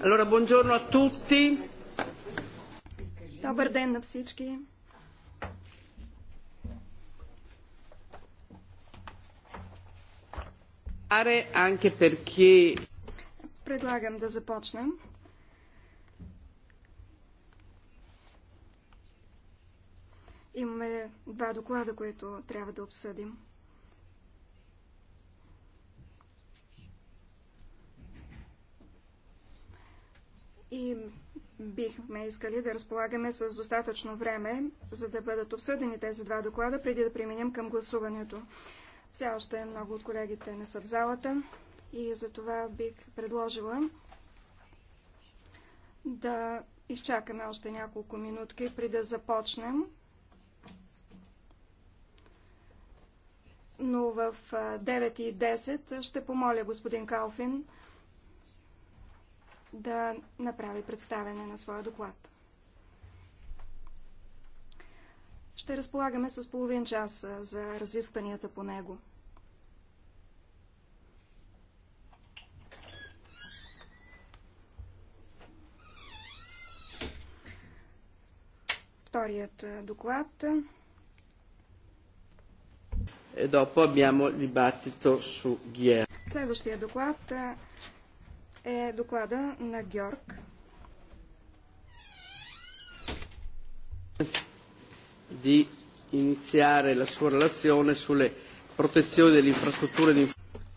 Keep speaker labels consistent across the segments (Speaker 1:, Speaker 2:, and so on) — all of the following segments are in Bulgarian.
Speaker 1: Allora, buongiorno a tutti.
Speaker 2: Добър ден на всички.
Speaker 1: Anche perché...
Speaker 2: Предлагам да започнем. Имаме два доклада, които трябва да обсъдим. и бихме искали да разполагаме с достатъчно време, за да бъдат обсъдени тези два доклада, преди да преминем към гласуването. Все още много от колегите не са в залата и за това бих предложила да изчакаме още няколко минутки, преди да започнем. Но в 9 и 10 ще помоля господин Калфин да направи представяне на своя доклад. Ще разполагаме с половин час за разискванията по него. Вторият доклад.
Speaker 1: E
Speaker 2: Следващия доклад е доклада на Георг.
Speaker 1: Di iniziare la sua relazione sulle protezioni дели инфраструктура дин...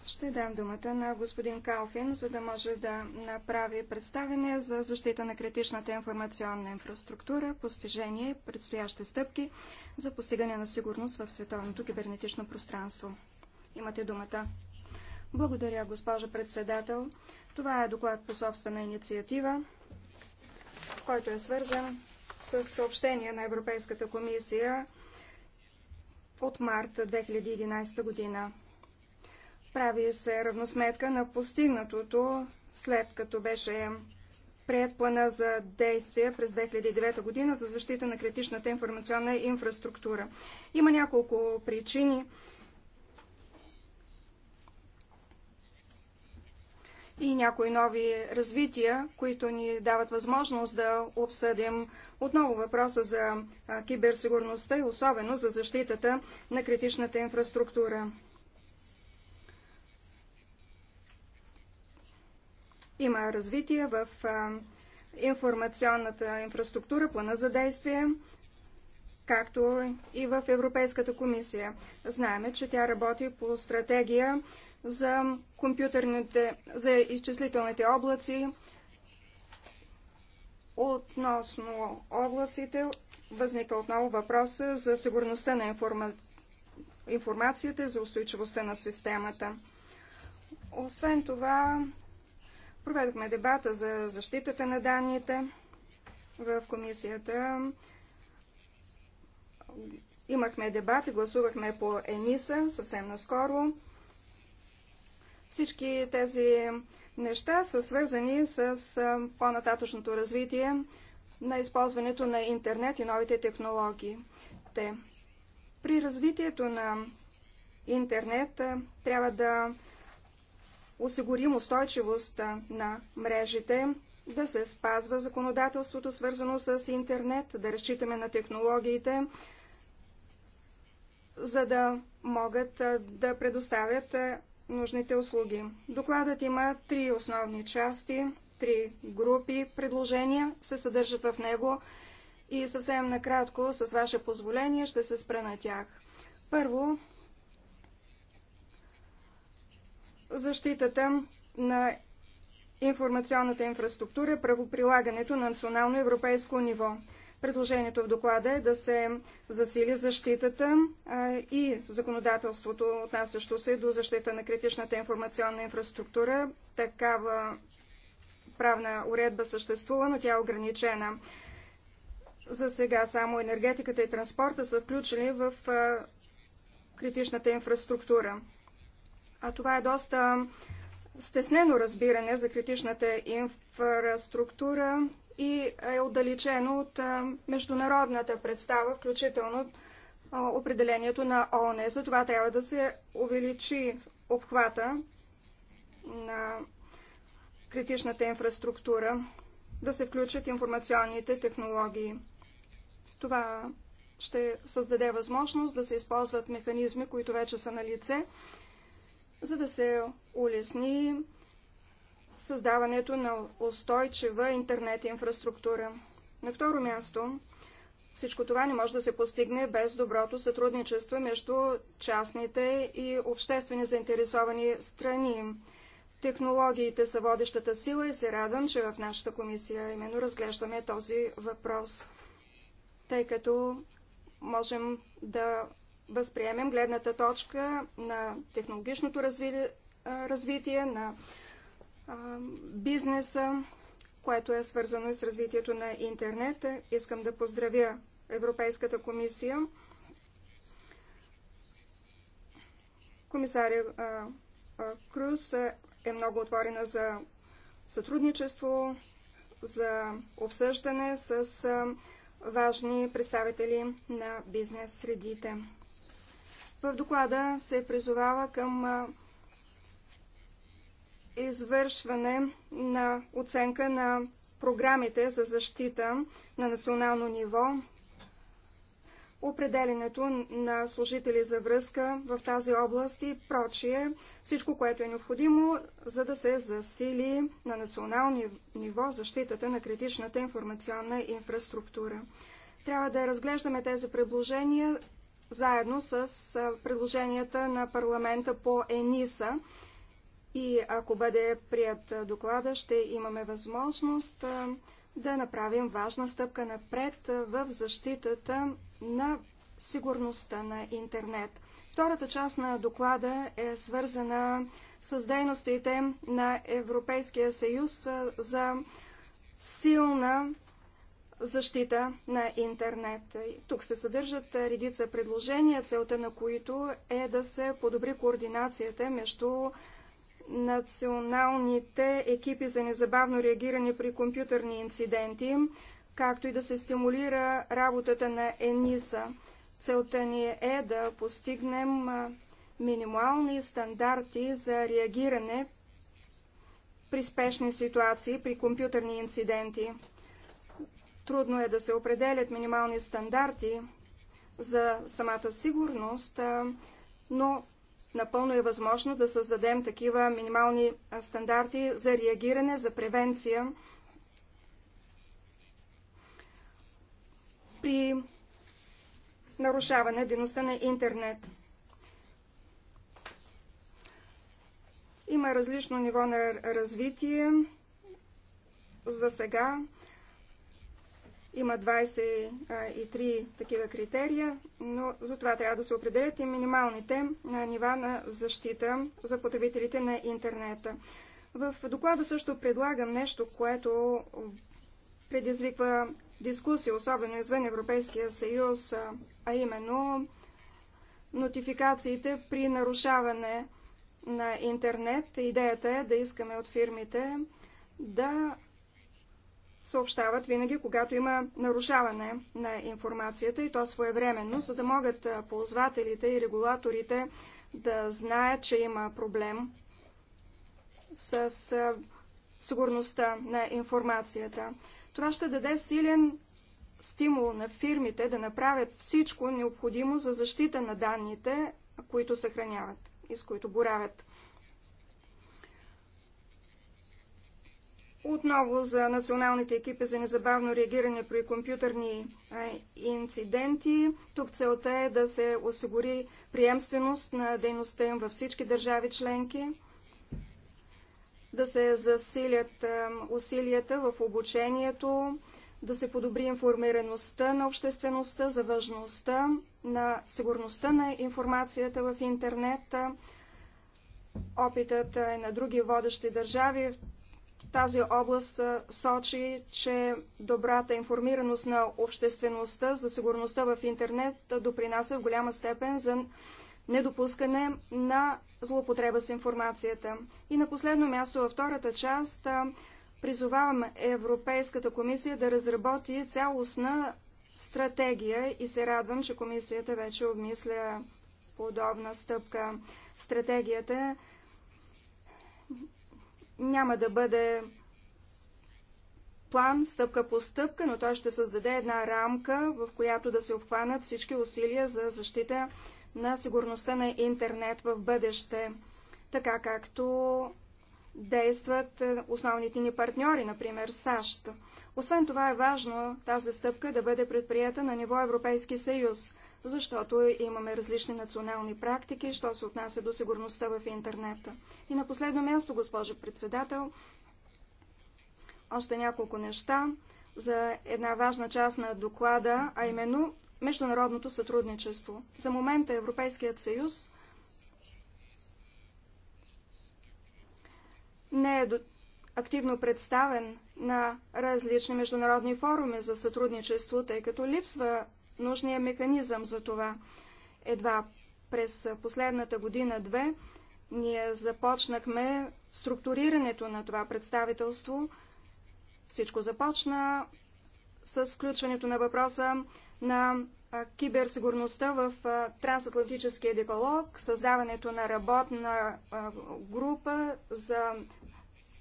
Speaker 2: ще дам думата на господин Калфин, за да може да направи представение за защита на критичната информационна инфраструктура, постижение, предстоящи стъпки за постигане на сигурност в световното кибернетично пространство. Имате думата. Благодаря, госпожа председател. Това е доклад по собствена инициатива, който е свързан с съобщение на Европейската комисия от март 2011 година. Прави се равносметка на постигнатото, след като беше прият плана за действие през 2009 година за защита на критичната информационна инфраструктура. Има няколко причини и някои нови развития, които ни дават възможност да обсъдим отново въпроса за киберсигурността и особено за защитата на критичната инфраструктура. Има развитие в информационната инфраструктура, плана за действие, както и в Европейската комисия. Знаеме, че тя работи по стратегия за компютърните, за изчислителните облаци, относно облаците, възниква отново въпроса за сигурността на информа... информацията, за устойчивостта на системата. Освен това, проведохме дебата за защитата на данните в комисията. Имахме дебат и гласувахме по ЕНИСА съвсем наскоро. Всички тези неща са свързани с по-нататъчното развитие на използването на интернет и новите технологии. Те. При развитието на интернет трябва да осигурим устойчивост на мрежите, да се спазва законодателството, свързано с интернет, да разчитаме на технологиите, за да могат да предоставят нужните услуги. Докладът има три основни части, три групи предложения се съдържат в него и съвсем накратко, с ваше позволение, ще се спра на тях. Първо, защитата на информационната инфраструктура, правоприлагането на национално европейско ниво. Предложението в доклада е да се засили защитата и законодателството, отнасящо се до защита на критичната информационна инфраструктура. Такава правна уредба съществува, но тя е ограничена. За сега само енергетиката и транспорта са включени в критичната инфраструктура. А това е доста стеснено разбиране за критичната инфраструктура, и е отдалечено от международната представа, включително определението на ООН. За това трябва да се увеличи обхвата на критичната инфраструктура, да се включат информационните технологии. Това ще създаде възможност да се използват механизми, които вече са на лице, за да се улесни създаването на устойчива интернет инфраструктура. На второ място, всичко това не може да се постигне без доброто сътрудничество между частните и обществени заинтересовани страни. Технологиите са водещата сила и се радвам, че в нашата комисия именно разглеждаме този въпрос, тъй като можем да възприемем гледната точка на технологичното разви... развитие, на бизнеса, което е свързано и с развитието на интернет. Искам да поздравя Европейската комисия. Комисаря Круз е много отворена за сътрудничество, за обсъждане с важни представители на бизнес средите. В доклада се призовава към извършване на оценка на програмите за защита на национално ниво, определенето на служители за връзка в тази област и прочие, всичко, което е необходимо, за да се засили на национално ниво защитата на критичната информационна инфраструктура. Трябва да разглеждаме тези предложения заедно с предложенията на парламента по ЕНИСА и ако бъде прият доклада, ще имаме възможност да направим важна стъпка напред в защитата на сигурността на интернет. Втората част на доклада е свързана с дейностите на Европейския съюз за силна защита на интернет. Тук се съдържат редица предложения, целта на които е да се подобри координацията между националните екипи за незабавно реагиране при компютърни инциденти, както и да се стимулира работата на ЕНИСА. Целта ни е да постигнем минимални стандарти за реагиране при спешни ситуации, при компютърни инциденти. Трудно е да се определят минимални стандарти за самата сигурност, но напълно е възможно да създадем такива минимални стандарти за реагиране, за превенция при нарушаване дейността на интернет. Има различно ниво на развитие за сега има 23 такива критерия, но за това трябва да се определят и минималните нива на защита за потребителите на интернета. В доклада също предлагам нещо, което предизвиква дискусия, особено извън Европейския съюз, а именно нотификациите при нарушаване на интернет. Идеята е да искаме от фирмите да съобщават винаги, когато има нарушаване на информацията и то своевременно, за да могат ползвателите и регулаторите да знаят, че има проблем с сигурността на информацията. Това ще даде силен стимул на фирмите да направят всичко необходимо за защита на данните, които съхраняват и с които боравят. Отново за националните екипи за незабавно реагиране при компютърни инциденти. Тук целта е да се осигури приемственост на дейността им във всички държави членки, да се засилят усилията в обучението, да се подобри информираността на обществеността за важността на сигурността на информацията в интернет. Опитът е на други водещи държави, тази област сочи, че добрата информираност на обществеността за сигурността в интернет допринася в голяма степен за недопускане на злоупотреба с информацията. И на последно място, във втората част, призовавам Европейската комисия да разработи цялостна стратегия и се радвам, че комисията вече обмисля подобна стъпка. Стратегията няма да бъде план стъпка по стъпка, но той ще създаде една рамка, в която да се обхванат всички усилия за защита на сигурността на интернет в бъдеще, така както действат е, основните ни партньори, например САЩ. Освен това е важно тази стъпка да бъде предприята на ниво Европейски съюз защото имаме различни национални практики, що се отнася до сигурността в интернета. И на последно място, госпожо председател, още няколко неща за една важна част на доклада, а именно международното сътрудничество. За момента Европейският съюз не е активно представен на различни международни форуми за сътрудничество, тъй като липсва нужния механизъм за това. Едва през последната година-две ние започнахме структурирането на това представителство. Всичко започна с включването на въпроса на киберсигурността в трансатлантическия декалог, създаването на работна група за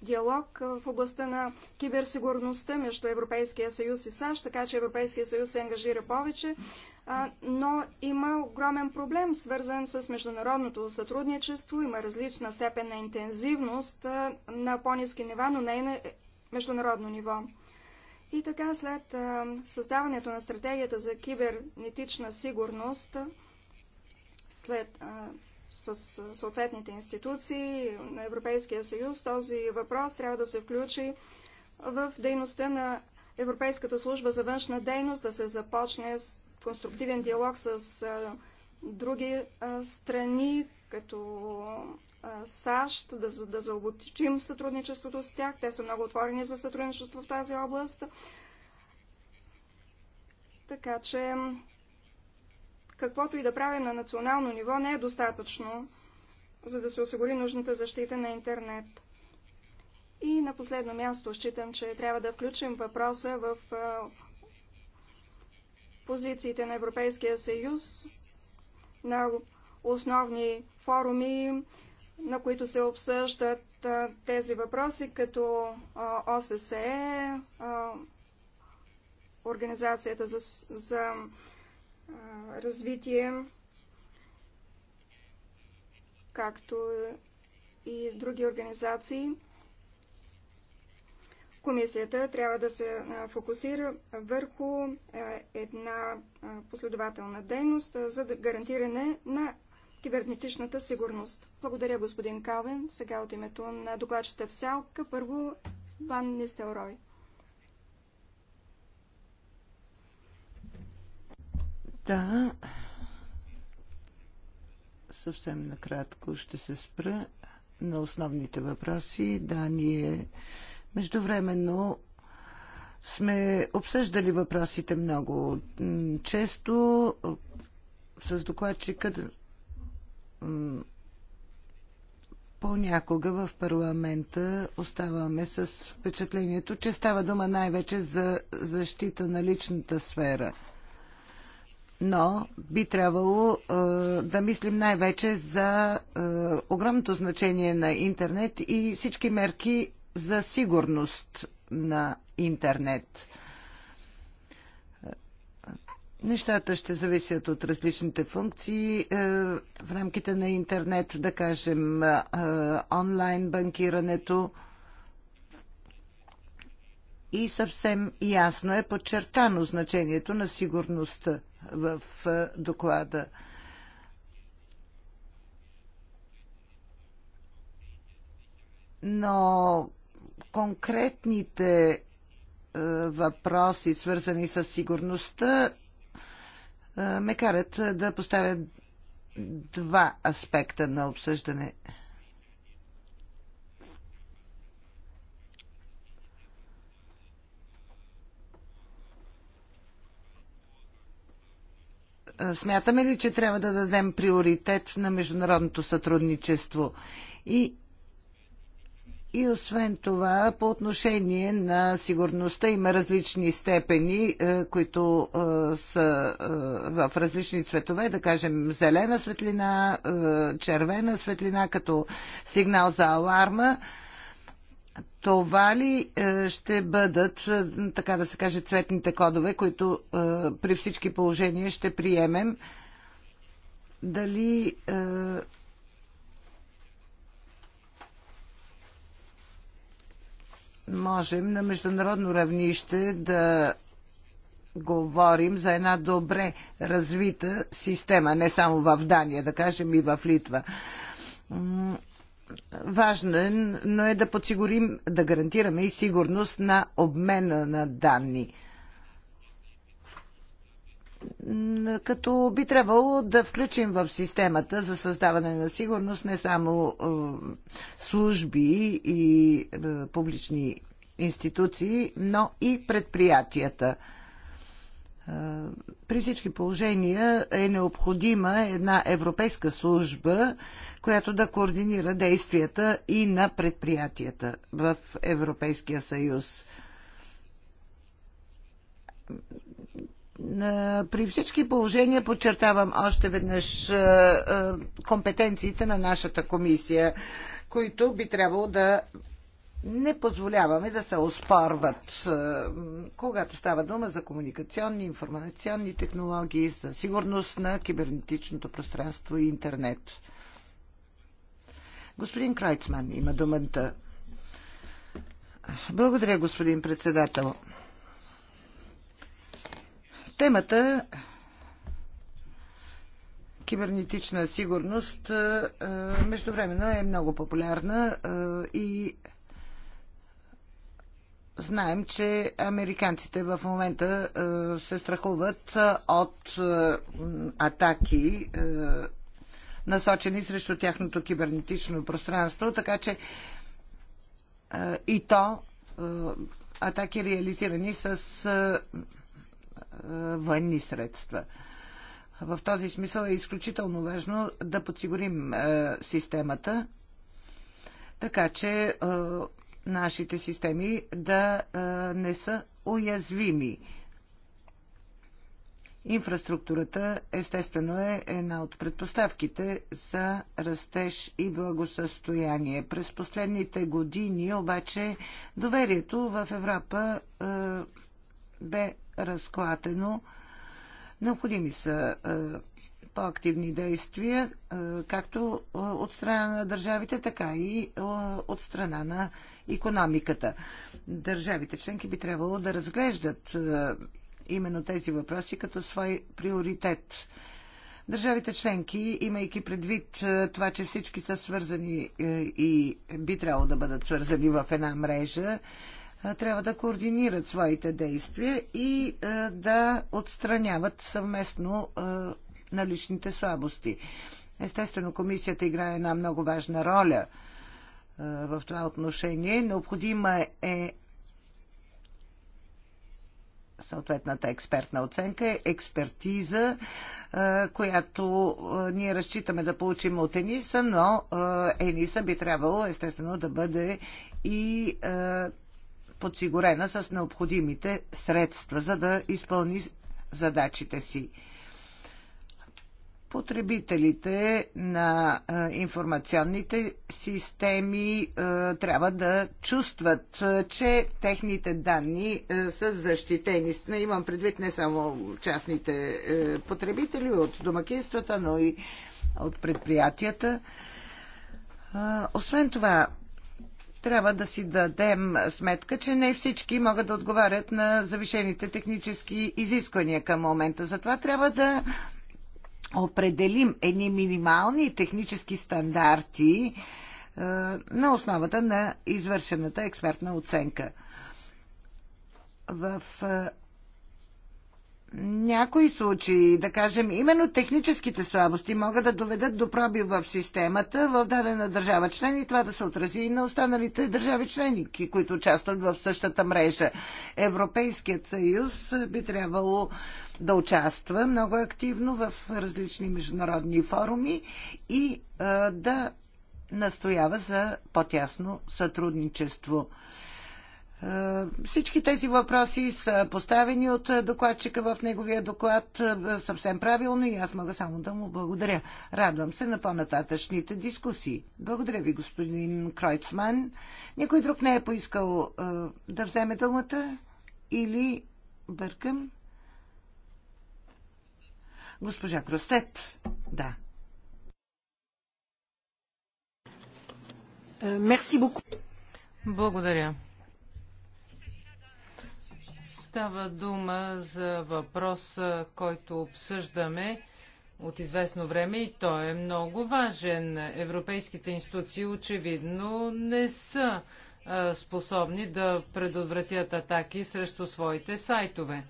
Speaker 2: диалог в областта на киберсигурността между Европейския съюз и САЩ, така че Европейския съюз се ангажира повече, но има огромен проблем, свързан с международното сътрудничество. Има различна степен на интензивност на по-низки нива, но не и на международно ниво. И така, след създаването на стратегията за кибернетична сигурност, след с съответните институции на Европейския съюз, този въпрос трябва да се включи в дейността на Европейската служба за външна дейност, да се започне с конструктивен диалог с други страни, като САЩ, да, да заоблачим сътрудничеството с тях. Те са много отворени за сътрудничество в тази област. Така че каквото и да правим на национално ниво, не е достатъчно, за да се осигури нужната защита на интернет. И на последно място считам, че трябва да включим въпроса в позициите на Европейския съюз, на основни форуми, на които се обсъждат тези въпроси, като ОССЕ, Организацията за, за развитие, както и други организации. Комисията трябва да се фокусира върху една последователна дейност за гарантиране на кибернетичната сигурност. Благодаря, господин Калвин. Сега от името на докладчета в Сялка, първо Ван Нистелрой.
Speaker 3: Да, съвсем накратко ще се спра на основните въпроси. Да, ние междувременно сме обсъждали въпросите много често с докладчика понякога в парламента оставаме с впечатлението, че става дума най-вече за защита на личната сфера – но би трябвало е, да мислим най-вече за е, огромното значение на интернет и всички мерки за сигурност на интернет. Нещата ще зависят от различните функции е, в рамките на интернет, да кажем е, онлайн банкирането. И съвсем ясно е подчертано значението на сигурността в доклада. Но конкретните въпроси, свързани с сигурността, ме карат да поставя два аспекта на обсъждане – Смятаме ли, че трябва да дадем приоритет на международното сътрудничество? И, и освен това, по отношение на сигурността има различни степени, е, които е, са е, в различни цветове, да кажем зелена светлина, червена светлина като сигнал за аларма това ли е, ще бъдат, е, така да се каже, цветните кодове, които е, при всички положения ще приемем? Дали можем на международно равнище да говорим за една добре развита система, не само в Дания, да кажем и в Литва важен, но е да подсигурим, да гарантираме и сигурност на обмена на данни. Като би трябвало да включим в системата за създаване на сигурност не само е, служби и е, публични институции, но и предприятията – е, при всички положения е необходима една европейска служба, която да координира действията и на предприятията в Европейския съюз. Е, при всички положения подчертавам още веднъж е, компетенциите на нашата комисия, които би трябвало да не позволяваме да се оспорват, е, когато става дума за комуникационни, информационни технологии, за сигурност на кибернетичното пространство и интернет. Господин Крайцман има думата. Благодаря, господин председател. Темата кибернетична сигурност е, междувременно е много популярна е, и знаем, че американците в момента е, се страхуват е, от е, атаки, насочени срещу тяхното кибернетично пространство, така че и то атаки реализирани с военни средства. В този смисъл е изключително важно да подсигурим системата, така че нашите системи да не са уязвими. Инфраструктурата, естествено, е една от предпоставките за растеж и благосъстояние. През последните години обаче доверието в Европа е, бе разклатено. Необходими са по-активни действия, както от страна на държавите, така и от страна на економиката. Държавите членки би трябвало да разглеждат именно тези въпроси като свой приоритет. Държавите членки, имайки предвид това, че всички са свързани и би трябвало да бъдат свързани в една мрежа, трябва да координират своите действия и да отстраняват съвместно на личните слабости. Естествено, комисията играе една много важна роля в това отношение. Необходима е съответната експертна оценка, експертиза, която ние разчитаме да получим от Ениса, но Ениса би трябвало естествено да бъде и подсигурена с необходимите средства, за да изпълни задачите си потребителите на информационните системи трябва да чувстват, че техните данни са защитени. Не имам предвид не само частните потребители от домакинствата, но и от предприятията. Освен това, трябва да си дадем сметка, че не всички могат да отговарят на завишените технически изисквания към момента. Затова трябва да определим едни минимални технически стандарти е, на основата на извършената експертна оценка. В е, някои случаи, да кажем, именно техническите слабости могат да доведат до проби в системата в дадена държава член и това да се отрази и на останалите държави члени, които участват в същата мрежа. Европейският съюз би трябвало да участва много активно в различни международни форуми и да настоява за по-тясно сътрудничество. Всички тези въпроси са поставени от докладчика в неговия доклад съвсем правилно и аз мога само да му благодаря. Радвам се на по-нататъчните дискусии. Благодаря ви, господин Кройцман. Никой друг не е поискал да вземе думата или бъркам? Госпожа Кростет, да. Е,
Speaker 4: мерси буку. Благодаря. Става дума за въпрос, е, който обсъждаме от известно време и той е много важен. Европейските институции очевидно не са е, способни да предотвратят атаки срещу своите сайтове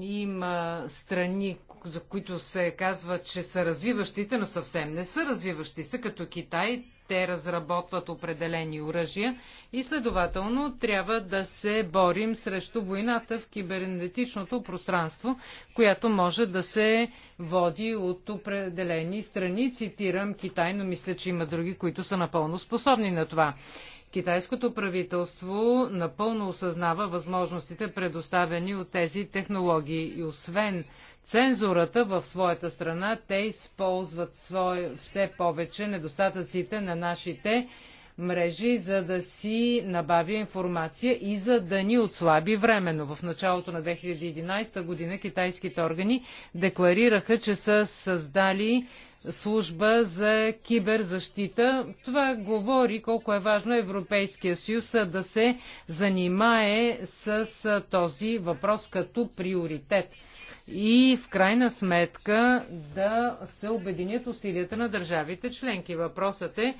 Speaker 4: има страни, за които се казва, че са развиващите, но съвсем не са развиващи се, като Китай. Те разработват определени оръжия и следователно трябва да се борим срещу войната в кибернетичното пространство, която може да се води от определени страни. Цитирам Китай, но мисля, че има други, които са напълно способни на това. Китайското правителство напълно осъзнава възможностите предоставени от тези технологии и освен цензурата в своята страна, те използват свое, все повече недостатъците на нашите мрежи, за да си набави информация и за да ни отслаби временно. В началото на 2011 година китайските органи декларираха, че са създали служба за киберзащита. Това говори колко е важно Европейския съюз да се занимае с този въпрос като приоритет и в крайна сметка да се обединят усилията на държавите членки. Въпросът е,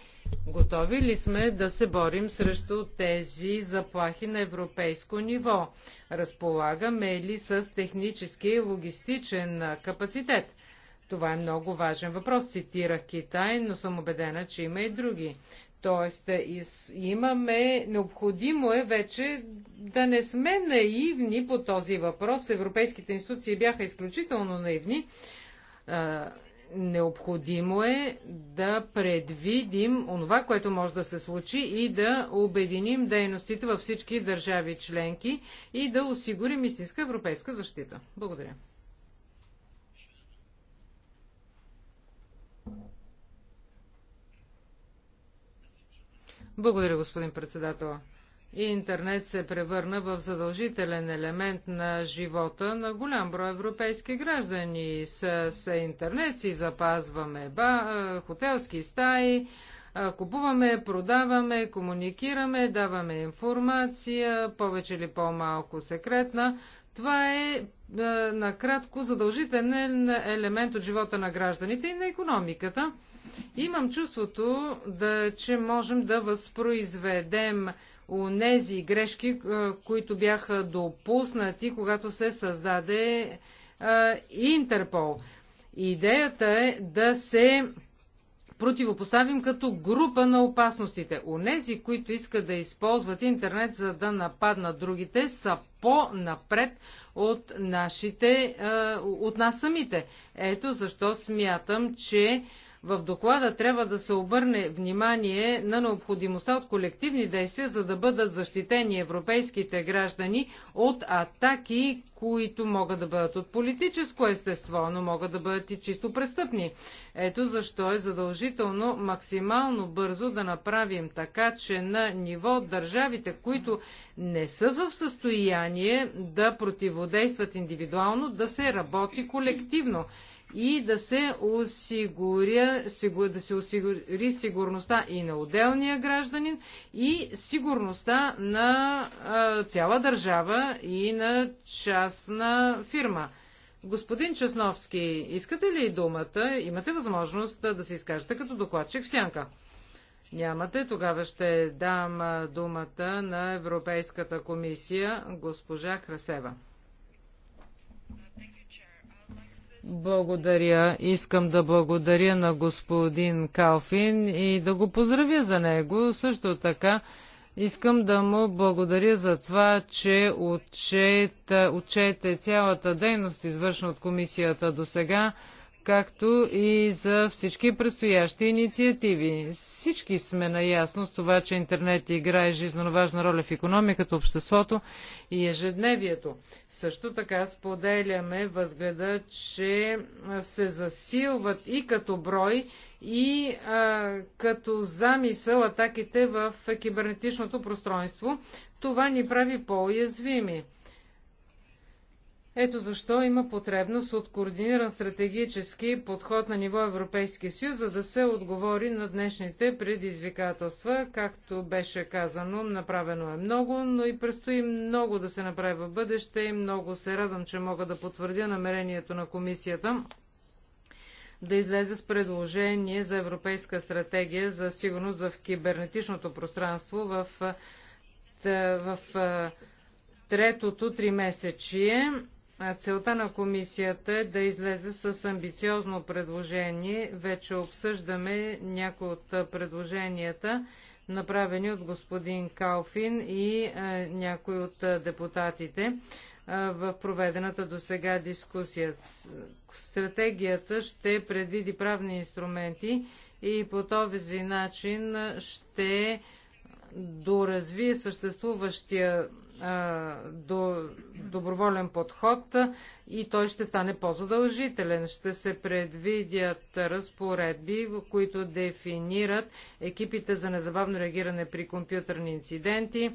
Speaker 4: готови ли сме да се борим срещу тези заплахи на европейско ниво? Разполагаме ли с технически и логистичен капацитет? Това е много важен въпрос. Цитирах Китай, но съм убедена, че има и други. Тоест, е, имаме, необходимо е вече да не сме наивни по този въпрос. Европейските институции бяха изключително наивни. Е, необходимо е да предвидим онова, което може да се случи и да обединим дейностите във всички държави членки и да осигурим истинска европейска защита. Благодаря. Благодаря, господин председател. И интернет се превърна в задължителен елемент на живота на голям брой европейски граждани. С, с интернет си запазваме ба, хотелски стаи, купуваме, продаваме, комуникираме, даваме информация, повече или по-малко секретна. Това е, е, накратко задължителен елемент от живота на гражданите и на економиката. Имам чувството, да, че можем да възпроизведем нези грешки, е, които бяха допуснати, когато се създаде е, Интерпол. Идеята е да се противопоставим като група на опасностите. Онези, които искат да използват интернет за да нападнат другите, са по-напред от, нашите, е, от нас самите. Ето защо смятам, че в доклада трябва да се обърне внимание на необходимостта от колективни действия, за да бъдат защитени европейските граждани от атаки, които могат да бъдат от политическо естество, но могат да бъдат и чисто престъпни. Ето защо е задължително максимално бързо да направим така, че на ниво държавите, които не са в състояние да противодействат индивидуално, да се работи колективно и да се, осигуря, да се осигури сигурността и на отделния гражданин и сигурността на цяла държава и на частна фирма. Господин Чесновски, искате ли думата? Имате възможност да се изкажете като докладчик в сянка. Нямате. Тогава ще дам думата на Европейската комисия госпожа Красева. Благодаря. Искам да благодаря на господин Калфин и да го поздравя за него. Също така искам да му благодаря за това, че отчете, отчете цялата дейност, извършена от комисията до сега както и за всички предстоящи инициативи. Всички сме наясно с това, че интернет играе жизненно важна роля в економиката, обществото и ежедневието. Също така споделяме възгледа, че се засилват и като брой, и а, като замисъл атаките в кибернетичното пространство. Това ни прави по-уязвими. Ето защо има потребност от координиран стратегически подход на ниво Европейски съюз, за да се отговори на днешните предизвикателства. Както беше казано, направено е много, но и предстои много да се направи в бъдеще и много се радвам, че мога да потвърдя намерението на комисията да излезе с предложение за Европейска стратегия за сигурност в кибернетичното пространство в, в, в третото месечие. Целта на комисията е да излезе с амбициозно предложение. Вече обсъждаме някои от предложенията, направени от господин Калфин и някои от депутатите в проведената до сега дискусия. Стратегията ще предвиди правни инструменти и по този начин ще доразвие съществуващия до доброволен подход и той ще стане по-задължителен. Ще се предвидят разпоредби, които дефинират екипите за незабавно реагиране при компютърни инциденти.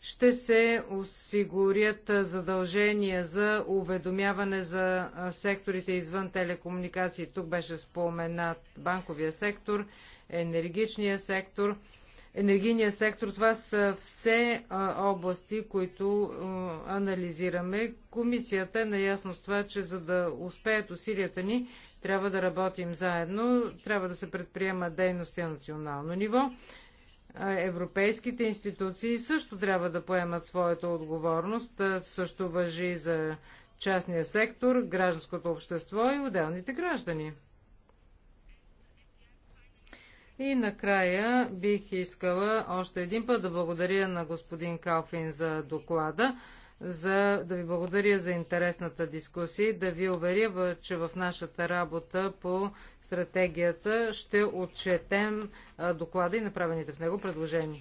Speaker 4: Ще се осигурят задължения за уведомяване за секторите извън телекомуникации. Тук беше споменат банковия сектор, енергичния сектор – енергийния сектор. Това са все области, които анализираме. Комисията е наясно с това, че за да успеят усилията ни, трябва да работим заедно, трябва да се предприемат дейности на национално ниво. Европейските институции също трябва да поемат своята отговорност. Също въжи за частния сектор, гражданското общество и отделните граждани. И накрая бих искала още един път да благодаря на господин Калфин за доклада, за, да ви благодаря за интересната дискусия и да ви уверя, че в нашата работа по стратегията ще отчетем доклада и направените в него предложения.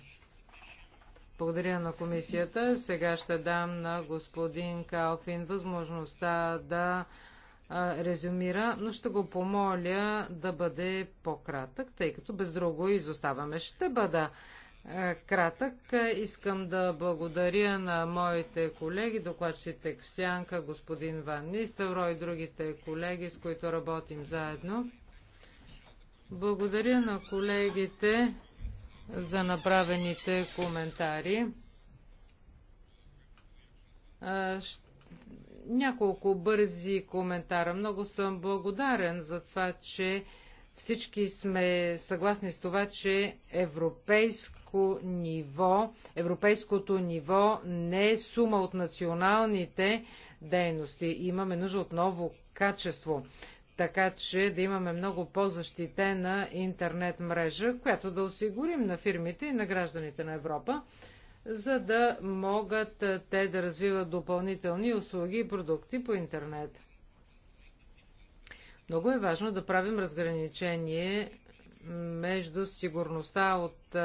Speaker 4: Благодаря на комисията. Сега ще дам на господин Калфин възможността да резюмира, но ще го помоля да бъде по-кратък, тъй като без друго изоставаме. Ще бъда кратък. Искам да благодаря на моите колеги, докладчите Ксянка, господин Ван Нистелро и другите колеги, с които работим заедно. Благодаря на колегите за направените коментари. Ще няколко бързи коментара. Много съм благодарен за това, че всички сме съгласни с това, че европейско ниво, европейското ниво не е сума от националните дейности. Имаме нужда от ново качество, така че да имаме много по-защитена интернет мрежа, която да осигурим на фирмите и на гражданите на Европа за да могат те да развиват допълнителни услуги и продукти по интернет. Много е важно да правим разграничение между сигурността от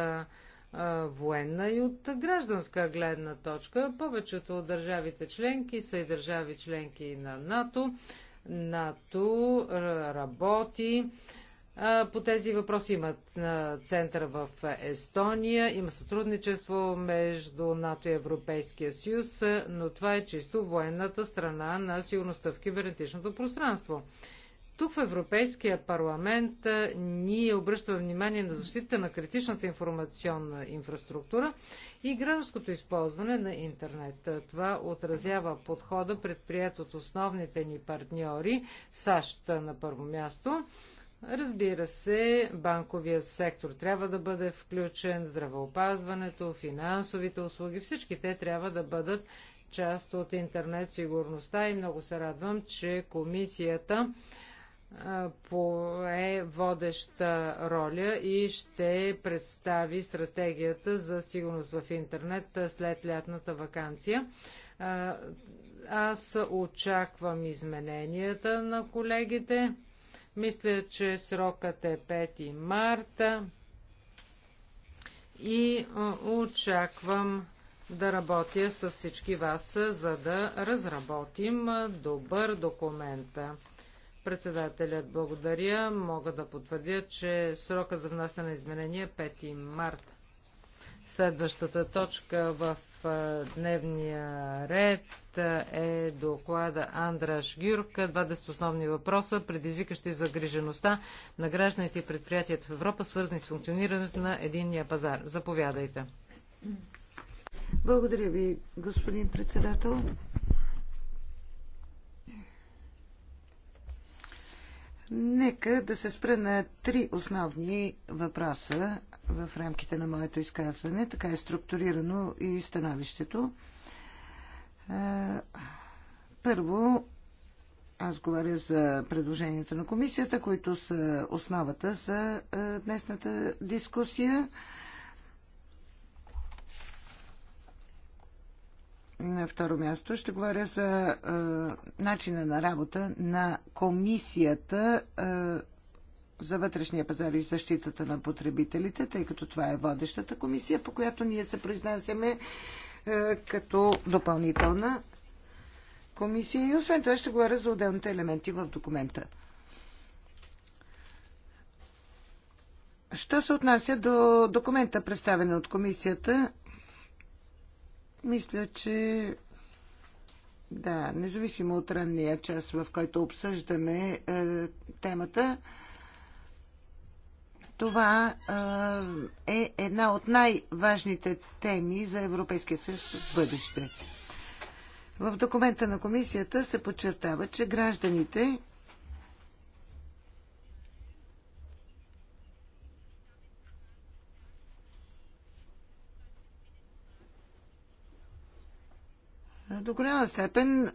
Speaker 4: военна и от гражданска гледна точка. Повечето от държавите членки са и държави членки на НАТО. НАТО работи по тези въпроси имат център в Естония, има сътрудничество между НАТО и Европейския съюз, но това е чисто военната страна на сигурността в кибернетичното пространство. Тук в Европейския парламент ние обръщаме внимание на защита на критичната информационна инфраструктура и гражданското използване на интернет. Това отразява подхода предприят от основните ни партньори, САЩ на първо място, Разбира се, банковия сектор трябва да бъде включен, здравеопазването, финансовите услуги, всички те трябва да бъдат част от интернет сигурността и много се радвам, че комисията е водеща роля и ще представи стратегията за сигурност в интернет след лятната вакансия. Аз очаквам измененията на колегите. Мисля, че срокът е 5 марта и очаквам да работя с всички вас, за да разработим добър документ. Председателят благодаря. Мога да потвърдя, че срока за внасяне на изменения е 5 марта. Следващата точка в дневния ред е доклада Андраш Гюрк. 20 основни въпроса, предизвикащи загрижеността на гражданите и предприятията в Европа, свързани с функционирането на единния пазар. Заповядайте.
Speaker 3: Благодаря ви, господин председател. Нека да се спре на три основни въпроса, в рамките на моето изказване. Така е структурирано и становището. Е, първо, аз говоря за предложенията на комисията, които са основата за е, днесната дискусия. На второ място ще говоря за е, начина на работа на комисията е, за вътрешния пазар и защитата на потребителите, тъй като това е водещата комисия, по която ние се произнасяме е, като допълнителна комисия. И освен това ще говоря за отделните елементи в документа. Що се отнася до документа, представен от комисията, мисля, че да, независимо от ранния час, в който обсъждаме е, темата, това е една от най-важните теми за Европейския съюз в бъдеще. В документа на комисията се подчертава, че гражданите до голяма степен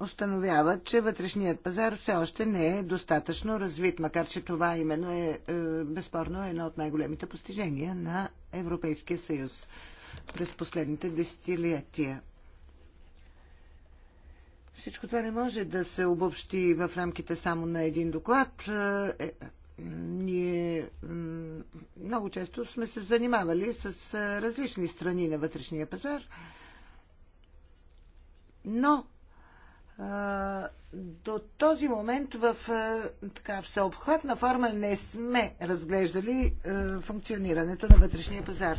Speaker 3: установяват, че вътрешният пазар все още не е достатъчно развит, макар че това именно е, е безспорно е едно от най-големите постижения на Европейския съюз през последните десетилетия. Всичко това не може да се обобщи в рамките само на един доклад. Е, е, ние много често сме се занимавали с различни страни на вътрешния пазар, но до този момент в така всеобхватна форма не сме разглеждали функционирането на вътрешния пазар.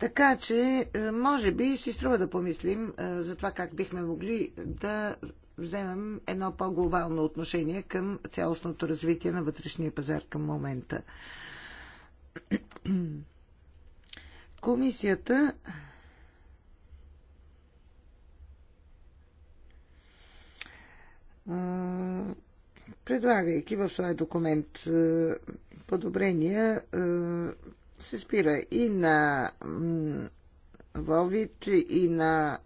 Speaker 3: Така че, може би, си струва да помислим за това как бихме могли да вземем едно по-глобално отношение към цялостното развитие на вътрешния пазар към момента. Комисията предлагайки в своя документ подобрения, се спира и на Вовит, и на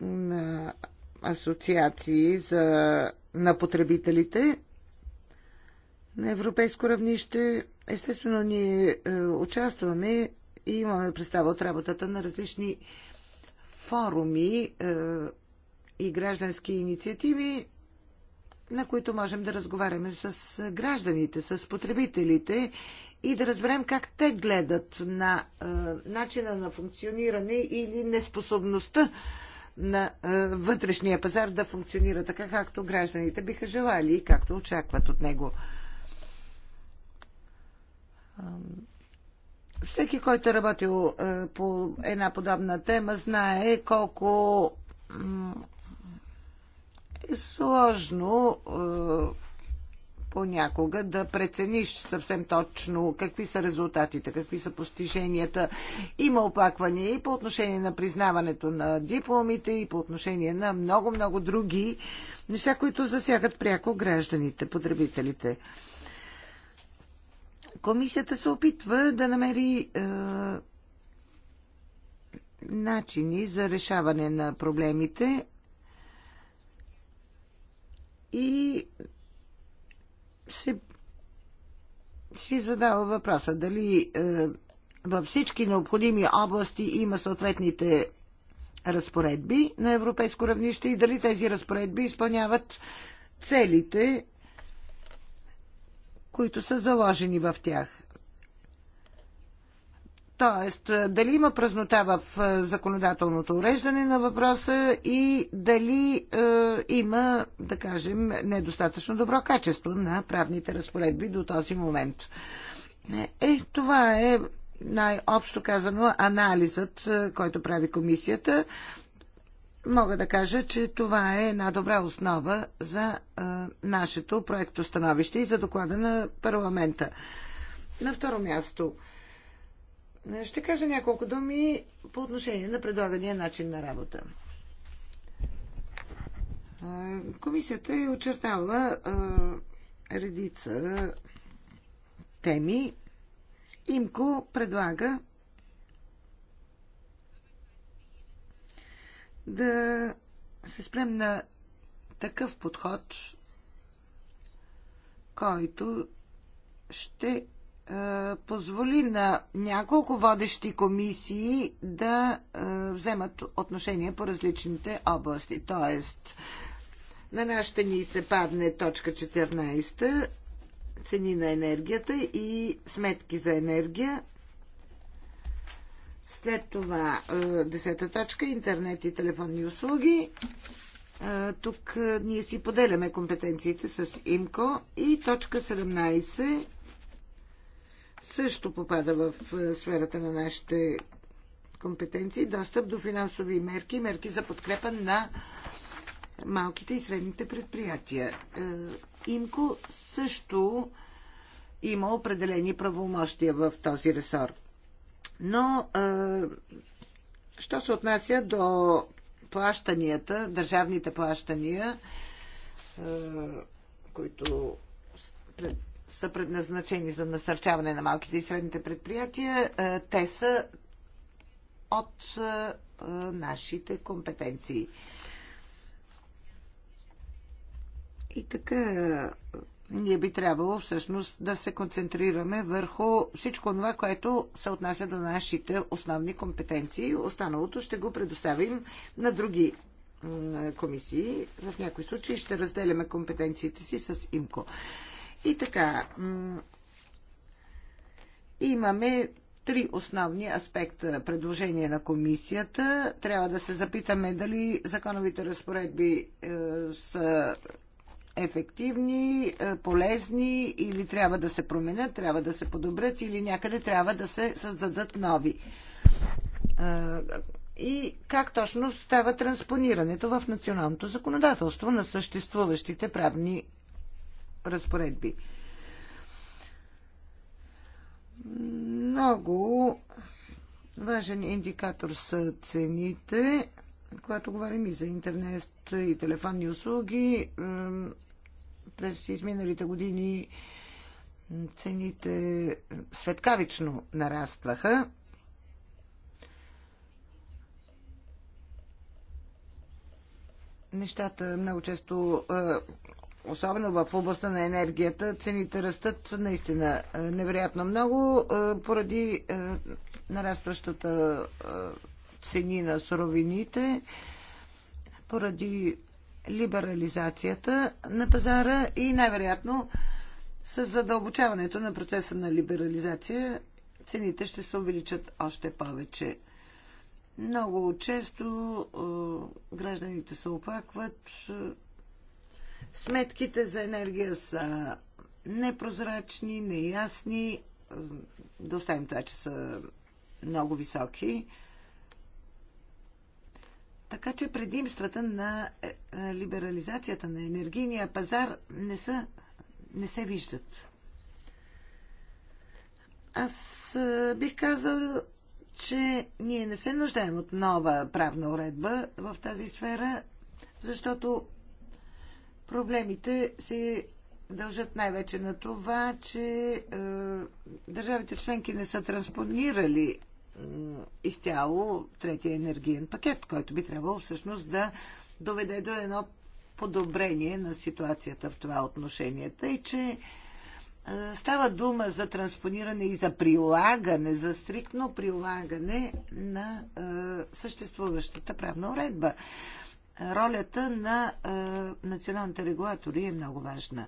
Speaker 3: на асоциации за, на потребителите на европейско равнище. Естествено, ние е, участваме и имаме представа от работата на различни форуми е, и граждански инициативи, на които можем да разговаряме с гражданите, с потребителите и да разберем как те гледат на е, начина на функциониране или неспособността на е, вътрешния пазар да функционира така, както гражданите биха желали и както очакват от него. Всеки, който е работил е, по една подобна тема, знае колко е сложно е, понякога да прецениш съвсем точно какви са резултатите, какви са постиженията. Има оплаквания и по отношение на признаването на дипломите, и по отношение на много-много други неща, които засягат пряко гражданите, потребителите. Комисията се опитва да намери е, начини за решаване на проблемите и се си задава въпроса дали е, във всички необходими области има съответните разпоредби на европейско равнище и дали тези разпоредби изпълняват целите които са заложени в тях. Тоест, дали има празнота в законодателното уреждане на въпроса и дали е, има, да кажем, недостатъчно добро качество на правните разпоредби до този момент. Е, това е най-общо казано анализът, който прави комисията мога да кажа, че това е една добра основа за а, нашето становище и за доклада на парламента. На второ място, ще кажа няколко думи по отношение на предлагания начин на работа. Комисията е очертала редица теми. Имко предлага да се спрем на такъв подход, който ще е, позволи на няколко водещи комисии да е, вземат отношение по различните области. Тоест, на нас ще ни се падне точка 14 цени на енергията и сметки за енергия след това, е, десета точка, интернет и телефонни услуги. Е, тук е, ние си поделяме компетенциите с ИМКО и точка 17 също попада в сферата на нашите компетенции. Достъп до финансови мерки, мерки за подкрепа на малките и средните предприятия. ИМКО също има определени правомощия в този ресор. Но, що се отнася до плащанията, държавните плащания, които са предназначени за насърчаване на малките и средните предприятия, те са от нашите компетенции. И така, ние би трябвало всъщност да се концентрираме върху всичко това, което се отнася до нашите основни компетенции. Останалото ще го предоставим на други комисии. В някои случаи ще разделяме компетенциите си с ИМКО. И така, имаме три основни аспекта предложение на комисията. Трябва да се запитаме дали законовите разпоредби е, са ефективни, е, полезни или трябва да се променят, трябва да се подобрят или някъде трябва да се създадат нови. Е, и как точно става транспонирането в националното законодателство на съществуващите правни разпоредби? Много важен индикатор са цените, когато говорим и за интернет и телефонни услуги, през изминалите години цените светкавично нарастваха. Нещата много често, особено в областта на енергията, цените растат наистина невероятно много поради нарастващата цени на суровините, поради либерализацията на пазара и най-вероятно с задълбочаването на процеса на либерализация цените ще се увеличат още повече. Много често е, гражданите се оплакват. Е, сметките за енергия са непрозрачни, неясни. Е, да оставим това, че са много високи. Така че предимствата на е, е, либерализацията на енергийния пазар не, са, не се виждат. Аз е, бих казал, че ние не се нуждаем от нова правна уредба в тази сфера, защото проблемите се дължат най-вече на това, че е, държавите членки не са транспонирали е, изцяло третия енергиен пакет, който би трябвало всъщност да доведе до едно подобрение на ситуацията в това отношение. Тъй, че е, става дума за транспониране и за прилагане, за стриктно прилагане на е, съществуващата правна уредба. Ролята на националните регулатори е много важна.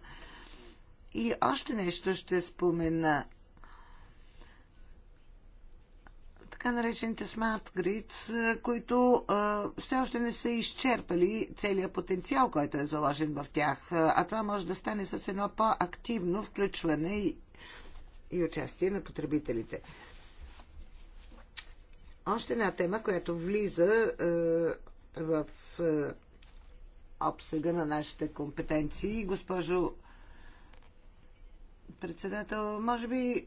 Speaker 3: И още нещо ще спомена. така наречените smart grids, които все още не са изчерпали целият потенциал, който е заложен в тях. А това може да стане с едно по-активно включване и, и участие на потребителите. Още една тема, която влиза в обсега на нашите компетенции. Госпожо председател, може би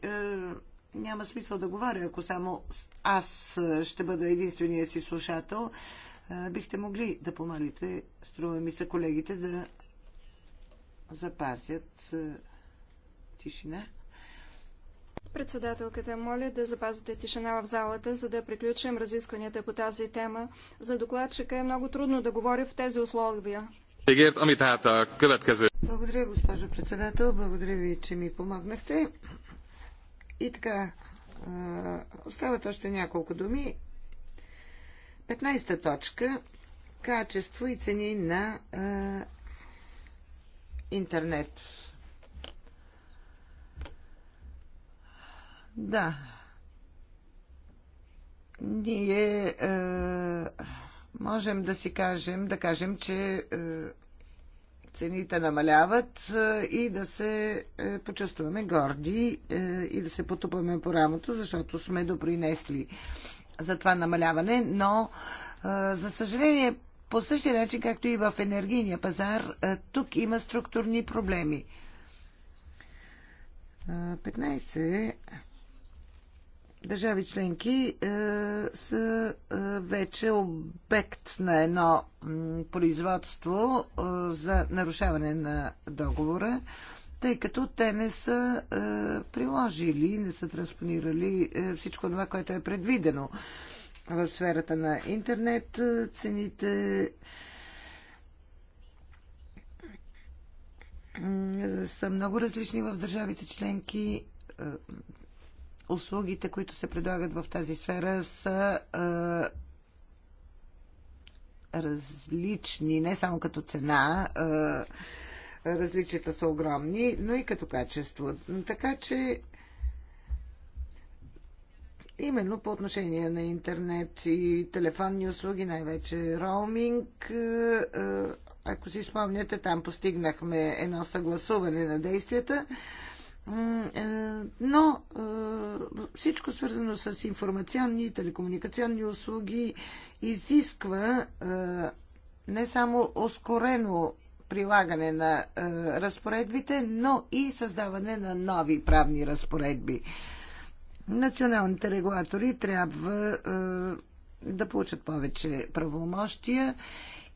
Speaker 3: няма смисъл да говоря, ако само аз ще бъда единствения си слушател. Бихте могли да помолите, струва ми се, колегите да запазят тишина.
Speaker 2: Председателката моля да запазите тишина в залата, за да приключим разискванията по тази тема. За докладчика е много трудно да говори в тези условия. Благодаря, госпожо
Speaker 3: председател. Благодаря ви, че ми помогнахте. И така, остават още няколко думи. 15-та точка качество и цени на е, интернет. Да. Ние е, можем да си кажем, да кажем, че е, цените намаляват е, и да се е, почувстваме горди е, и да се потупаме по рамото, защото сме допринесли за това намаляване, но за съжаление по същия начин, както и в енергийния пазар, тук има структурни проблеми. 15 държави членки е, са е, вече обект на едно м, производство е, за нарушаване на договора, тъй като те не са е, приложили, не са транспонирали е, всичко това, което е предвидено в сферата на интернет, е, цените. са много различни в държавите членки е, услугите, които се предлагат в тази сфера, са различни, не само като цена, различията са огромни, но и като качество. Така че именно по отношение на интернет и телефонни услуги, най-вече роуминг, ако си спомняте, там постигнахме едно съгласуване на действията. Е, но е, всичко свързано с информационни и телекомуникационни услуги изисква е, не само ускорено прилагане на разпоредбите, но и създаване на нови правни разпоредби. Националните регулатори трябва да получат повече правомощия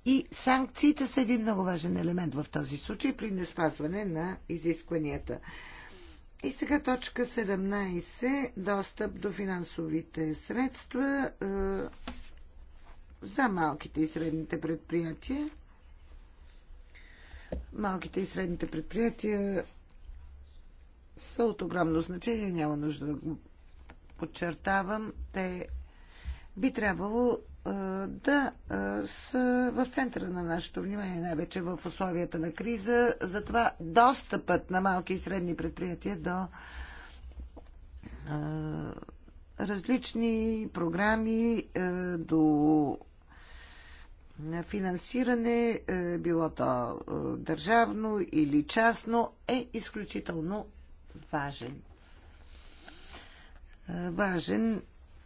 Speaker 3: и санкциите са един много важен елемент в този случай при неспазване на изискванията. И сега точка 17. Достъп до финансовите средства е, за малките и средните предприятия. Малките и средните предприятия са от огромно значение, няма нужда да го подчертавам. Те би трябвало да са в центъра на нашето внимание, най-вече в условията на криза. Затова достъпът на малки и средни предприятия до различни програми, до финансиране, било то държавно или частно, е изключително важен. Важен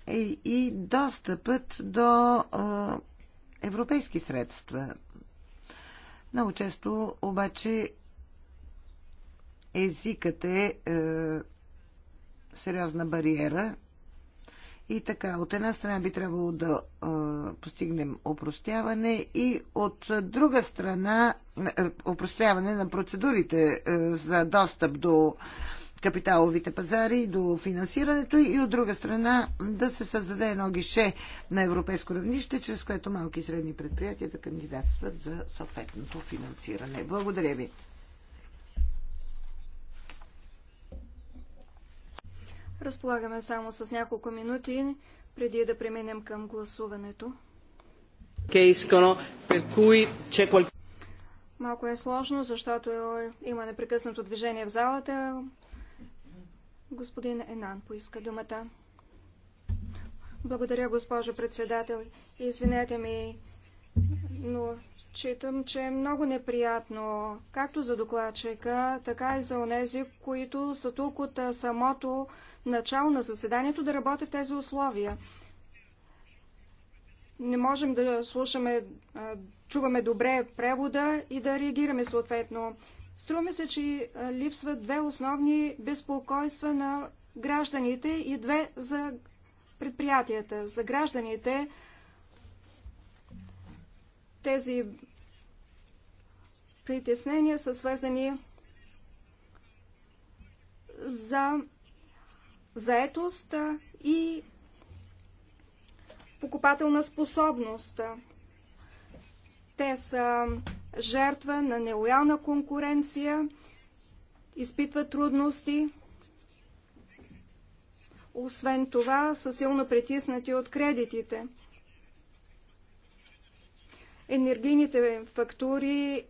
Speaker 3: е и достъпът до европейски средства. Много често обаче езикът е, е сериозна бариера. И така, от една страна би трябвало да е, постигнем опростяване и от друга страна е, опростяване на процедурите е, за достъп до е, капиталовите пазари, до финансирането и от друга страна да се създаде едно гише на европейско равнище, чрез което малки и средни предприятия да кандидатстват за съответното финансиране. Благодаря ви.
Speaker 2: Разполагаме само с няколко минути преди да преминем към гласуването. Малко е сложно, защото има непрекъснато движение в залата. Господин Енан поиска думата. Благодаря, госпожо председател. Извинете ми, но Читам, че е много неприятно, както за докладчика, така и за онези, които са тук от самото начало на заседанието да работят тези условия. Не можем да слушаме, чуваме добре превода и да реагираме съответно. Струва ми се, че липсват две основни безпокойства на гражданите и две за предприятията. За гражданите тези притеснения са свързани за заетост и покупателна способност. Те са жертва на нелоялна конкуренция, изпитва трудности. Освен това, са силно притиснати от кредитите. Енергийните фактури,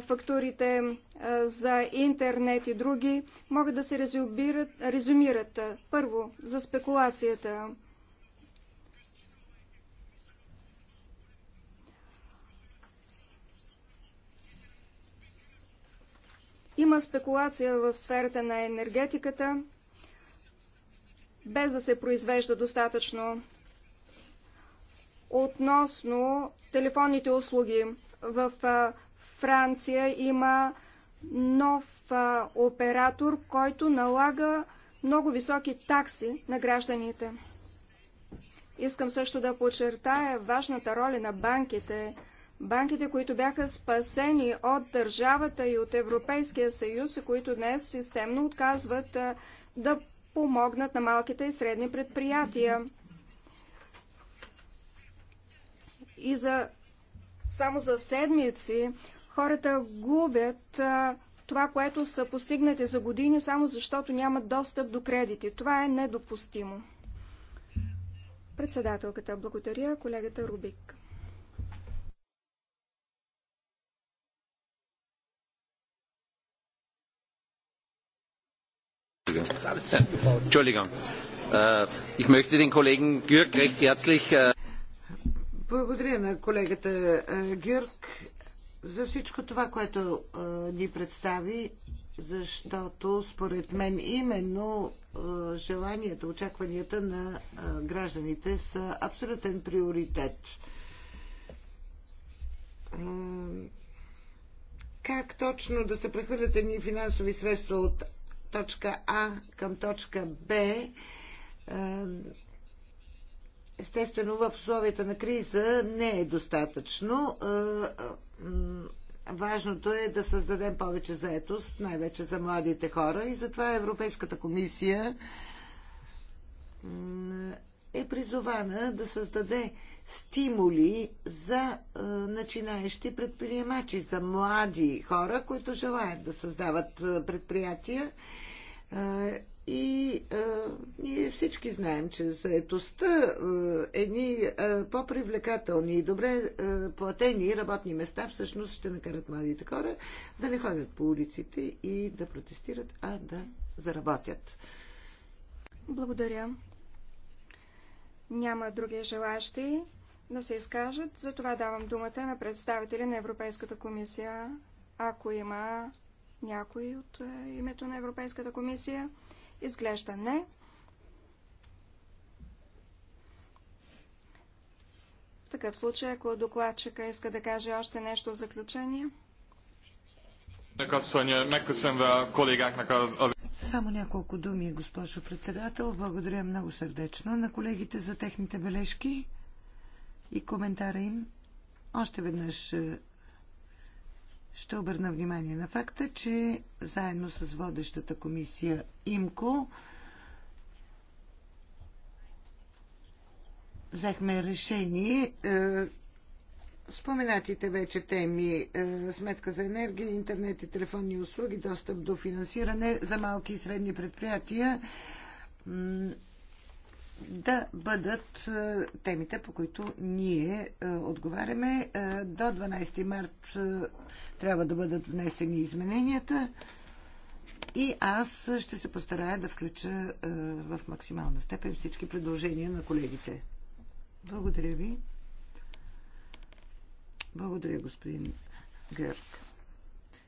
Speaker 2: фактурите за интернет и други могат да се резюмират. Първо, за спекулацията. Има спекулация в сферата на енергетиката, без да се произвежда достатъчно. Относно телефонните услуги, в Франция има нов оператор, който налага много високи такси на гражданите. Искам също да подчертая важната роля на банките – Банките, които бяха спасени от държавата и от Европейския съюз, които днес системно отказват да помогнат на малките и средни предприятия. И за само за седмици хората губят а, това, което са постигнати за години, само защото нямат достъп до кредити. Това е недопустимо. Председателката благодаря, колегата Рубик.
Speaker 1: Entschuldigung. Entschuldigung. Äh, ich möchte den Kollegen Gürk recht herzlich. Äh,
Speaker 3: Благодаря на колегата е, Гюрк за всичко това, което е, ни представи, защото според мен именно е, желанията, очакванията на гражданите са абсолютен приоритет. Как точно да се прехвърлят едни финансови средства от точка А към точка Б, естествено в условията на криза не е достатъчно. Важното е да създадем повече заетост, най-вече за младите хора и затова Европейската комисия е призована да създаде стимули за а, начинаещи предприемачи, за млади хора, които желаят да създават а, предприятия. А, и а, ние всички знаем, че заедостта е, едни по-привлекателни и добре а, платени работни места всъщност ще накарат младите хора да не ходят по улиците и да протестират, а да заработят.
Speaker 2: Благодаря. Няма други желащи да се изкажат. Затова давам думата на представители на Европейската комисия, ако има някой от е, името на Европейската комисия. Изглежда не. В такъв случай, ако докладчика иска да каже още нещо в заключение.
Speaker 3: Само няколко думи, госпожо председател. Благодаря много сърдечно на колегите за техните бележки и коментара им. Още веднъж е, ще обърна внимание на факта, че заедно с водещата комисия ИМКО взехме решение е, споменатите вече теми е, сметка за енергия, интернет и телефонни услуги, достъп до финансиране за малки и средни предприятия да бъдат е, темите, по които ние е, отговаряме. Е, до 12 март трябва да бъдат внесени измененията и аз ще се постарая да включа в максимална степен всички предложения на колегите. Благодаря ви. Благодаря, господин Гърк.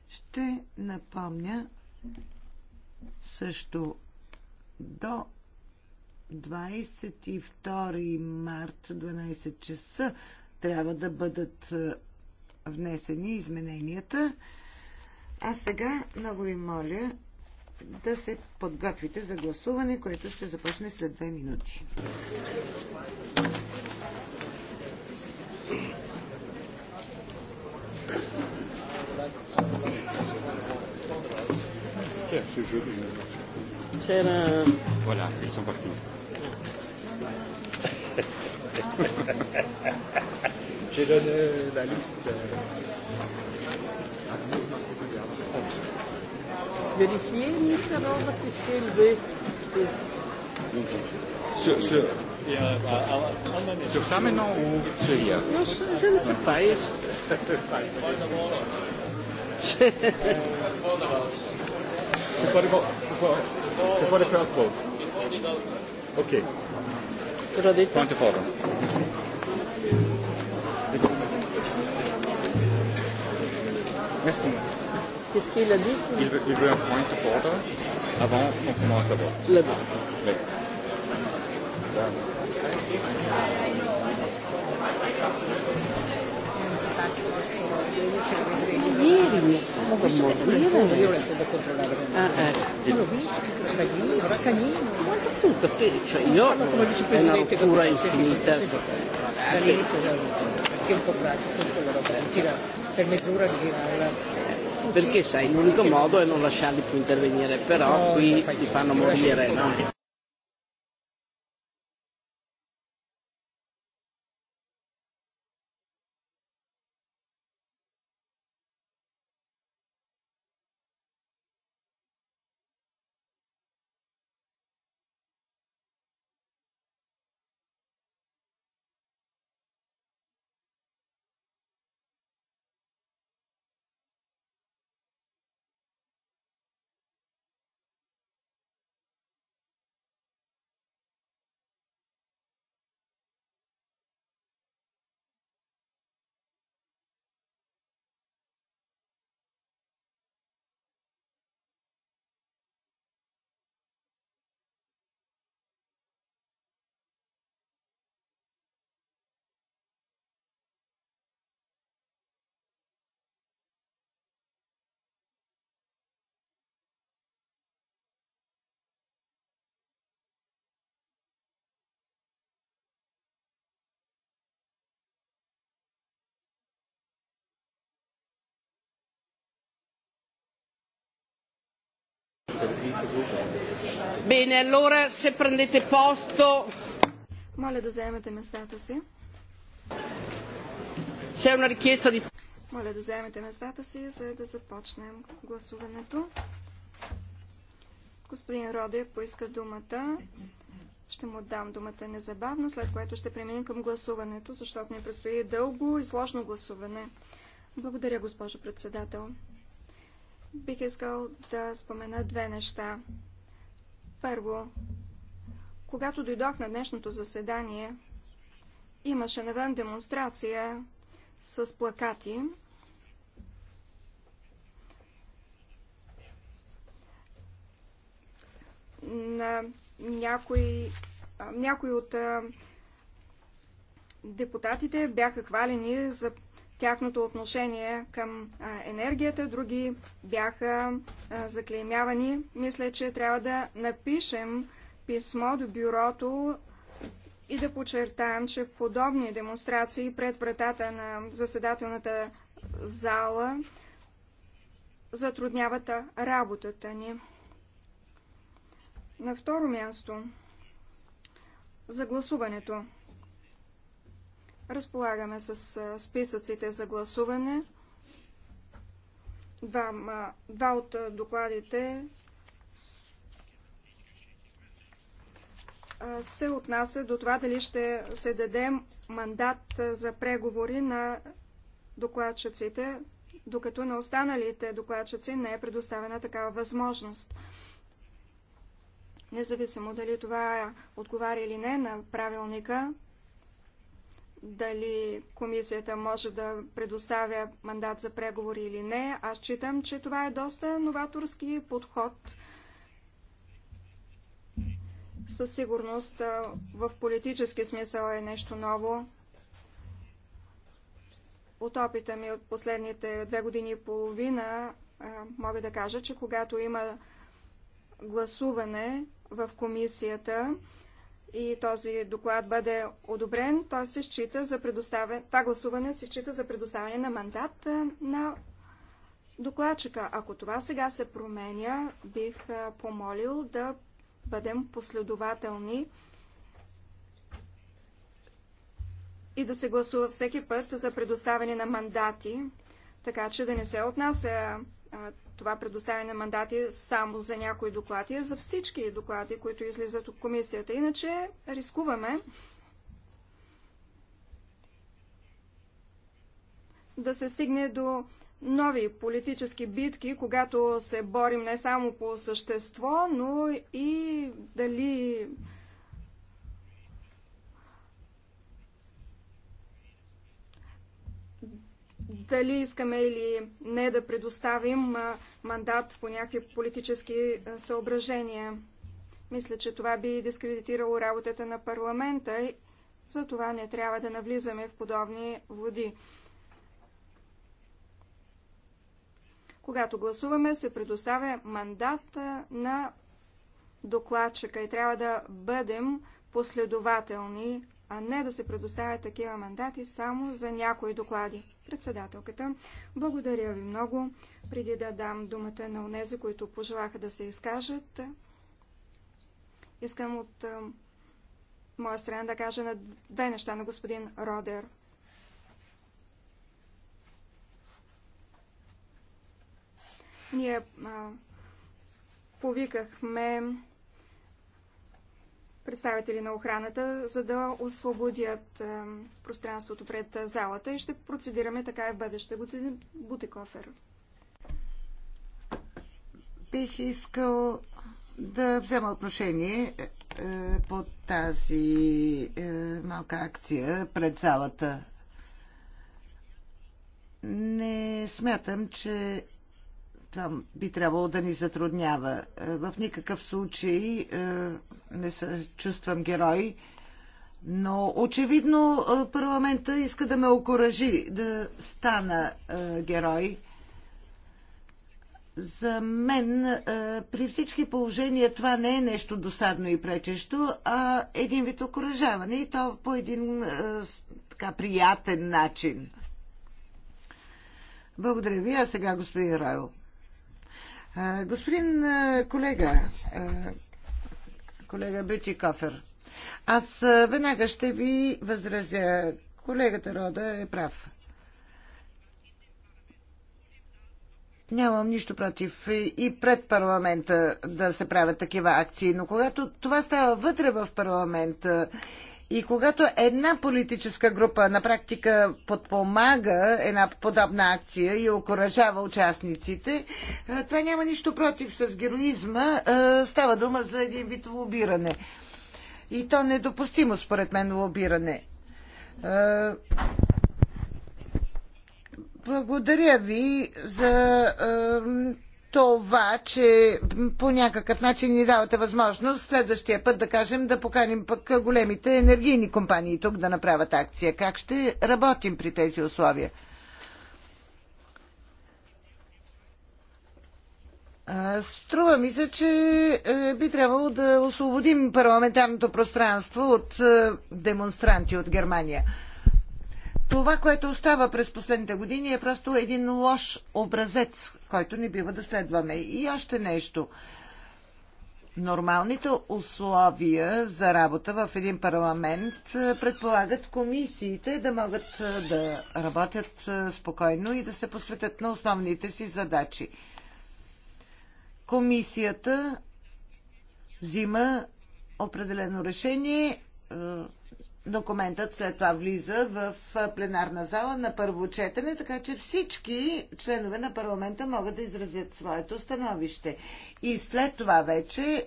Speaker 3: Ще напомня също до 22 март 12 часа трябва да бъдат е, внесени измененията. А сега много ви моля да се подготвите за гласуване, което ще започне след 2 минути.
Speaker 2: Voilà, ils sont partis.
Speaker 5: J'ai donné la liste.
Speaker 1: Vérifier, Mr. Robert, System B.
Speaker 5: Sur, sur, sur ça maintenant ou sur hier Non, je ne sais pas.
Speaker 1: Before the, before, before the first vote. Okay. Point of order. Qu'est-ce qu'il a dit il
Speaker 5: veut, il veut un point of avant qu'on commence le vote. Le vote. Oui. Thank you. Ieri mi Ah,
Speaker 1: perché è un po' pratico per mezz'ora girarla perché sai l'unico modo è non lasciarli più intervenire però qui ti fanno morire Bene, allora se prendete posto.
Speaker 2: Моля да заемете местата си. C'è una richiesta di... Моля да заемете местата си, за да започнем гласуването. Господин Роде поиска думата. Ще му дам думата незабавно, след което ще преминем към гласуването, защото ни предстои дълго и сложно гласуване. Благодаря, госпожо председател. Бих искал да спомена две неща. Първо, когато дойдох на днешното заседание, имаше навън демонстрация с плакати. На някои, някои от депутатите бяха хвалени за тяхното отношение към енергията, други бяха заклеймявани. Мисля, че трябва да напишем писмо до бюрото и да подчертаем, че подобни демонстрации пред вратата на заседателната зала затрудняват работата ни. На второ място за гласуването. Разполагаме с списъците за гласуване. Два, два от докладите се отнася до това дали ще се даде мандат за преговори на докладчиците, докато на останалите докладчици не е предоставена такава възможност. Независимо дали това отговаря или не на правилника, дали комисията може да предоставя мандат за преговори или не. Аз считам, че това е доста новаторски подход. Със сигурност в политически смисъл е нещо ново. От опита ми от последните две години и половина мога да кажа, че когато има гласуване в комисията, и този доклад бъде одобрен, той се счита за предоставяне, това гласуване се счита за предоставяне на мандат е, на докладчика. Ако това сега се променя, бих е, помолил да бъдем последователни и да се гласува всеки път за предоставяне на мандати, така че да не се отнася това предоставяне на мандати е само за някои доклади, а за всички доклади, които излизат от комисията. Иначе рискуваме да се стигне до нови политически битки, когато се борим не само по същество, но и дали дали искаме или не да предоставим мандат по някакви политически съображения. Мисля, че това би дискредитирало работата на парламента и за това не трябва да навлизаме в подобни води. Когато гласуваме, се предоставя мандат на докладчика и трябва да бъдем последователни а не да се предоставят такива мандати само за някои доклади. Председателката, благодаря ви много. Преди да дам думата на онези, които пожелаха да се изкажат, искам от моя страна да кажа на две неща на господин Родер. Ние а, повикахме представители на охраната, за да освободят е, пространството пред залата и ще процедираме така и в бъдеще. Бутикофер.
Speaker 3: Бих искал да взема отношение е, по тази е, малка акция пред залата. Не смятам, че това би трябвало да ни затруднява. Е, в никакъв случай е, не се чувствам герой, но очевидно е, парламента иска да ме окоръжи да стана герой. За мен при всички положения това не е нещо досадно и пречещо, а един вид окоръжаване и то по един така приятен начин. Благодаря ви, а сега господин Райл. Господин колега, колега Бюти Кофер, аз веднага ще ви възразя. Колегата Рода е прав. Нямам нищо против и пред парламента да се правят такива акции, но когато това става вътре в парламента и когато една политическа група на практика подпомага една подобна акция и окоръжава участниците, е, това няма нищо против с героизма. Е, става дума за един вид лобиране. И то недопустимо, според мен, лобиране. Е, благодаря ви за това, че по някакъв начин ни давате възможност следващия път да кажем да поканим пък големите енергийни компании тук да направят акция. Как ще работим при тези условия? Струва ми се, че е, би трябвало да освободим парламентарното пространство от е, демонстранти от Германия. Това, което остава през последните години е просто един лош образец, който не бива да следваме. И още нещо. Нормалните условия за работа в един парламент е, предполагат комисиите да могат е, да работят е, спокойно и да се посветят на основните си задачи. Комисията взима определено решение Документът след това влиза в пленарна зала на първо четене, така че всички членове на парламента могат да изразят своето становище. И след това вече е,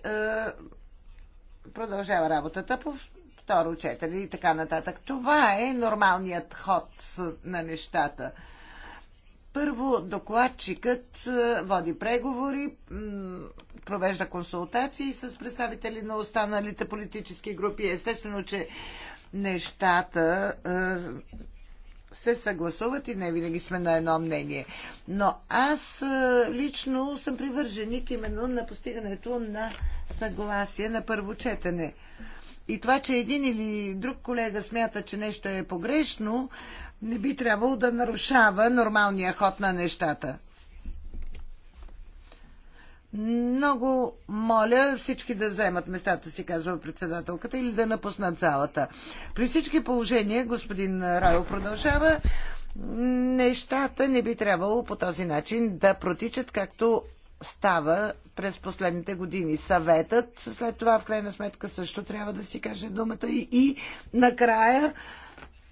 Speaker 3: продължава работата по второ четене и така нататък. Това е нормалният ход на нещата. Първо докладчикът води преговори, провежда консултации с представители на останалите политически групи. Естествено, че нещата се съгласуват и не винаги сме на едно мнение. Но аз лично съм привърженик именно на постигането на съгласие на първо четене. И това, че един или друг колега смята, че нещо е погрешно, не би трябвало да нарушава нормалния ход на нещата. Много моля всички да вземат местата си, казва председателката, или да напуснат залата. При всички положения, господин Райл продължава, нещата не би трябвало по този начин да протичат, както става през последните години. Съветът, след това в крайна сметка също трябва да си каже думата и, и накрая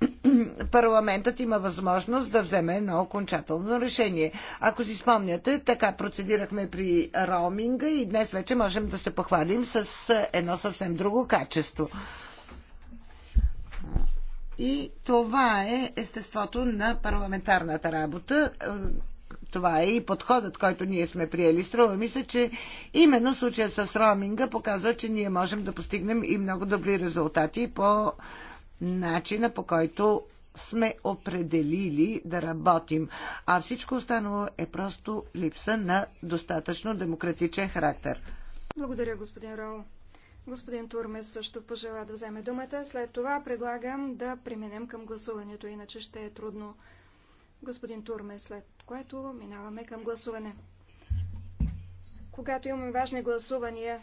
Speaker 3: парламентът има възможност да вземе едно окончателно решение. Ако си спомняте, така процедирахме при роуминга и днес вече можем да се похвалим с едно съвсем друго качество. И това е естеството на парламентарната работа. Това е и подходът, който ние сме приели. Струва ми се, че именно случая с роуминга показва, че ние можем да постигнем и много добри резултати по начина по който сме определили да работим, а всичко останало е просто липса на достатъчно демократичен характер.
Speaker 2: Благодаря, господин Роу. Господин Турмес също пожела да вземе думата. След това предлагам да преминем към гласуването, иначе ще е трудно. Господин Турмес, след което минаваме към гласуване. Когато имаме важни гласувания,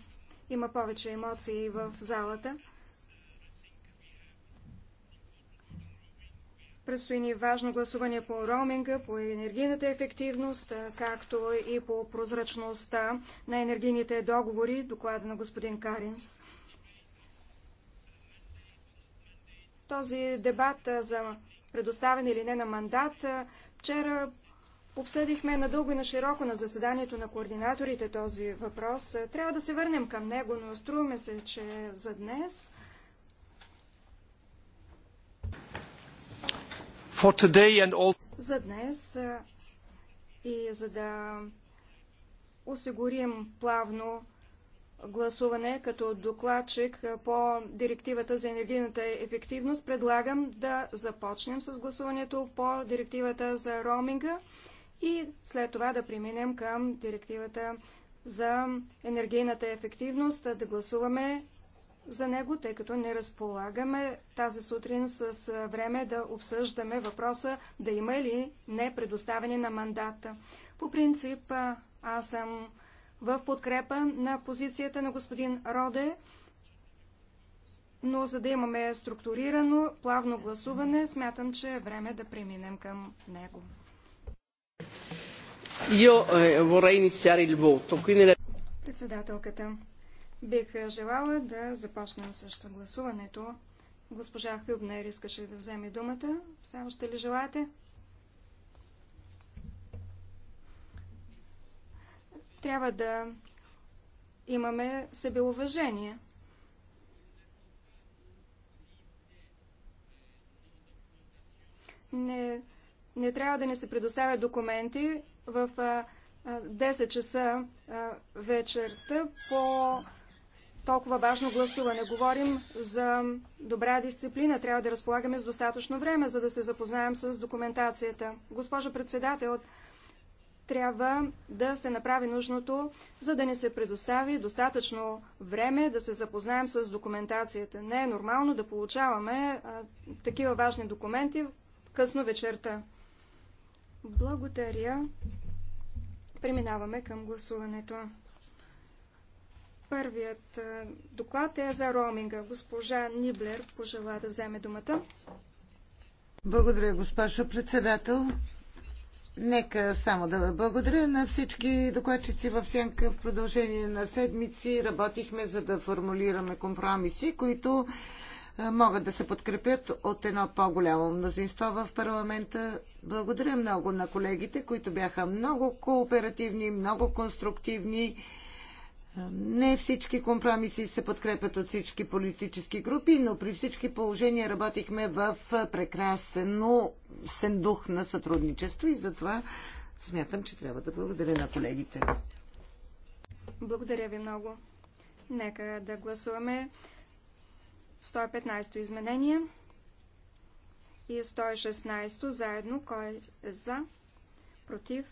Speaker 2: има повече емоции в залата. Предстои ни важно гласуване по роуминга, по енергийната ефективност, както и по прозрачността на енергийните договори, доклада на господин Каринс. Този дебат за предоставен или не на мандат, вчера обсъдихме надълго и на широко на заседанието на координаторите този въпрос. Трябва да се върнем към него, но струваме се, че за днес За днес и за да осигурим плавно гласуване като докладчик по директивата за енергийната ефективност, предлагам да започнем с гласуването по директивата за роуминга и след това да преминем към директивата за енергийната ефективност, да гласуваме за него, тъй като не разполагаме тази сутрин с време да обсъждаме въпроса да има ли не предоставяне на мандата. По принцип, аз съм в подкрепа на позицията на господин Роде, но за да имаме структурирано, плавно гласуване, смятам, че е време да преминем към него.
Speaker 1: Eh,
Speaker 2: Председателката. Бих желала да започнем също гласуването. Госпожа Хюбнер искаше да вземе думата. Само ще ли желаете? Трябва да имаме себеуважение. Не, не трябва да не се предоставят документи в а, а, 10 часа а, вечерта по толкова важно гласуване. Говорим за добра дисциплина. Трябва да разполагаме с достатъчно време, за да се запознаем с документацията. Госпожа председател, трябва да се направи нужното, за да ни се предостави достатъчно време да се запознаем с документацията. Не е нормално да получаваме а, такива важни документи късно вечерта. Благодаря. Преминаваме към гласуването. Първият доклад е за роуминга. Госпожа Ниблер пожела да вземе думата.
Speaker 3: Благодаря, госпожо председател. Нека само да благодаря на всички докладчици в Сянка. В продължение на седмици работихме за да формулираме компромиси, които могат да се подкрепят от едно по-голямо мнозинство в парламента. Благодаря много на колегите, които бяха много кооперативни, много конструктивни не всички компромиси се подкрепят от всички политически групи, но при всички положения работихме в прекрасен сен дух на сътрудничество и затова смятам, че трябва да благодаря на колегите.
Speaker 2: Благодаря ви много. Нека да гласуваме 115 то изменение и 116 то заедно. Кой е за? Против?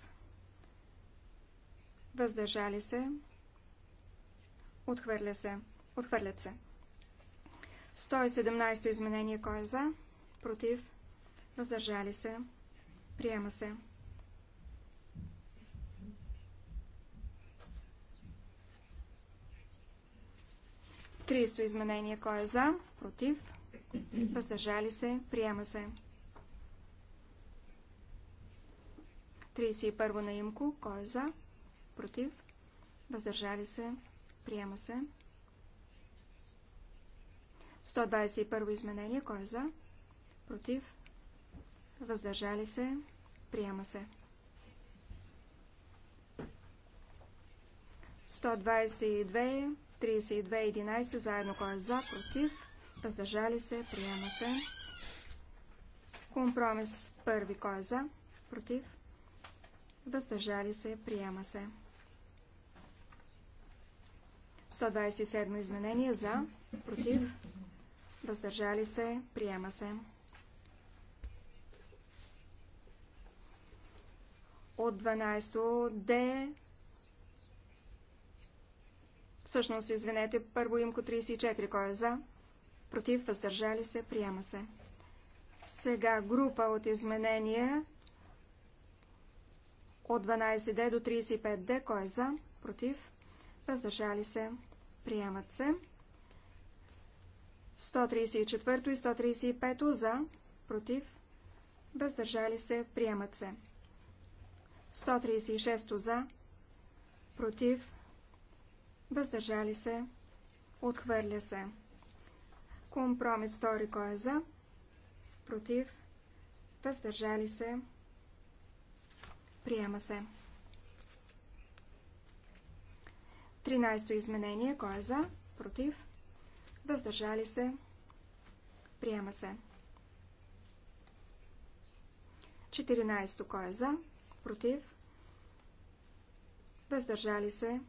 Speaker 2: Въздържали се? Отхвърля се. Отхвърлят се. 117 изменение. Кой е за? Против. Въздържали се. Приема се. Тристо изменение. Кой е за? Против. Въздържали се. Приема се. 31 на имко. Кой е за? Против. Въздържали се. Приема се. 121 изменение. Кой е за? Против. Въздържали се. Приема се. 122, 32, 11, заедно кой е за, против, въздържали се, приема се. Компромис първи кой е за, против, въздържали се, приема се. 127 изменение за, против, въздържали се, приема се. От 12 Д. Всъщност, извинете, първо имко 34, кой е за, против, въздържали се, приема се. Сега група от изменения от 12D до 35D, кой е за, против, въздържали се, приемат се. 134 и 135 за, против, въздържали се, приемат се. 136 за, против, въздържали се, отхвърля се. Компромис втори кой е за, против, въздържали се, приема се. 13-то изменение. Кой е за? Против? Въздържали се? Приема се. 14 Кой е за? Против? Въздържали се?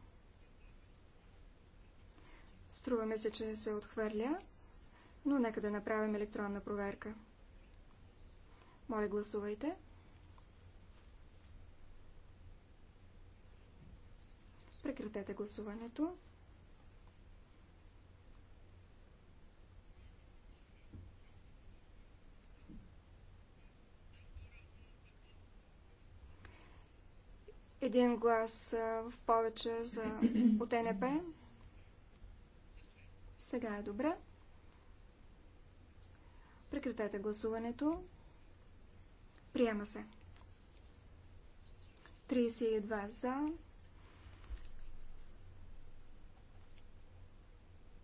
Speaker 2: Струваме се, че се отхвърля, но нека да направим електронна проверка. Моля, гласувайте. Прекратете гласуването. Един глас в повече за от НП. Сега е добре. Прекратете гласуването. Приема се. 32 за,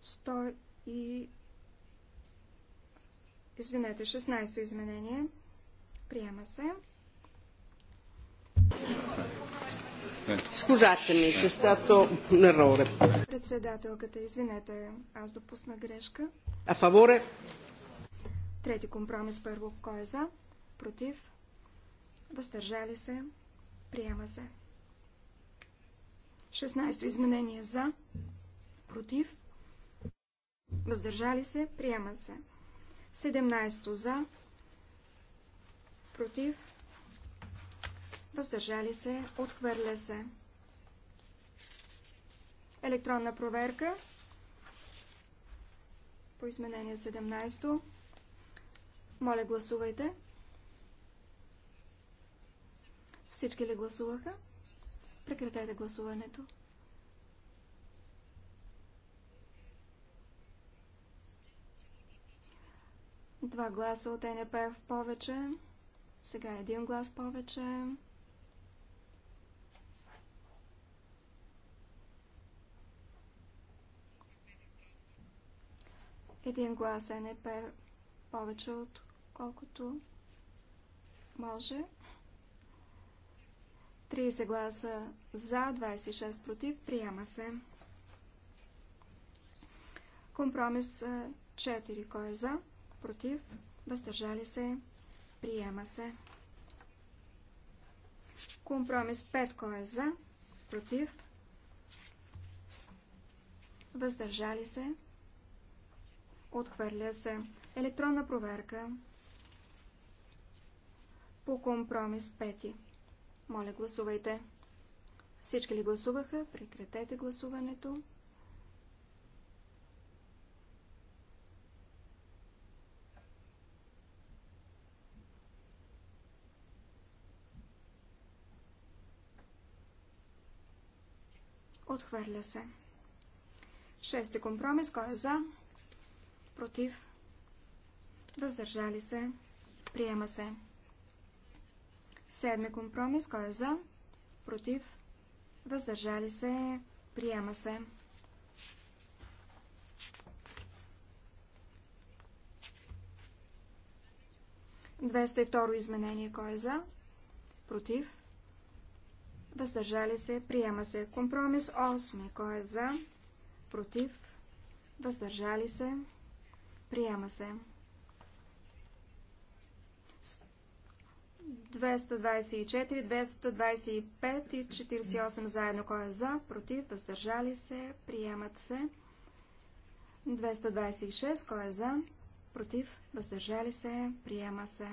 Speaker 2: 100 и... Извинете, 16-то изменение. Приема се.
Speaker 1: ми, че стато нероре.
Speaker 2: Председателката, извинете, аз допусна грешка. А фаворе? Трети компромис първо. Кой е за? Против? Въздържали се? Приема се. 16-то изменение за? Против? въздържали се, приема се. 17 за, против, въздържали се, отхвърля се. Електронна проверка по изменение 17. Моля, гласувайте. Всички ли гласуваха? Прекратете гласуването. Два гласа от НП в повече. Сега един глас повече. Един глас НП повече от колкото може. 30 гласа за, 26 против. Приема се. Компромис 4. Кой е за? против, въздържали се, приема се. Компромис 5, кой е за, против, въздържали се, отхвърля се. Електронна проверка по компромис 5. Моля, гласувайте. Всички ли гласуваха? Прекратете гласуването. Отхвърля се. Шести компромис. Кой е за? Против. Въздържали се. Приема се. Седми компромис. Кой е за? Против. Въздържали се. Приема се. Двеста и второ изменение. Кой е за? Против въздържали се, приема се. Компромис 8, кой е за, против, въздържали се, приема се. 224, 225 и 48 заедно. Кой е за, против, въздържали се, приемат се. 226, кой е за, против, въздържали се, приема се.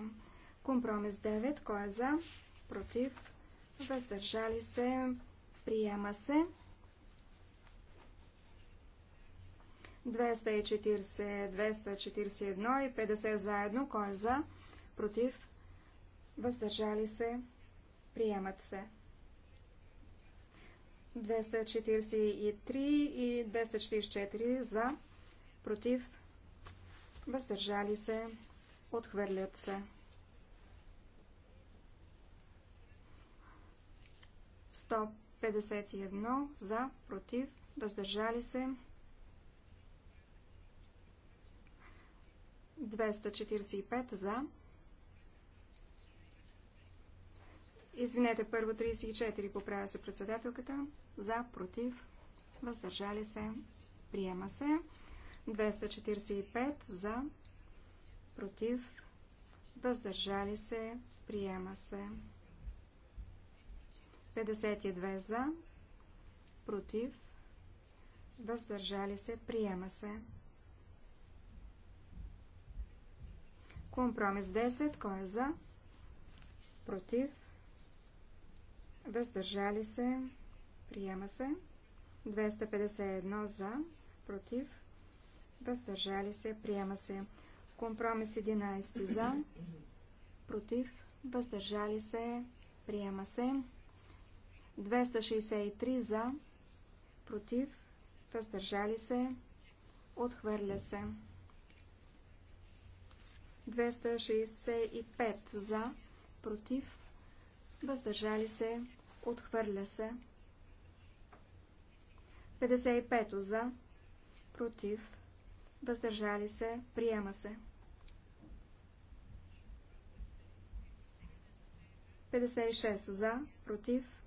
Speaker 2: Компромис 9, кой е за, против, въздържали се, приема се. 240, 241 и 50 заедно. Кой е за? Против? Въздържали се? Приемат се. 243 и 244 за? Против? Въздържали се? Отхвърлят се. 151 за, против, въздържали се. 245 за. Извинете, първо 34 поправя се председателката. За, против, въздържали се, приема се. 245 за, против, въздържали се, приема се. 52 за, против, въздържали се, приема се. Компромис 10, кой е за, против, въздържали се, приема се. 251 за, против, въздържали се, приема се. Компромис 11 за, против, въздържали се, приема се. 263 за, против, въздържали се, отхвърля се. 265 за, против, въздържали се, отхвърля се. 55 за, против, въздържали се, приема се. 56 за, против,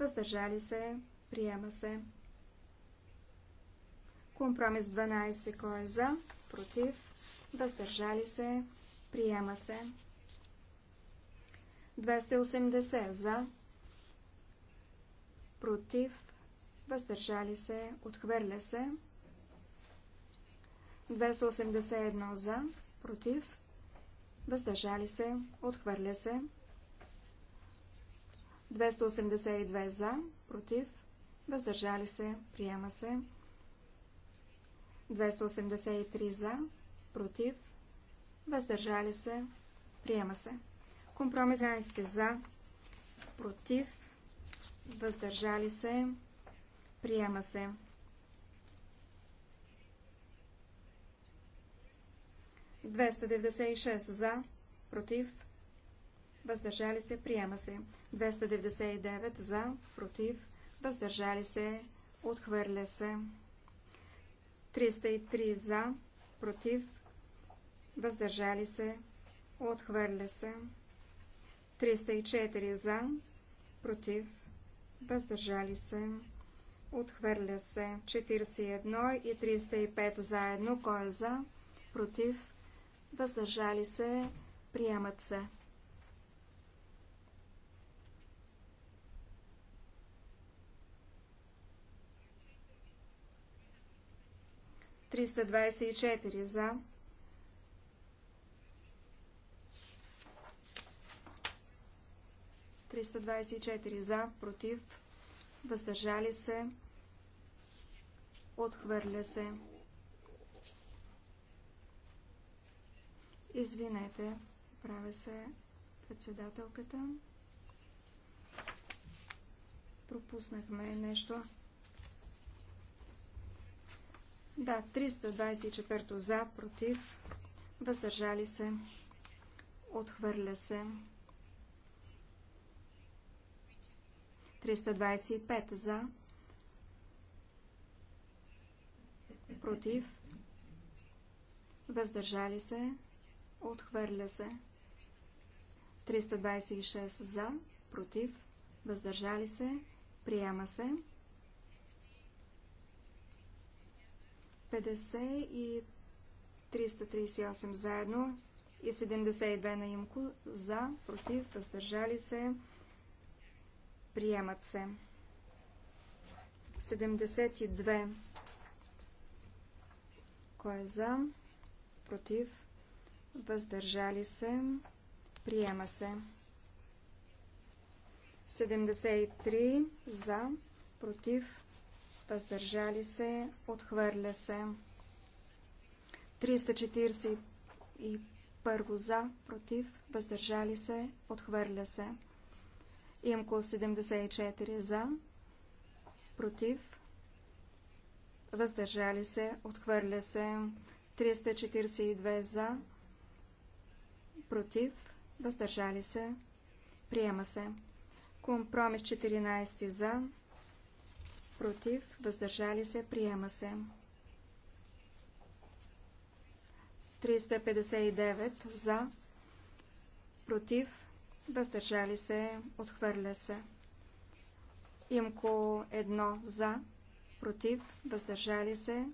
Speaker 2: въздържали се, приема се. Компромис 12, кой е за, против, въздържали се, приема се. 280 за, против, въздържали се, отхвърля се. 281 за, против, въздържали се, отхвърля се. 282 за, против, въздържали се, приема се. 283 за, против, въздържали се, приема се. Компромис за, против, въздържали се, приема се. Двеста за, против, въздържали се, приема се. 299 за, против, въздържали се, отхвърля се. 303 за, против, въздържали се, отхвърля се. 304 за, против, въздържали се, отхвърля се. 41 и 305 заедно, кой е за, против, въздържали се, приемат се. 324 за. 324 за, против, въздържали се, отхвърля се. Извинете, правя се председателката. Пропуснахме нещо. Да, 324 за, против, въздържали се, отхвърля се. 325 за, против, въздържали се, отхвърля се. 326 за, против, въздържали се, приема се. 50 и 338 заедно и 72 на имко за, против, въздържали се, приемат се. 72 кой е за, против, въздържали се, приема се. 73 за, против, въздържали се, отхвърля се. 341 за, против, въздържали се, отхвърля се. Имко 74 за, против, въздържали се, отхвърля се. 342 за, против, въздържали се, приема се. Компромис 14 за, против, въздържали се, приема се. 359 за, против, въздържали се, отхвърля се. Имко едно за, против, въздържали се,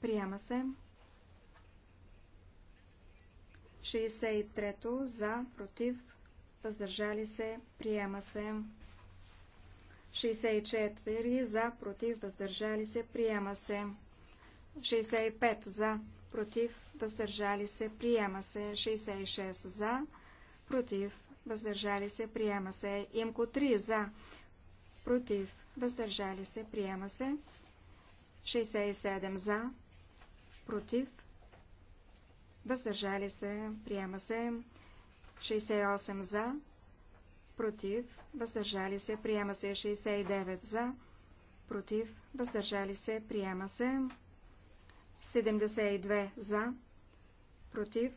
Speaker 2: приема се. 63 за, против, въздържали се, приема се. 64 за, против, въздържали се, приема се. 65 за, против, въздържали се, приема се. 66 за, против, въздържали се, приема се. Имко 3 за, против, въздържали се, приема се. 67 за, против, въздържали се, приема се. 68 за, против, въздържали се, приема се 69 за, против, въздържали се, приема се 72 за, против,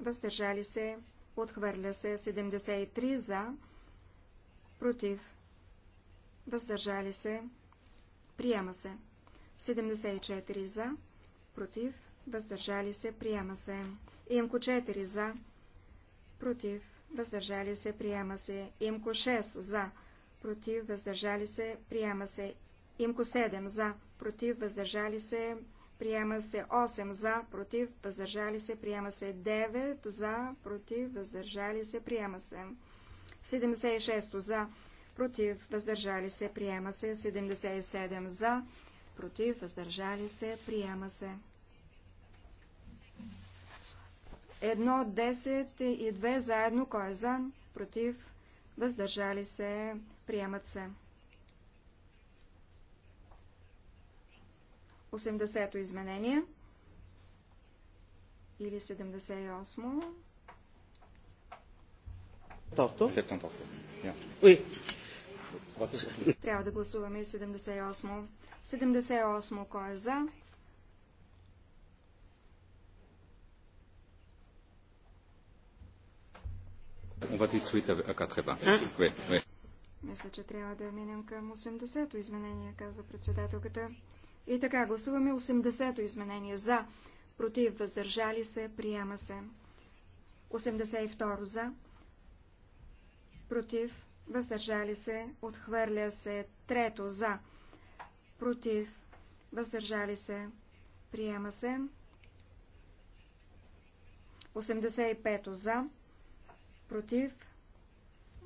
Speaker 2: въздържали се, отхвърля се 73 за, против, въздържали се, приема се 74 за, против, въздържали се, приема се. Имко 4 за, против, въздържали се, приема се. Имко 6 за, против, въздържали се, приема се. Имко 7 за, против, въздържали се, приема се. 8 за, против, въздържали се, приема се. 9 за, против, въздържали се, приема се. 76 за, против, въздържали се, приема се. 77 за, против, въздържали се, приема се. едно, 10 и 2 заедно. Кой е за? Против? Въздържали се? Приемат се. 80-то изменение или 78-о. Трябва да гласуваме и 78. 78 кой е за? Мисля, че трябва да минем към 80-то изменение, казва председателката. И така, гласуваме 80-то изменение. За, против, въздържали се, приема се. 82 за, против, въздържали се, отхвърля се. Трето за, против, въздържали се, приема се. 85 за, против,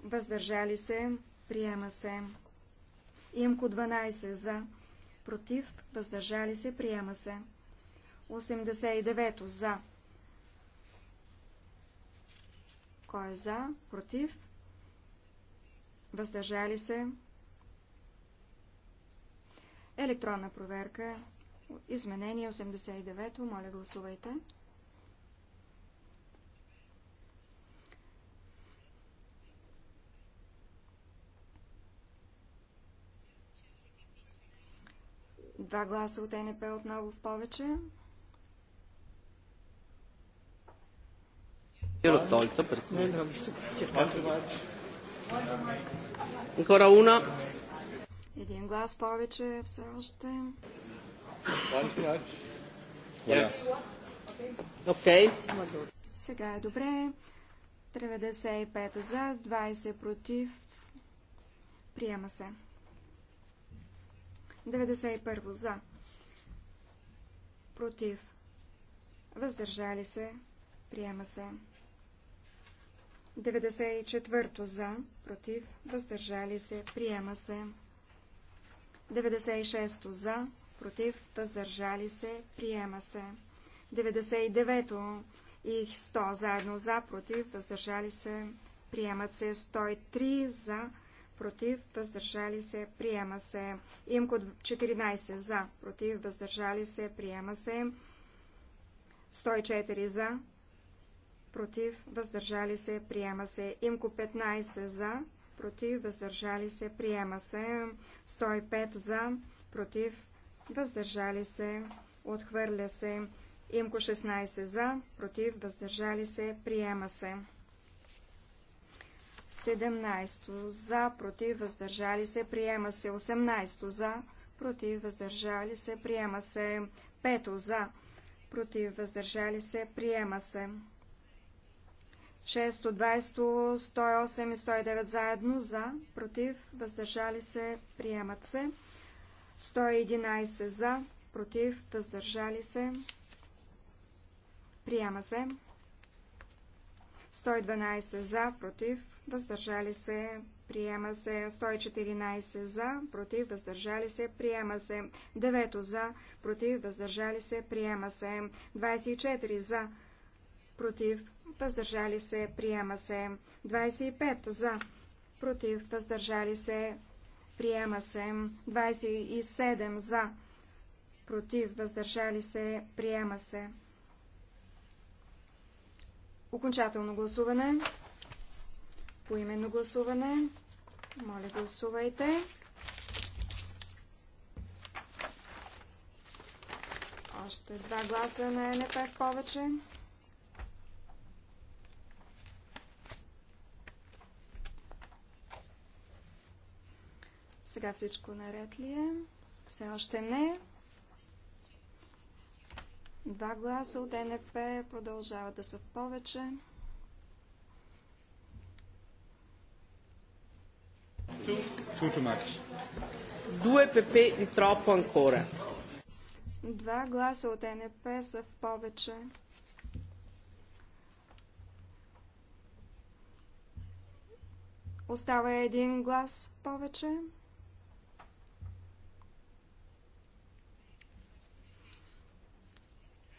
Speaker 2: въздържали се, приема се. Имко 12 за, против, въздържали се, приема се. 89 за. Кой е за, против, въздържали се. Електронна проверка. Изменение 89. Моля гласувайте. Два гласа от НП отново в повече. Един глас повече все още. Окей. Сега е добре. 95 за, 20 против. Приема се. 91 за. Против. Въздържали се. Приема се. 94 за. Против. Въздържали се. Приема се. 96 за. Против. Въздържали се. Приема се. 99 и 100 заедно за. Против. Въздържали се. Приемат се 103 за против, въздържали се, приема се. Имко 14 за, против, въздържали се, приема се. 104 за, против, въздържали се, приема се. Имко 15 за, против, въздържали се, приема се. 105 за, против, въздържали се, отхвърля се. Имко 16 за, против, въздържали се, приема се. 17 за, против, въздържали се, приема се. 18 за, против, въздържали се, приема се. 5 за, против, въздържали се, приема се. 6, 20, 108 и 109 заедно за, против, въздържали се, приемат се. 111 за, против, въздържали се, приема се. 112 за, против, въздържали се, приема се. 114 за, против, въздържали се, приема се. 9 за, против, въздържали се, приема се. 24 за, против, въздържали се, приема се. 25 за, против, въздържали се, приема се. 27 за, против, въздържали се, приема се. Окончателно гласуване. Поименно гласуване. Моля, гласувайте. Още два гласа на НП повече. Сега всичко наред ли е? Все още не. е. Два гласа от НФП продължават да са в повече.
Speaker 1: Due PP и troppo ancora.
Speaker 2: Два гласа от НП са в повече. Остава един глас повече.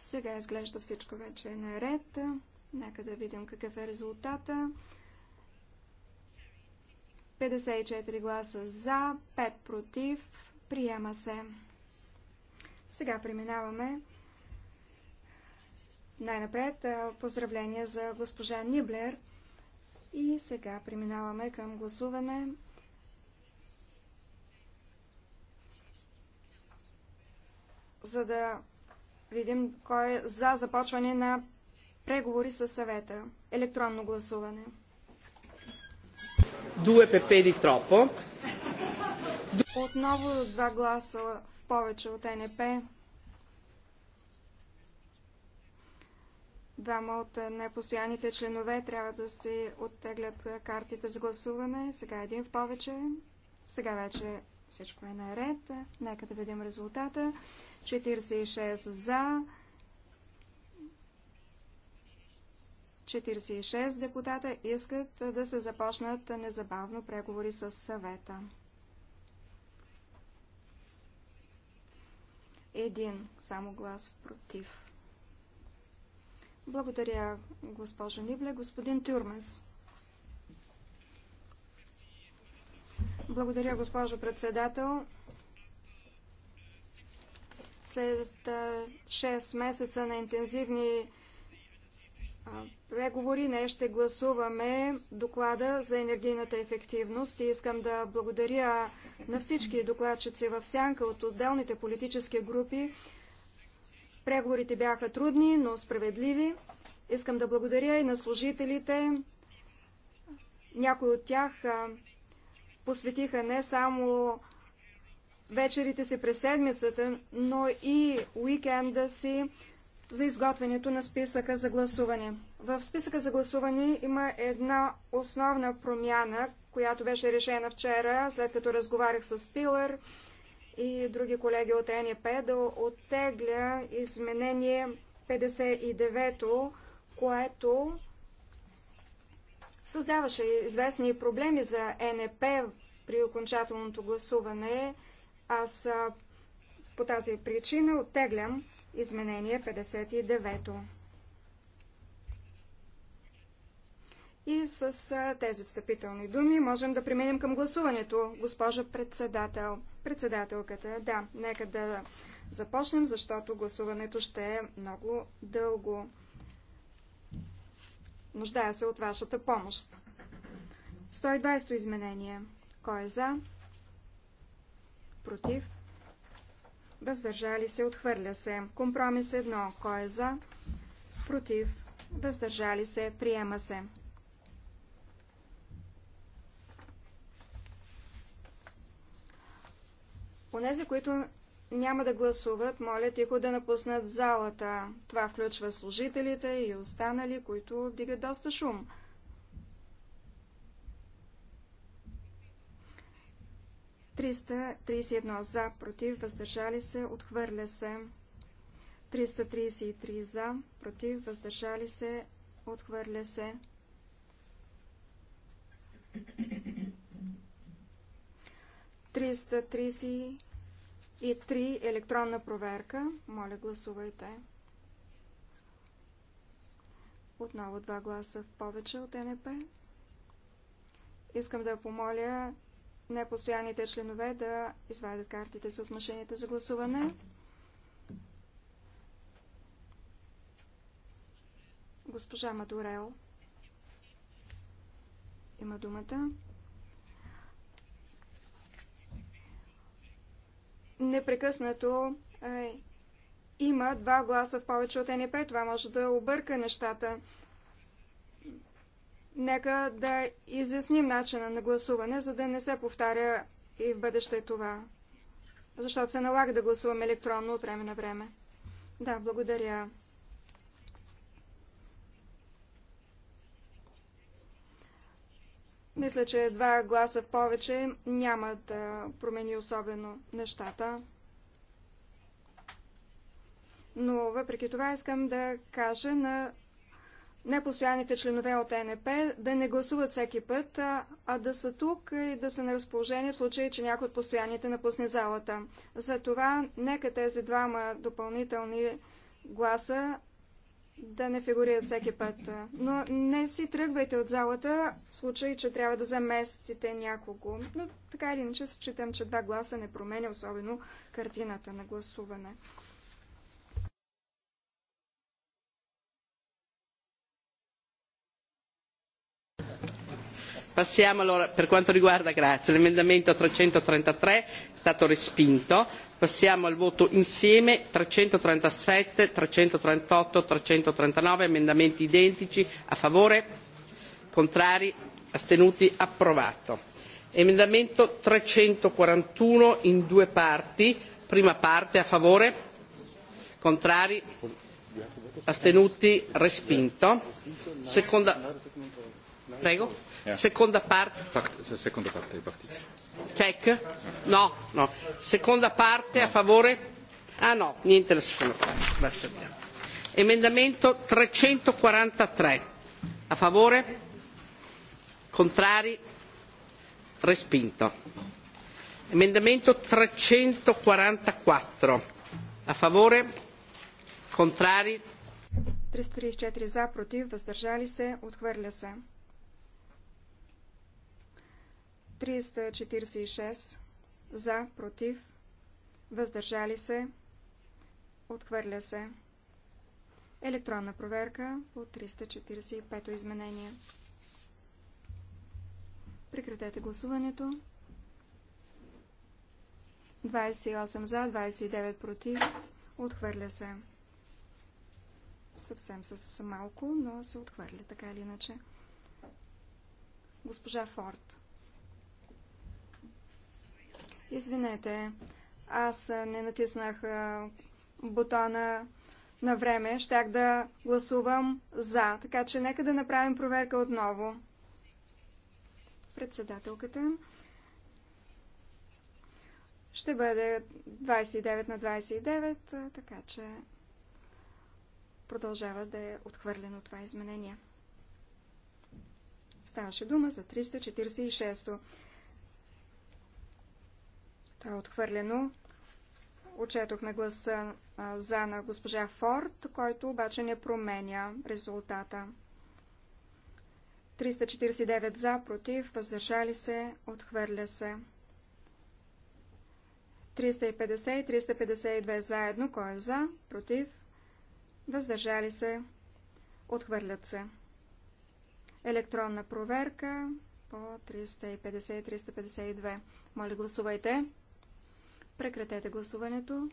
Speaker 2: Сега изглежда всичко вече е наред. Нека да видим какъв е резултата. 54 гласа за, 5 против. Приема се. Сега преминаваме най-напред поздравления за госпожа Ниблер. И сега преминаваме към гласуване. За да видим кой е за започване на преговори с съвета. Електронно гласуване.
Speaker 1: Дуе пепе тропо.
Speaker 2: Отново два гласа в повече от НП. Двама от непостоянните членове трябва да си оттеглят картите за гласуване. Сега един в повече. Сега вече всичко е наред. Нека да видим резултата. 46 за, 46 депутата искат да се започнат незабавно преговори с съвета. Един само глас против. Благодаря, госпожо Нибле. Господин Тюрмес. Благодаря, госпожо председател. След 6 месеца на интензивни преговори днес ще гласуваме доклада за енергийната ефективност и искам да благодаря на всички докладчици в сянка от отделните политически групи. Преговорите бяха трудни, но справедливи. Искам да благодаря и на служителите. Някои от тях посветиха не само вечерите си през седмицата, но и уикенда си за изготвянето на списъка за гласуване. В списъка за гласуване има една основна промяна, която беше решена вчера, след като разговарях с Пилър и други колеги от НЕП, да оттегля изменение 59-то, което създаваше известни проблеми за НЕП при окончателното гласуване аз по тази причина оттеглям изменение 59-то. И с тези встъпителни думи можем да преминем към гласуването, госпожа председател. Председателката, да, нека да започнем, защото гласуването ще е много дълго. Нуждая се от вашата помощ. 120 изменение. Кой е за? против, въздържали се, отхвърля се. Компромис Едно. кой е за, против, въздържали се, приема се. Онези, които няма да гласуват, моля тихо да напуснат залата. Това включва служителите и останали, които вдигат доста шум. 331 за, против, въздържали се, отхвърля се. 333 за, против, въздържали се, отхвърля се. 333 електронна проверка. Моля, гласувайте. Отново два гласа в повече от НП. Искам да помоля непостоянните членове да извадят картите си от машините за гласуване. Госпожа Мадурел има думата. Непрекъснато е, има два гласа в повече от НП. Това може да обърка нещата. Нека да изясним начина на гласуване, за да не се повтаря и в бъдеще това. Защото се налага да гласуваме електронно от време на време. Да, благодаря. Мисля, че два гласа в повече няма да промени особено нещата. Но въпреки това искам да кажа на непостоянните членове от ЕНП да не гласуват всеки път, а, а да са тук и да са на разположение в случай, че някой от постоянните напусне залата. Затова нека тези двама допълнителни гласа да не фигурират всеки път. Но не си тръгвайте от залата, в случай, че трябва да заместите някого. Но така или иначе, считам, че два гласа не променя особено картината на гласуване.
Speaker 1: Passiamo allora, per quanto riguarda, grazie, l'emendamento trecentotrentatre è stato respinto. Passiamo al voto insieme trecentotrentasette trecentotrentotto, trecentotrentanove, emendamenti identici, a favore, contrari, astenuti, approvato. Emendamento trecentoquarantuno in due parti, prima parte a favore, contrari, astenuti, respinto. Seconda... Prego Seconda parte. Seconda parte Check? No, no. Seconda parte a favore? Ah no, niente la seconda parte. Emendamento 343. A favore? Contrari? Respinto. Emendamento 344. A favore? Contrari?
Speaker 2: 334 за, против, въздържали се, отхвърля се. 346 за, против, въздържали се, отхвърля се. Електронна проверка по 345 изменение. Прекратете гласуването. 28 за, 29 против. Отхвърля се. Съвсем с малко, но се отхвърля, така или иначе. Госпожа Форд. Извинете, аз не натиснах бутона на време. Щях да гласувам за. Така че нека да направим проверка отново. Председателката. Ще бъде 29 на 29, така че продължава да е отхвърлено това изменение. Ставаше дума за 346-то. Това е отхвърлено. Отчетохме гласа за на госпожа Форд, който обаче не променя резултата. 349 за, против, въздържали се, отхвърля се. 350 и 352 заедно, кой е за, против, въздържали се, отхвърлят се. Електронна проверка по 350 и 352. Моля, гласувайте. Прекратете гласуването.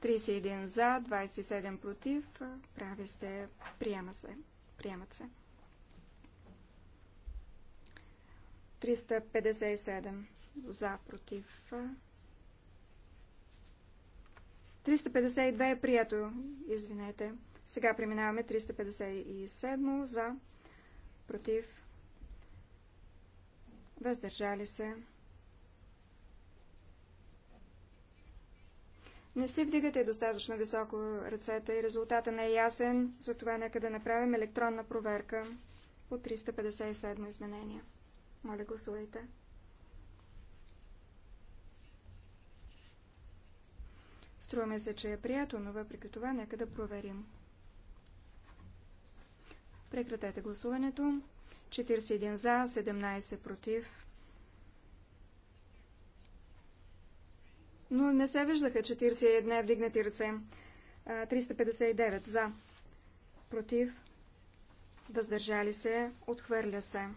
Speaker 2: Тридесет един за, 27 против. Прави сте. Приема се. Приемат се. 357 за, против. 352 е прието. Извинете. Сега преминаваме 357 за, против, въздържали се. Не си вдигате достатъчно високо ръцете и резултата не е ясен, затова нека да направим електронна проверка по 357 изменения. Моля, гласувайте. Струваме се, че е прието, но въпреки това нека да проверим. Прекратете гласуването. 41 за, 17 против. Но не се виждаха 41 вдигнати ръце. 359 за, против, въздържали се, отхвърля се.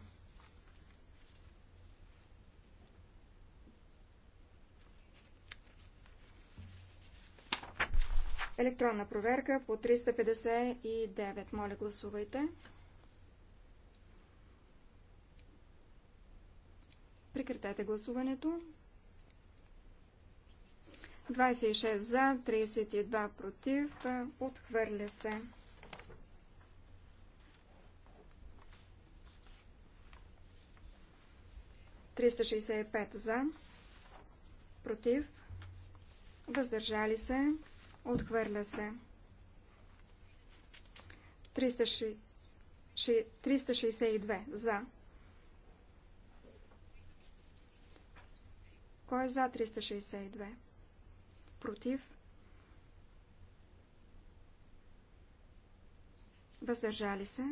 Speaker 2: Електронна проверка по 359. Моля, гласувайте. Прекратете гласуването. 26 за, 32 против. Отхвърля се. Триста за, против, въздържали се. Отхвърля се. 362 за. Кой е за 362? Против? Въздържали се?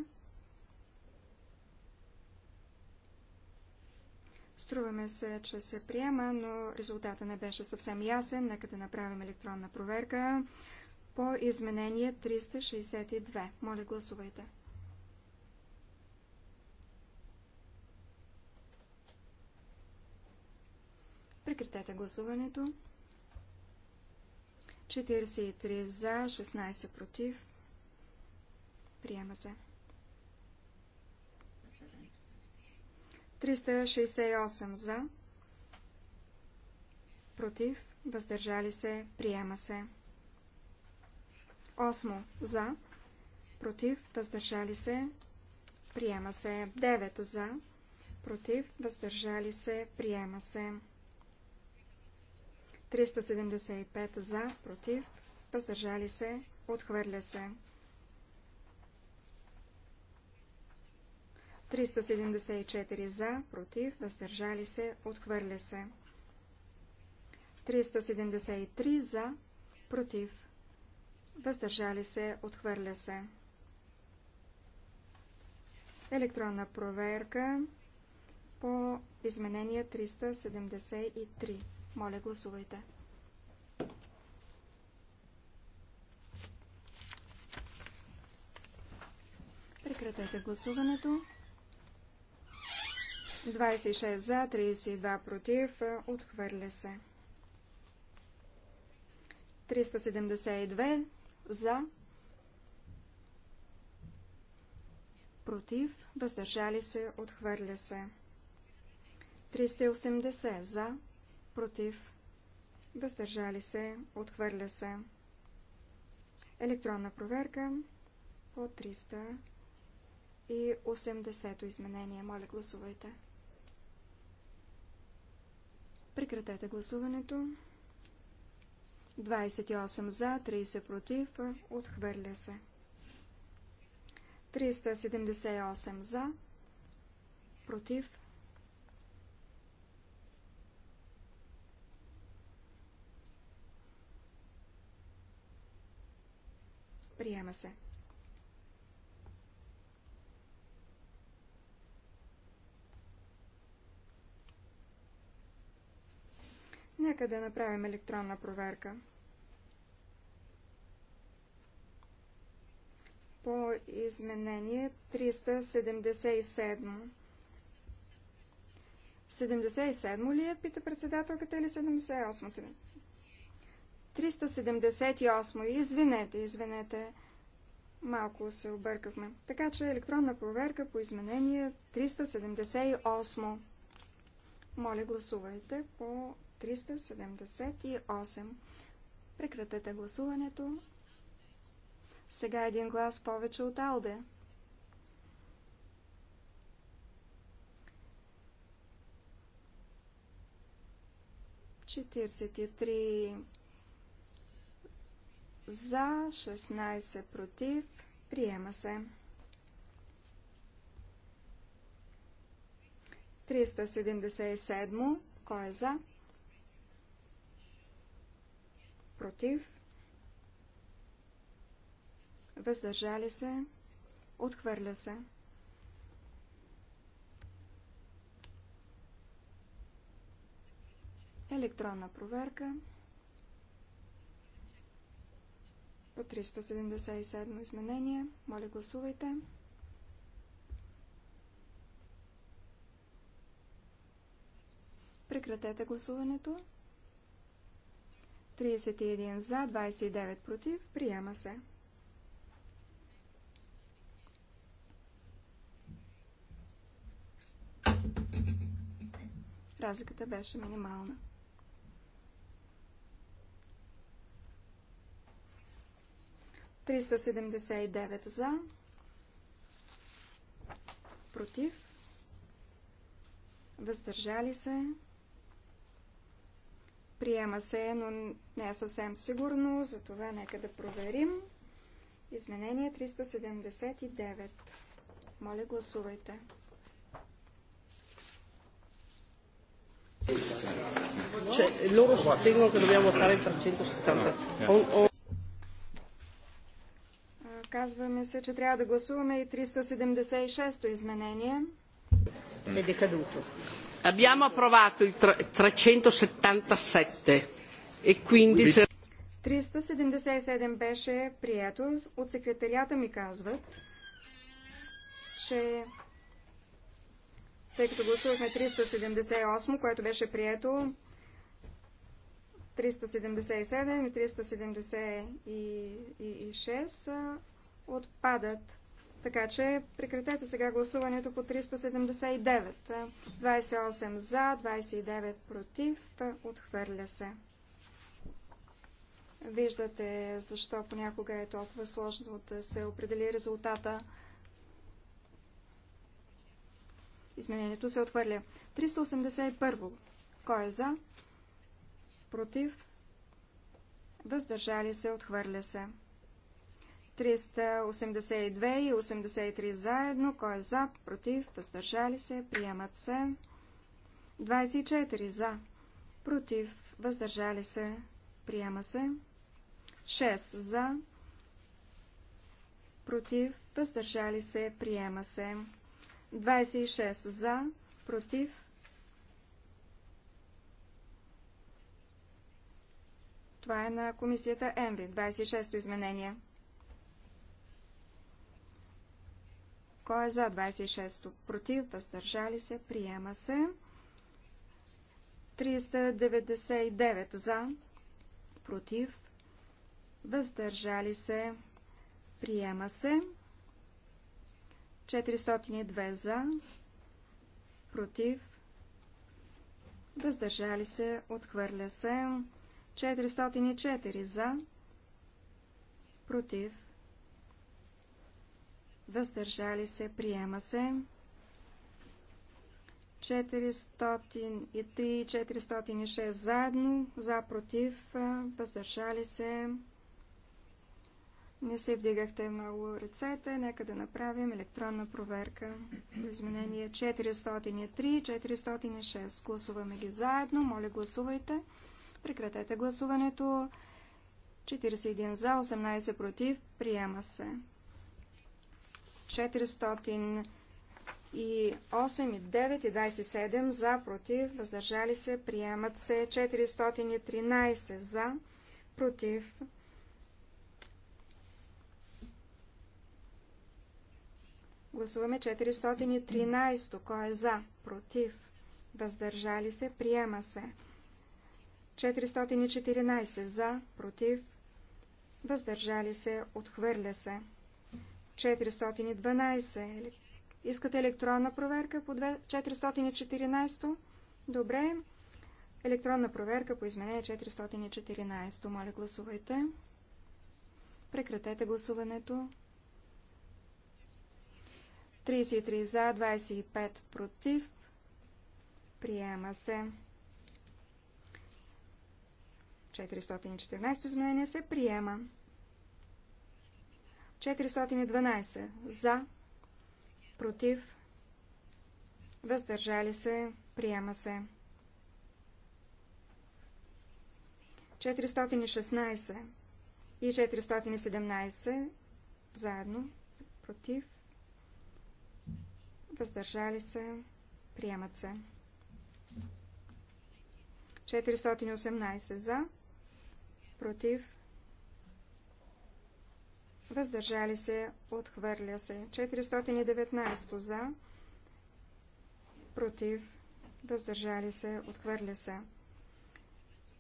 Speaker 2: Струваме се, че се приема, но резултата не беше съвсем ясен. Нека да направим електронна проверка по изменение 362. Моля, гласувайте. Прекратете гласуването. 43 за, 16 против. Приема се. 368 за, против, въздържали се, приема се. 8 за, против, въздържали се, приема се. 9 за, против, въздържали се, приема се. 375 за, против, въздържали се, отхвърля се. 374 за, против, въздържали се, отхвърля се. 373 за, против, въздържали се, отхвърля се. Електронна проверка по изменение 373. Моля, гласувайте. Прекратете гласуването. 26 за, 32 против, отхвърля се. 372 за, против, въздържали се, отхвърля се. 380 за, против, въздържали се, отхвърля се. Електронна проверка по 380 изменение. Моля, гласувайте. Прекратете гласуването. 28 за, 30 против, отхвърля се. 378 за, против. Приема се. Нека да направим електронна проверка. По изменение 377. 77 ли е, пита председателката, или 78? 378. Извинете, извинете. Малко се объркахме. Така че електронна проверка по изменение 378. Моля, гласувайте по 378. Прекратете гласуването. Сега един глас повече от Алде. 43 и три за, 16 против. Приема се. 377. Кой е за? против, въздържали се, отхвърля се. Електронна проверка по 377 изменение. Моля гласувайте. Прекратете гласуването. 31 за, 29 против. Приема се. Разликата беше минимална. Триста за, против, въздържали се, Приема се, но не е съвсем сигурно, затова нека да проверим. Изменение 379. Моля, гласувайте.
Speaker 1: Ah,
Speaker 2: Казваме се, че трябва да гласуваме и 376-то изменение.
Speaker 1: Не декадуто. Abbiamo approvato il 377 e quindi
Speaker 2: 377 беше прието. От секретарията ми казват, че тъй като гласувахме 378, което беше прието, 377 и 376 отпадат. Така че прекратете сега гласуването по 379. 28 за, 29 против, отхвърля се. Виждате защо понякога е толкова сложно да се определи резултата. Изменението се отхвърля. 381. Кой е за? Против? Въздържали се, отхвърля се. 382 и 83 заедно. Кой е за, против, въздържали се, приемат се. 24 за, против, въздържали се, приема се. 6 за, против, въздържали се, приема се. 26 за, против. Това е на комисията МВ. 26-то изменение. Кой е за 26-то? Против, въздържали се, приема се. 399 за, против, въздържали се, приема се. 402 за, против, въздържали се, отхвърля се. 404 за, против, въздържали се, приема се. 403 и 406 заедно, за, против, въздържали се. Не се вдигахте много ръцете, нека да направим електронна проверка. По изменение 403 406. Гласуваме ги заедно, моля гласувайте. Прекратете гласуването. 41 за, 18 против, приема се. 408 и и 9 и 27 за, против, въздържали се, приемат се 413 за, против. Гласуваме 413, кой е за, против, въздържали се, приема се. 414 за, против, въздържали се, отхвърля се. 412. Искате електронна проверка по 414? Добре. Електронна проверка по изменение 414. Моля, гласувайте. Прекратете гласуването. 33 за, 25 против. Приема се. 414 изменение се приема. 412 за, против, въздържали се, приема се. 416 и 417 заедно, против, въздържали се, приемат се. 418 за, против, въздържали се, отхвърля се. 419 за, против, въздържали се, отхвърля се.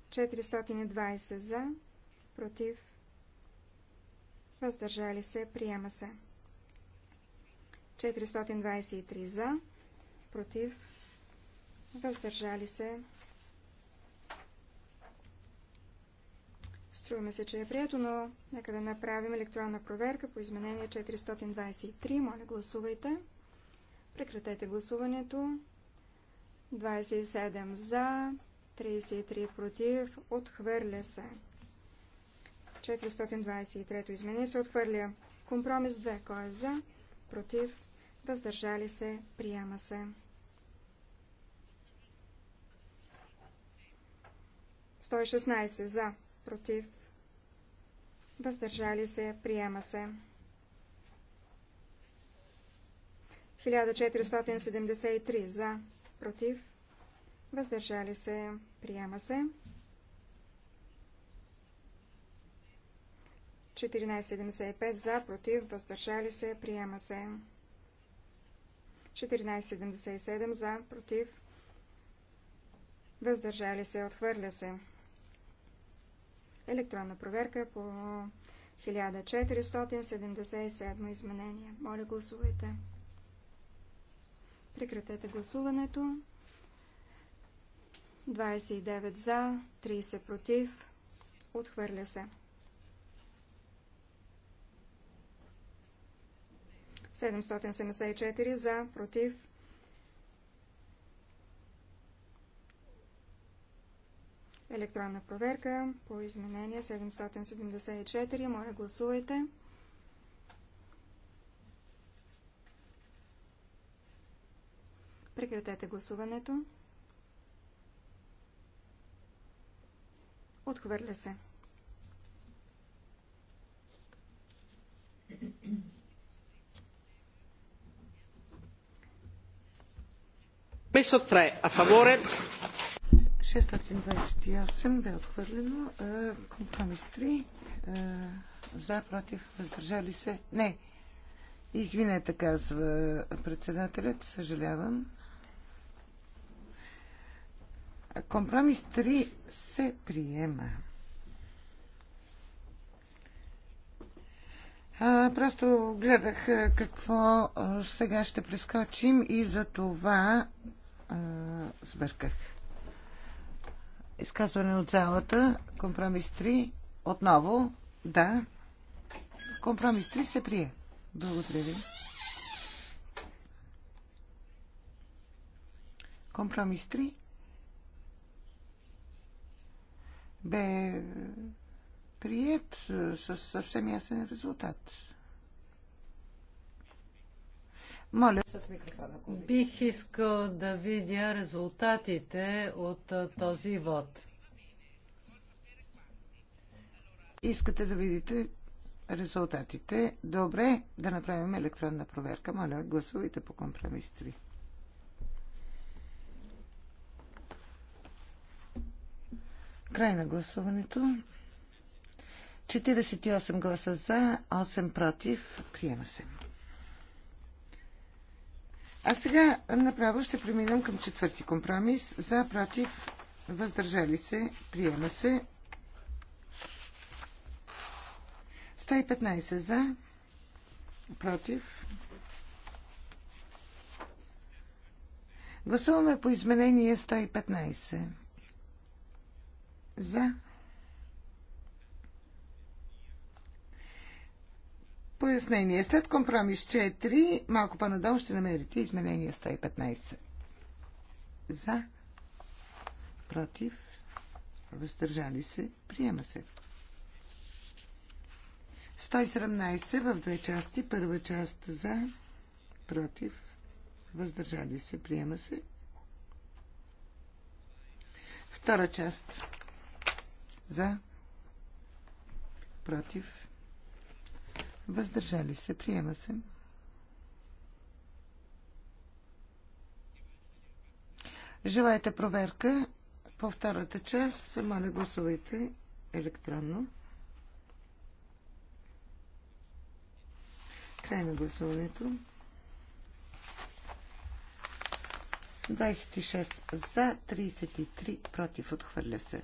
Speaker 2: 420 за, против, въздържали се, приема се. 423 за, против, въздържали се, Струваме се, че е прието, но нека да направим електронна проверка по изменение 423. Моля, гласувайте. Прекратете гласуването. 27 за, 33 против, отхвърля се. 423 изменение се отхвърля. Компромис 2. Кой е за? Против? Въздържали се? Приема се. 116 за против, въздържали се, приема се. 1473 за, против, въздържали се, приема се. 1475 за, против, въздържали се, приема се. 1477 за, против, въздържали се, отхвърля се. Електронна проверка по 1477 изменение. Моля, гласувайте. Прекратете гласуването. 29 за, 30 против. Отхвърля се. Седемстотин за, против. електронна проверка по изменение 774. Моля, гласувайте. Прекратете гласуването. Отхвърля се.
Speaker 1: 3 a favore
Speaker 3: 628 бе отхвърлено. Компромис 3. За, против, въздържали се. Не. Извинете, казва председателят. Съжалявам. Компромис 3 се приема. А, просто гледах какво сега ще прескочим и за това а, сбърках. Изказване от залата. Компромис 3. Отново. Да. Компромис 3 се прие. Благодаря ви. Компромис 3 бе прият със съвсем ясен резултат. Моля.
Speaker 4: Бих искал да видя резултатите от този вод.
Speaker 3: Искате да видите резултатите. Добре, да направим електронна проверка. Моля, гласувайте по компромис 3. Край на гласуването. 48 гласа за, 8 против. Приема се. А сега направо ще преминем към четвърти компромис. За, против, въздържали се, приема се. 115 за, против. Гласуваме по изменение 115. За. Пояснение. След компромис 4, малко по-надолу ще намерите изменение 115. За, против, въздържали се, приема се. 117 в две части. Първа част за, против, въздържали се, приема се. Втора част за, против, Въздържали се. Приема се. Желаете проверка по втората част. Моля, гласувайте електронно. Край на гласуването. 26 за, 33 против. Отхвърля се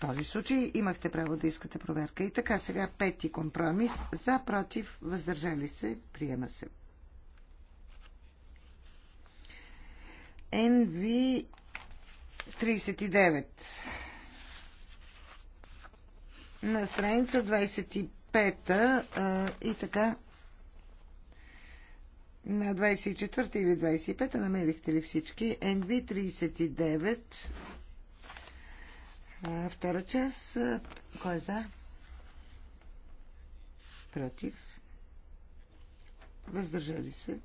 Speaker 3: този случай имахте право да искате проверка. И така, сега пети компромис. За, против, въздържали се, приема се. NV 39 на страница 25-та и така на 24 или 25-та намерихте ли всички NV 39 Втора част. Кой е за? Против. Въздържали се.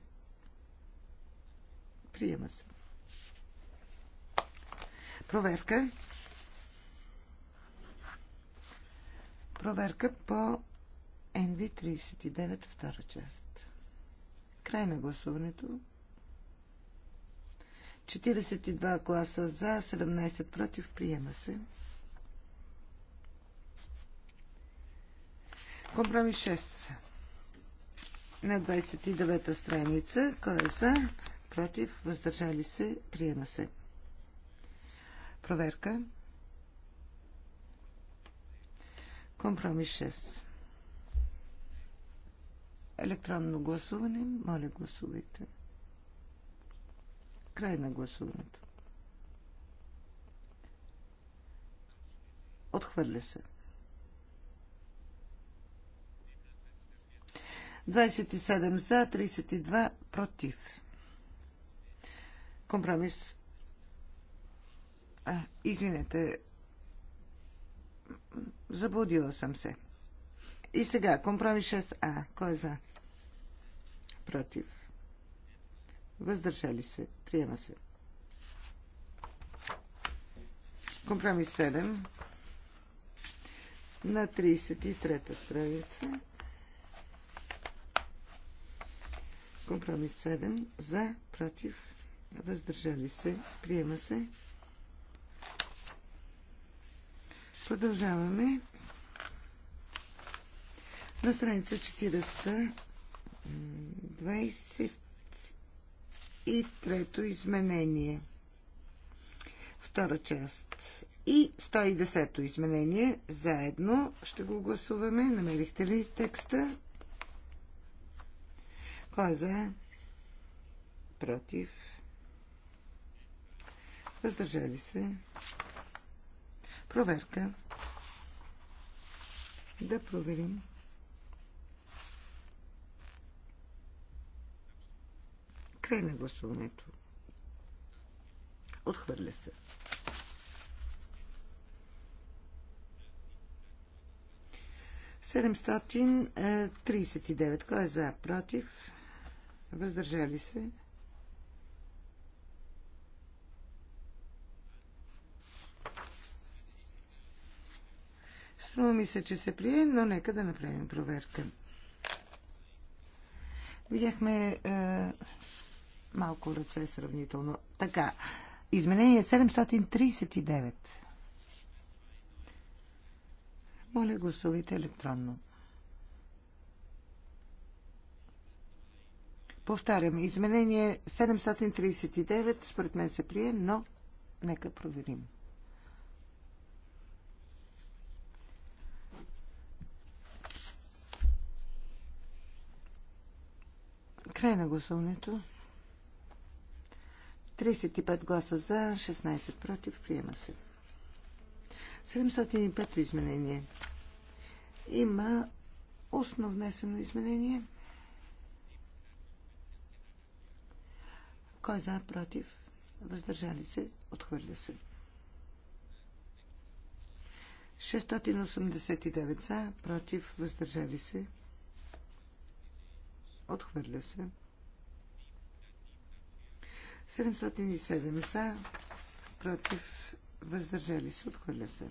Speaker 3: Приема се. Проверка. Проверка по NV39 втора част. Край на гласуването. 42 гласа за, 17 против. Приема се. Компромис 6 на 29-та страница. Кой е за? Против? Въздържали се? Приема се. Проверка. Компромис 6. Електронно гласуване. Моля, гласувайте. Край на гласуването. Отхвърля се. 27 за, 32 против. Компромис. А, извинете. Заблудила съм се. И сега, компромис 6А. Кой е за? Против. Въздържали се. Приема се. Компромис 7 на 33-та страница. Компромис 7 за, против, въздържали се, приема се. Продължаваме на страница 40 и трето изменение. Втора част. И 110-то изменение. Заедно ще го гласуваме. Намерихте ли текста? Кой е за? Против. Въздържали се. Проверка. Да проверим. Край на гласуването. Отхвърля се. Седемстотин е, тридесет и девет. Кой е за? Против? Въздържали се. Струва ми се, че се прие, но нека да направим проверка. Видяхме е, малко ръце сравнително. Така, изменение 739. Моля, гласувайте електронно. Повтарям, изменение 739 според мен се прие, но нека проверим. Край на гласуването. 35 гласа за, 16 против. Приема се. 705 изменение. Има основнесено изменение. Кой е за, против, въздържали се, отхвърля се. 689 за, против, въздържали се, отхвърля се. 707 за, против, въздържали се, отхвърля се.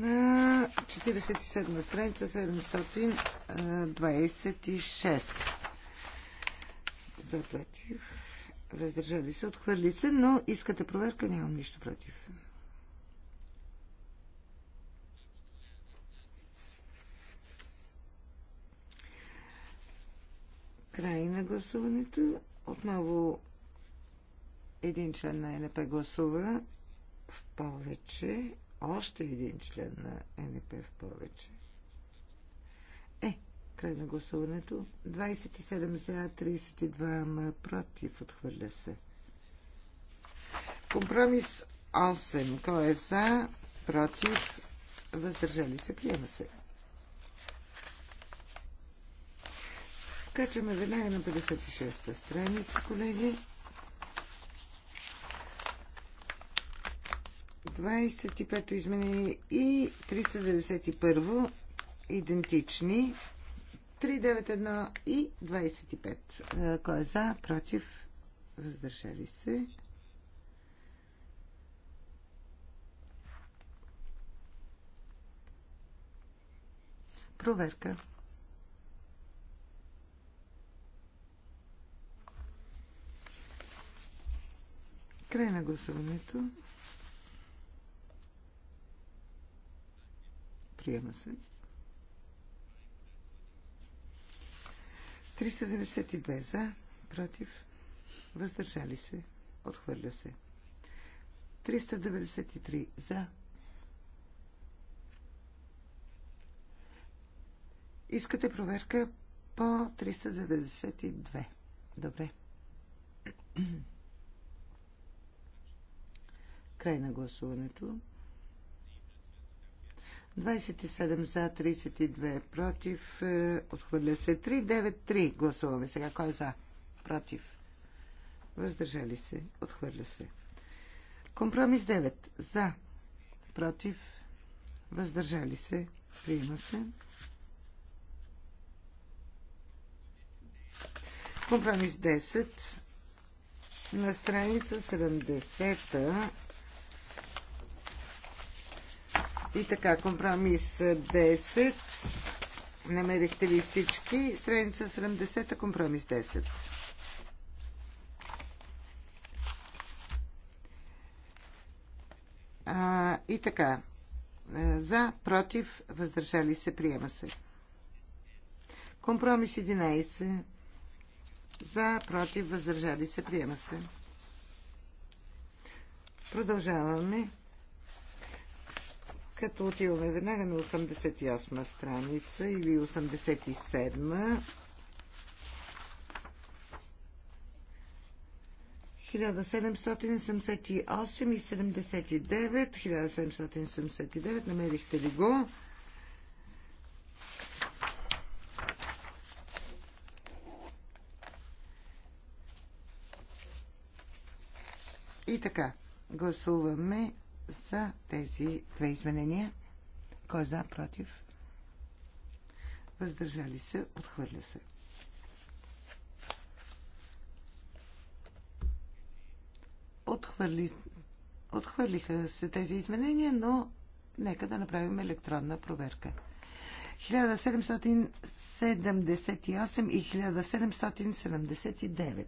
Speaker 3: на 47 страница 726 за против. Въздържали се, отхвърли се, но искате проверка, нямам нищо против. Край на гласуването. Отново един член на НП гласува в повече още един член на НП в повече. Е, край на гласуването. 27 за, 32 ма против. Отхвърля се. Компромис 8. Кой е за? Против. Въздържали се. Приема се. Скачаме веднага на 56-та страница, колеги. 25-то изменение и 391 идентични. 391 и 25. Е, кой е за, против, въздържали се. Проверка. Край на гласуването. Приема се. 392 за, против, въздържали се, отхвърля се. 393 за. Искате проверка по 392. Добре. Край на гласуването. 27 за, 32 против. Е, отхвърля се 39-3, Гласуваме сега. Кой е за? Против. Въздържали се. Отхвърля се. Компромис 9. За. Против. Въздържали се. Приема се. Компромис 10 на страница 70 И така, компромис 10. Намерихте ли всички? Страница 70, компромис 10. А, и така. За, против, въздържали се, приема се. Компромис 11. За, против, въздържали се, приема се. Продължаваме като отиваме веднага на 88 страница или 87 1778 и 79, 1779, намерихте ли го? И така, гласуваме за тези две изменения. Кой е за, против? Въздържали се, отхвърля се. Отхвърли, отхвърлиха се тези изменения, но нека да направим електронна проверка. 1778 и 1779.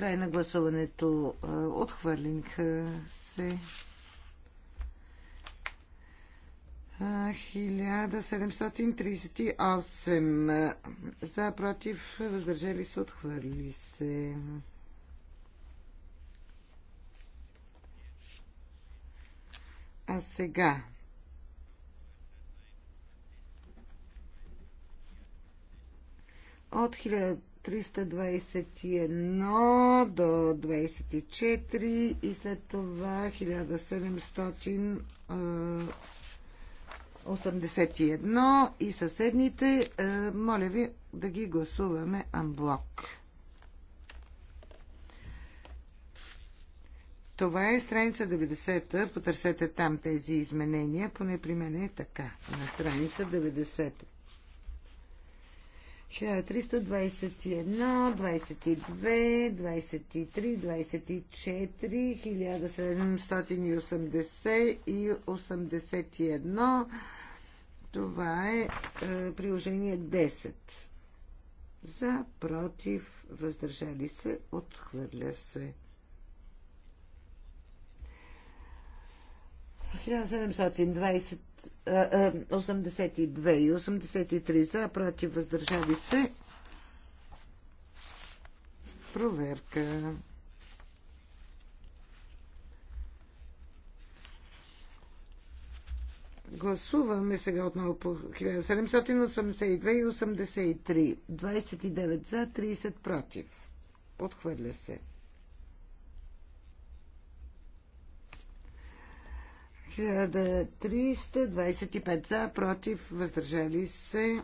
Speaker 3: Край на гласуването. Отхвърлиха се 1738 за, против, въздържали се, отхвърли се. А сега от 1000 321 до 24 и след това 1781 и съседните. Моля ви да ги гласуваме амблок. Това е страница 90 Потърсете там тези изменения, поне при мен е така. На страница 90 1321, 22, 23, 24, 1780 и 81. Това е, е приложение 10. За, против, въздържали се, отхвърля се. 1720, 82 и 83 за, против, въздържали се. Проверка. Гласуваме сега отново по 1782 и 83. 29 за, 30 против. Отхвърля се. 1325 е, е за, против, въздържали се.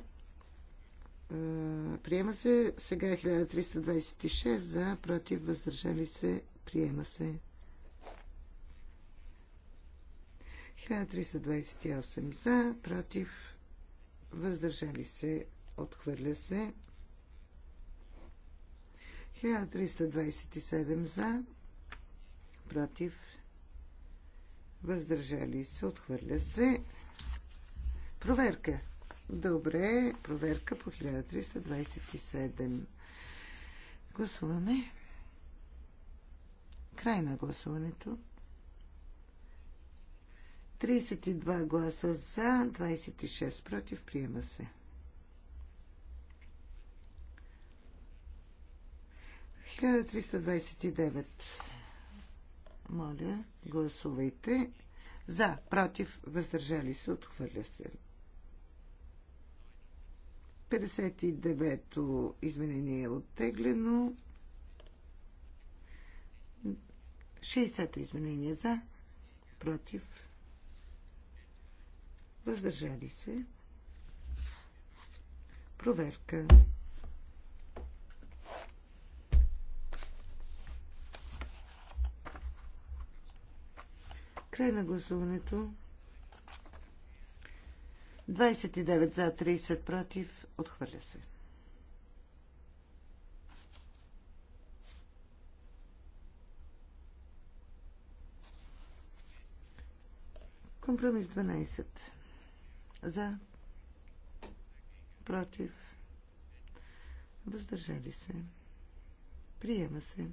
Speaker 3: Приема се. Сега 1326 за, против, въздържали се. Приема се. 1328 за, против, въздържали се. Отхвърля се. 1327 за, против, въздържали се, отхвърля се. Проверка. Добре, проверка по 1327. Гласуваме. Край на гласуването. 32 гласа за, 26 против, приема се. 1329. Моля, гласувайте. За, против, въздържали се, отхвърля се. 59-то изменение е оттеглено. 60-то изменение за, против, въздържали се. Проверка. Край на гласуването. 29 за, 30 против. Отхвърля се. Компромис 12. За. Против. Въздържали се. Приема се.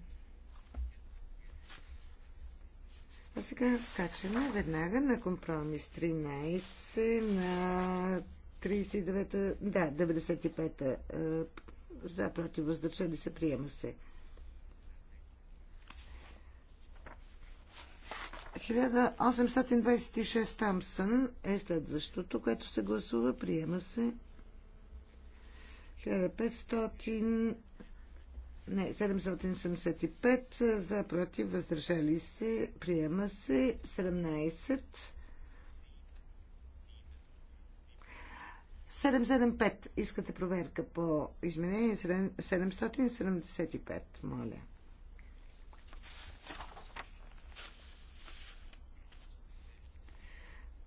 Speaker 3: А сега скачаме веднага на компромис 13 на 39-та, да, 95-та за против въздържали се, приема се. 1826 Тамсън е следващото, което се гласува, приема се не, 775 за против, въздържали се, приема се 17. 775. Искате проверка по изменение 775, моля.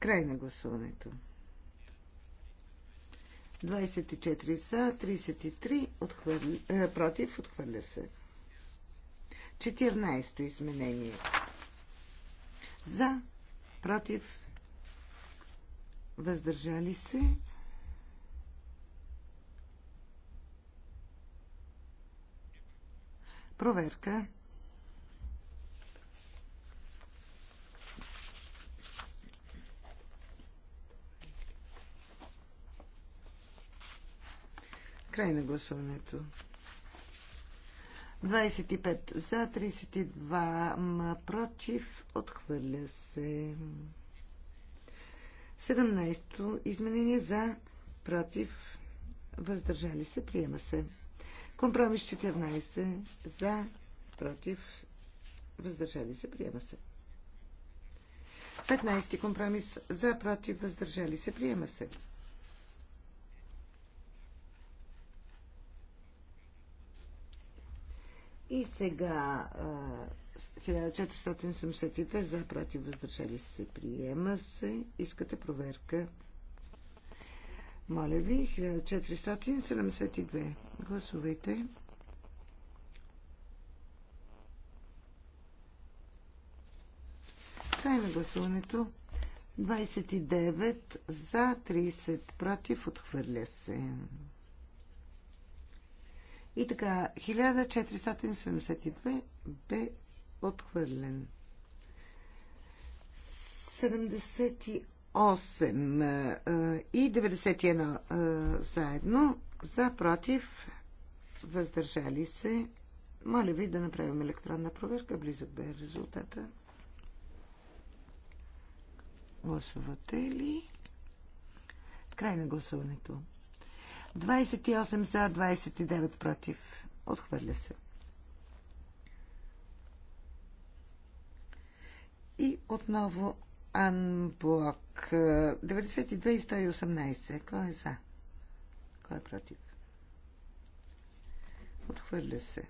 Speaker 3: Край на гласуването. 24 за, 33 отхвърля, э, против, отхвърля се. 14-то изменение. За, против, въздържали се. Проверка. Край на гласуването. 25 за, 32 ма, против, отхвърля се. 17-то изменение за, против, въздържали се, приема се. Компромис 14 за, против, въздържали се, приема се. 15 компромис за, против, въздържали се, приема се. И сега 1472 за против въздържали се приема се. Искате проверка. Моля ви, 1472. Гласувайте. Край на гласуването. 29 за 30 против отхвърля се. И така, 1472 бе отхвърлен. 78 и 91 заедно за, против, въздържали се. Моля ви да направим електронна проверка. Близък бе резултата. Гласувате ли? Край на гласуването. 28 за, 29 против. Отхвърля се. И отново анблок. 92 и 118. Кой е за? Кой е против? Отхвърля се.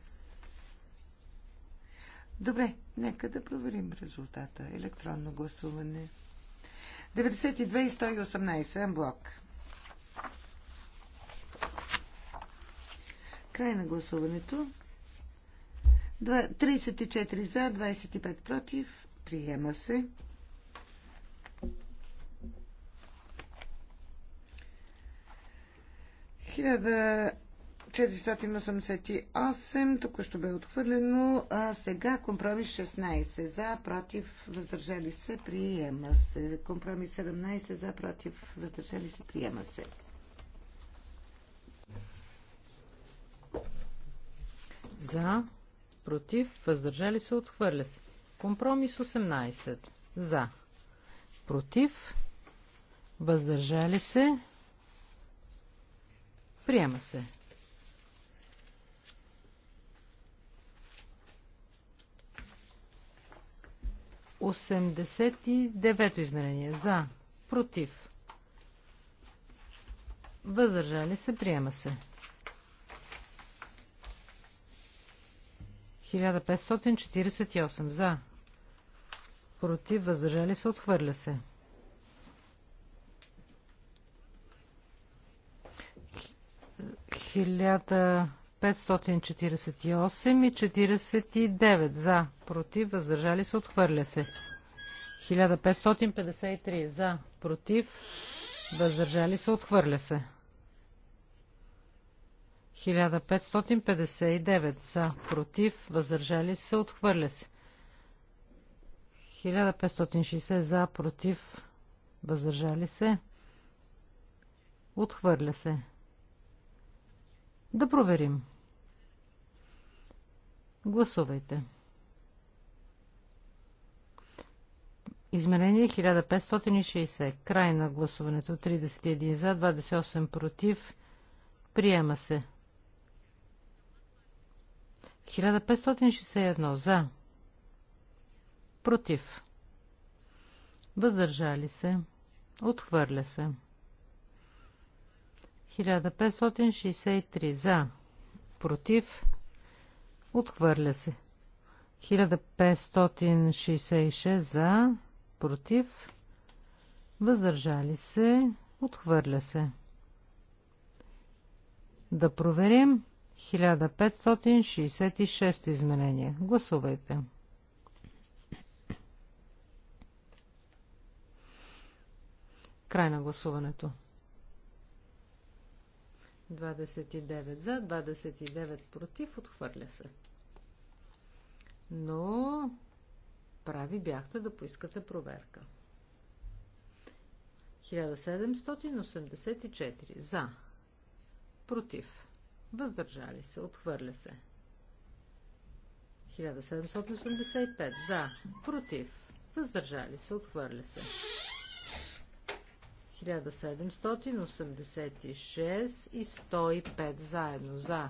Speaker 3: Добре, нека да проверим резултата. Електронно гласуване. 92 и 118 анблок. Край на гласуването. 34 за, 25 против. Приема се. Хиляда 488, тук ще бе отхвърлено. А сега компромис 16 за, против, въздържали се, приема се. Компромис 17 за, против, въздържали се, приема се.
Speaker 4: За. Против. Въздържали се. Отхвърля се. Компромис 18. За. Против. Въздържали се. Приема се. Осемдесет и девето измерение. За. Против. Въздържали се. Приема се. 1548 за. Против, въздържали се, отхвърля се. Хиляда 548 и 49 за, против, въздържали се, отхвърля се. 1553 за, против, въздържали се, отхвърля се. 1559 за, против, въздържали се, отхвърля се. 1560 за, против, въздържали се, отхвърля се. Да проверим. Гласувайте. Измерение 1560. Край на гласуването. 31 за, 28 против. Приема се. 1561 за. Против. Въздържали се. Отхвърля се. 1563 за. Против. Отхвърля се. 1566 за. Против. Въздържали се. Отхвърля се. Да проверим. 1566 изменение. Гласувайте. Край на гласуването. 29 за, 29 против, отхвърля се. Но прави бяхте да поискате проверка. 1784 за, против въздържали се, отхвърля се. 1785 за, против, въздържали се, отхвърля се. 1786 и 105 заедно за,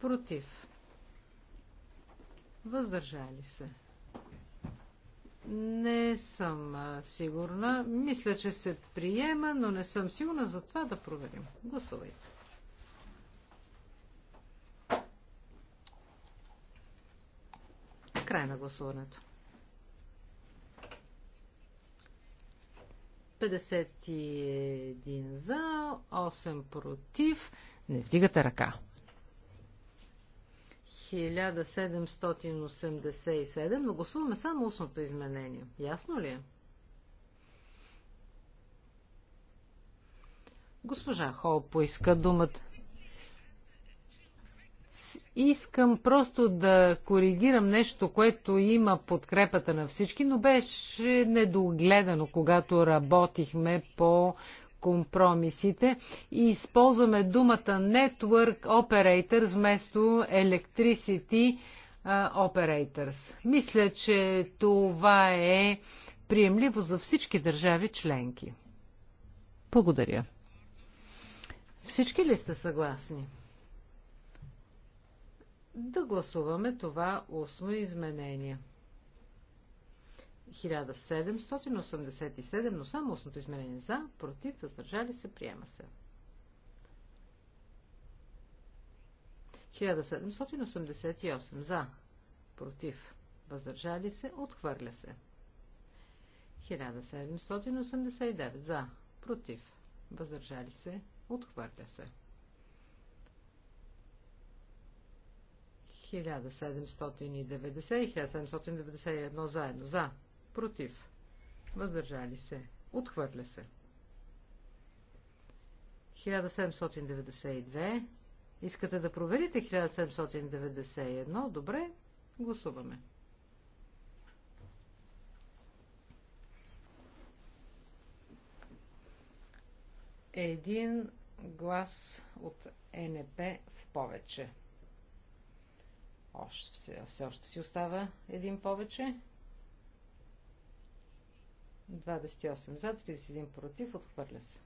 Speaker 4: против, въздържали се. Не съм сигурна. Мисля, че се приема, но не съм сигурна, за това да проверим. Гласувайте. края на гласуването. 51 за, 8 против. Не вдигате ръка. 1787, но гласуваме само устното изменение. Ясно ли е? Госпожа Хол поиска думата. Искам просто да коригирам нещо, което има подкрепата на всички, но беше недогледано, когато работихме по компромисите и използваме думата Network Operators вместо Electricity Operators. Мисля, че това е приемливо за всички държави членки. Благодаря. Всички ли сте съгласни? да гласуваме това устно изменение. 1787, но само устното изменение за, против, въздържали се, приема се. 1788 за, против, въздържали се, отхвърля се. 1789 за, против, въздържали се, отхвърля се. 1790 и 1791 заедно. За. Против. Въздържали се. Отхвърля се. 1792. Искате да проверите 1791? Добре. Гласуваме. Един глас от НП в повече. Още, все, все още си остава един повече. 28 за, 31 против, отхвърля се.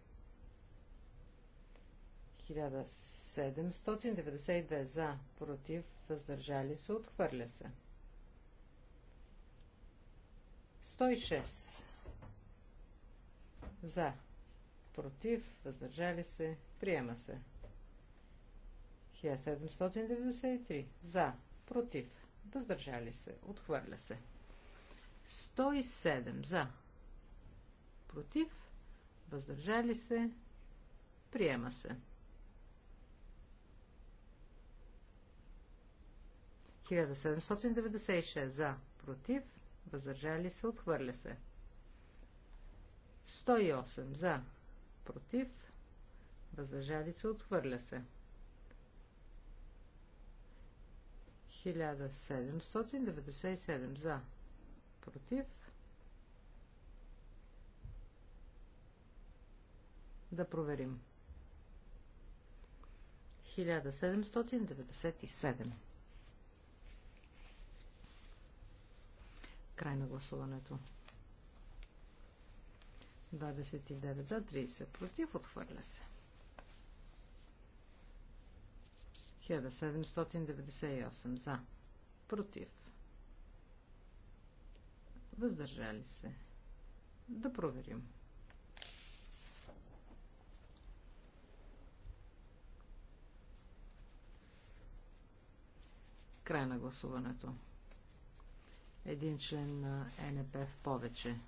Speaker 4: 1792 за, против, въздържали се, отхвърля се. 106 за, против, въздържали се, приема се. 1793 за, против, въздържали се, отхвърля се. 107 за, против, въздържали се, приема се. 1796 за, против, въздържали се, отхвърля се. 108 за, против, въздържали се, отхвърля се. 1797 за. Против. Да проверим. 1797. Край на гласуването. 29 за, 30 против, отхвърля се. 1798 за. Против. Въздържали се. Да проверим. Край на гласуването. Един член на НП в повече.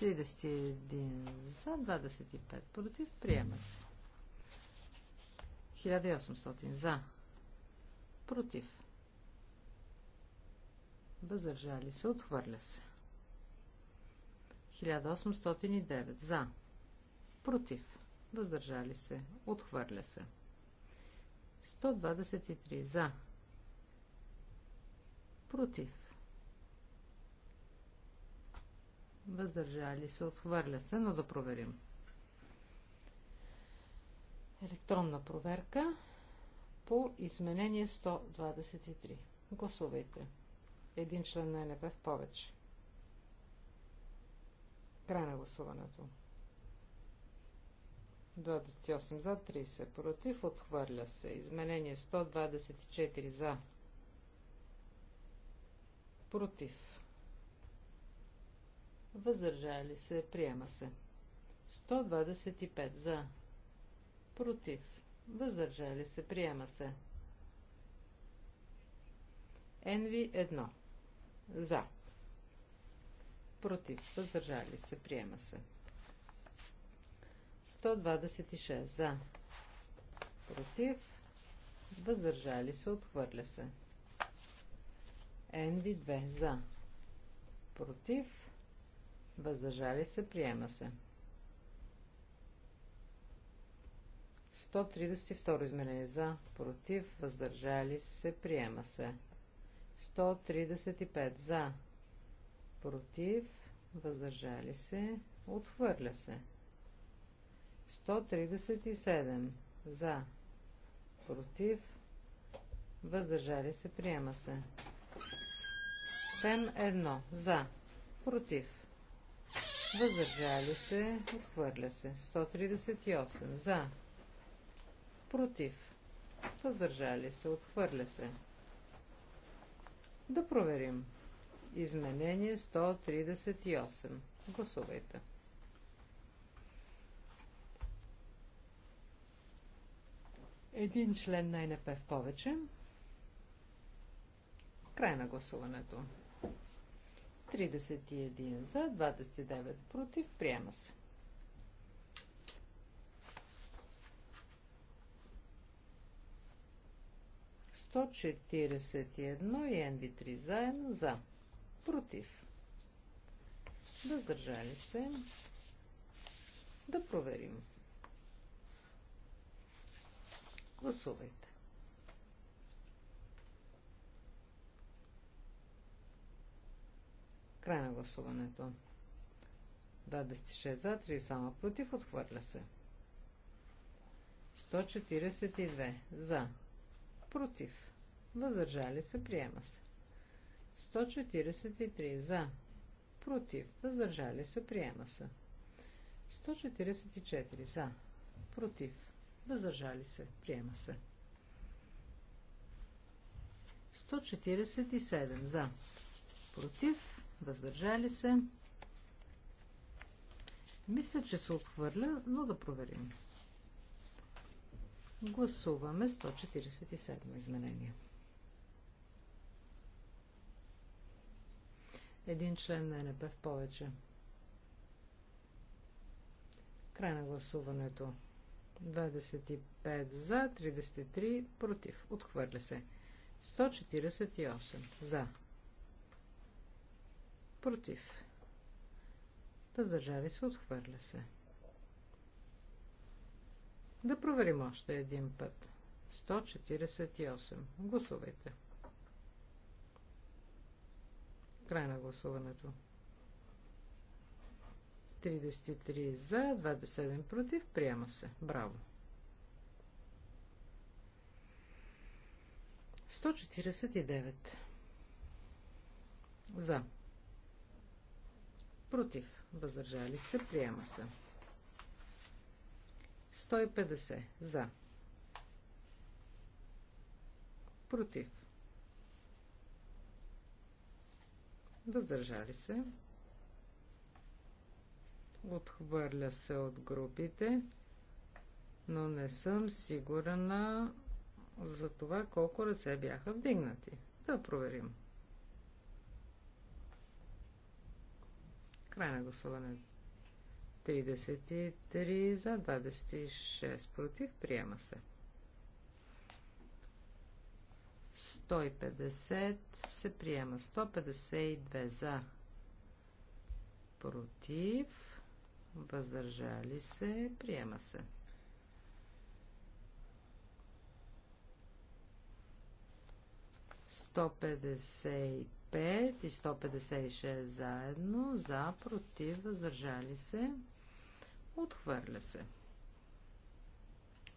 Speaker 4: 31 за, 25 против, приема се. 1800 за, против, въздържали се, отхвърля се. 1809 за, против, въздържали се, отхвърля се. 123 за, против, Въздържали се, отхвърля се, но да проверим. Електронна проверка по изменение 123. Гласувайте. Един член на НП в повече. Край на гласуването. 28 за, 30 против, отхвърля се. Изменение 124 за. Против въздържали се, приема се. 125 за, против, въздържали се, приема се. Енви 1 за, против, въздържали се, приема се. 126 за, против, въздържали се, отхвърля се. Енви 2 за, против, въздържали се, приема се. 132 изменение за, против, въздържали се, приема се. 135 за, против, въздържали се, отхвърля се. 137 за, против, въздържали се, приема се. Тем 1 за, против, въздържали се, отхвърля се. 138 за, против, въздържали се, отхвърля се. Да проверим. Изменение 138. Гласувайте. Един член на НП в повече. Край на гласуването. 31 за, 29 против, приема се. Сто четиридесет и едно и нв три заедно за. Против. Въздържали се. Да проверим. Гласувайте. Край на гласуването. 26 за, 3 само против, отхвърля се. 142 за, против, въздържали се, приема се. 143 за, против, въздържали се, приема се. 144 за, против, въздържали се, приема се. 147 за, против, въздържали се. Мисля, че се отхвърля, но да проверим. Гласуваме 147 изменения. Един член на НП в повече. Край на гласуването. 25 за, 33 против. Отхвърля се. 148 за. Против. Въздържали се, отхвърля се. Да проверим още един път. 148. Гласувайте. Край на гласуването. 33 за, 27 против. Приема се. Браво. 149 за. Против. Въздържали се. Приема се. 150. За. Против. Въздържали се. Отхвърля се от групите, но не съм сигурна за това колко ръце бяха вдигнати. Да проверим. 150. Край на гласуване. 33 за 26 против. Приема се. 150 се приема. 152 за против. Въздържали се. Приема се. Сто 5 и 156 заедно, за, против, въздържали се, отхвърля се.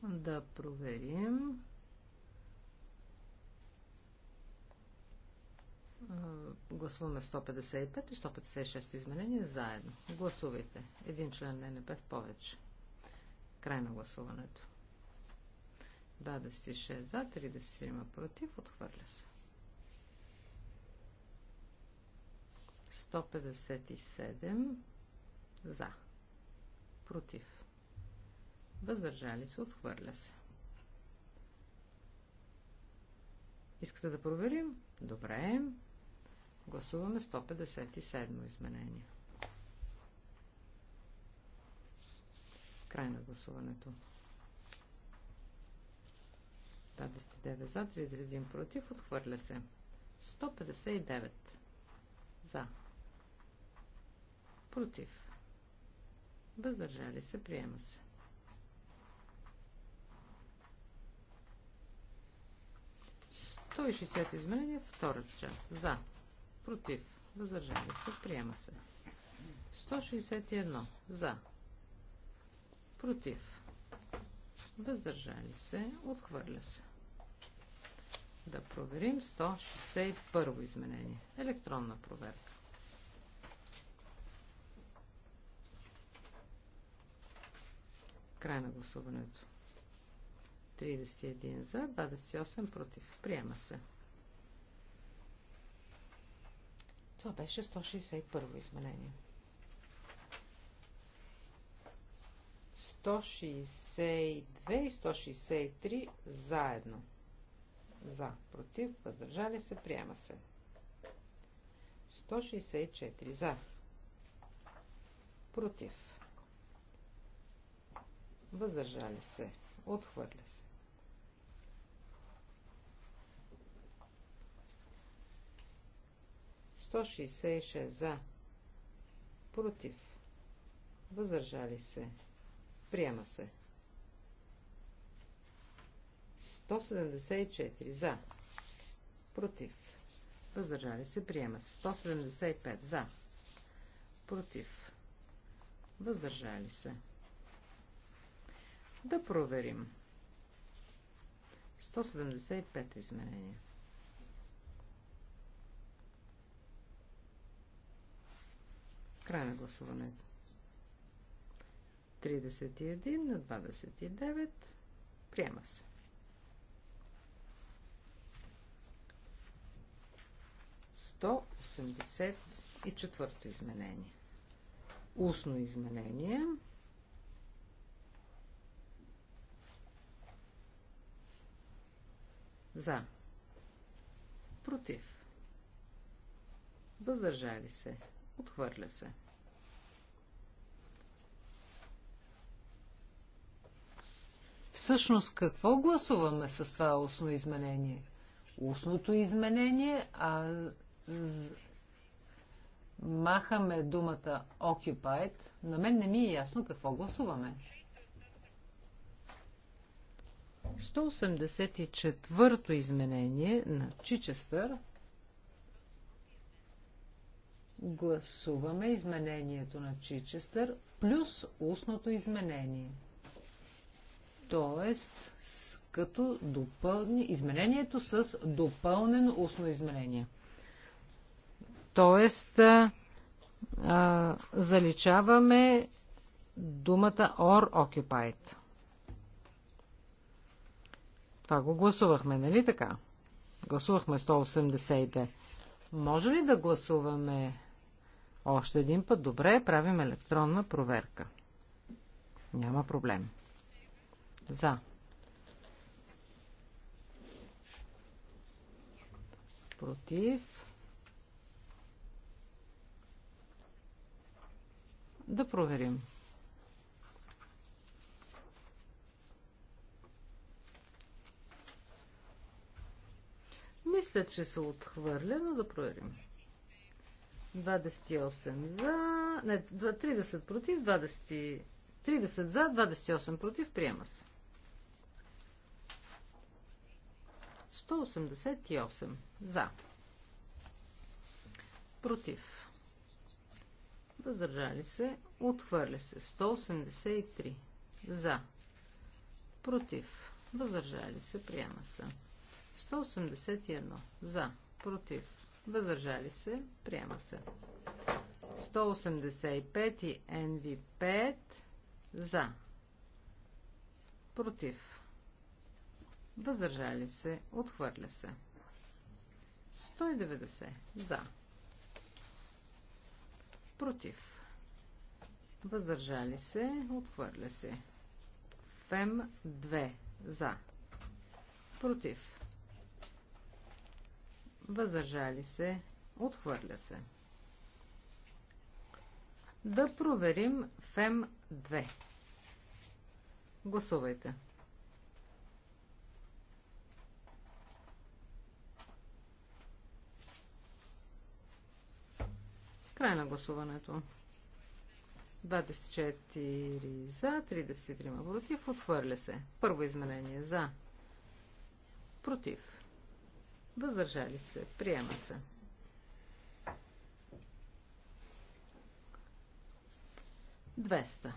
Speaker 4: Да проверим. Гласуваме 155 и 156 изменения заедно. Гласувайте. Един член на НП в повече. Край на гласуването. 26 за, 30 против, отхвърля се. 157 за. Против. Въздържали се, отхвърля се. Искате да проверим? Добре. Гласуваме 157 изменение. Край на гласуването. 29 за, 31 против, отхвърля се. 159 за. Против. Въздържали се. Приема се. Той 60 изменение, втора част. За. Против. Въздържали се. Приема се. 161. За. Против. Въздържали се. Отхвърля се. Да проверим 161 изменение. Електронна проверка. Край на гласуването. 31 за, 28 против. Приема се. Това беше 161 изменение. 162 и 163 заедно. За, против, въздържали се, приема се. 164 за. Против въздържали се, отхвърля се. Сто за, против, въздържали се, приема се. 174 за, против, въздържали се, приема се. 175 за, против, въздържали се. Да проверим. 175 изменение. Край на гласуването. 31 на 29. Приема се. и четвърто изменение. Устно изменение. За. Против. Въздържали се. Отхвърля се. Всъщност какво гласуваме с това устно изменение? Устното изменение, а махаме думата occupied. На мен не ми е ясно какво гласуваме. 184-то изменение на Чичестър. Гласуваме изменението на Чичестър плюс устното изменение. Тоест, като допълни изменението с допълнено устно изменение. Тоест, а, заличаваме думата or occupied. Това го гласувахме, нали така? Гласувахме 182. Може ли да гласуваме още един път? Добре, правим електронна проверка. Няма проблем. За. Против. Да проверим. Мисля, че се отхвърля, но да проверим. 28 за... Не, 30 против, 20... 30 за, 28 против, приема се. 188 за. Против. Въздържали се. Отхвърля се. 183 за. Против. Въздържали се. Приема се. 181 за, против, въздържали се, приема се. 185 и NV5 за, против, въздържали се, отхвърля се. 190 за, против, въздържали се, отхвърля се. ФЕМ 2 за, против, въздържали се, отхвърля се. Да проверим FEM 2. Гласувайте. Край на гласуването. 24 за, 33 против, отхвърля се. Първо изменение за, против, Въздържали се. Приема се. Двеста.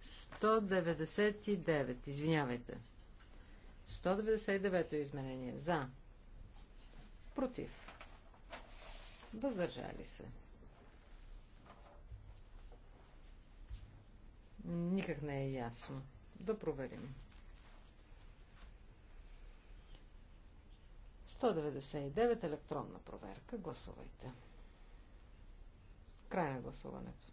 Speaker 4: Сто деветдесет и девет. Извинявайте. 199-то изменение. За. Против. Въздържали се. Никак не е ясно. Да проверим. 199 електронна проверка. Гласувайте. Край на гласуването.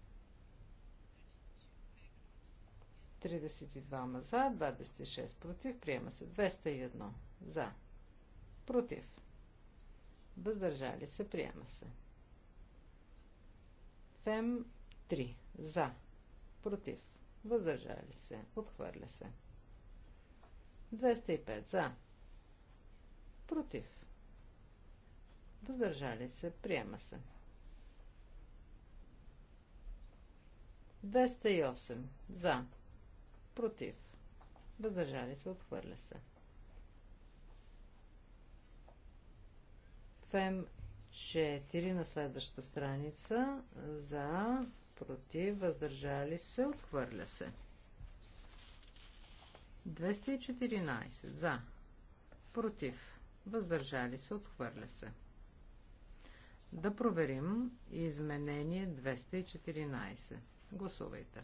Speaker 4: 32 ма за, 26 против, приема се 201 за, против, въздържали се, приема се. Фем 3 за, против, Въздържали се. Отхвърля се. 205 за. Против. Въздържали се. Приема се. 208 за. Против. Въздържали се. Отхвърля се. Фем 4 на следващата страница за против, въздържали се, отхвърля се. 214 за, против, въздържали се, отхвърля се. Да проверим изменение 214. Гласувайте.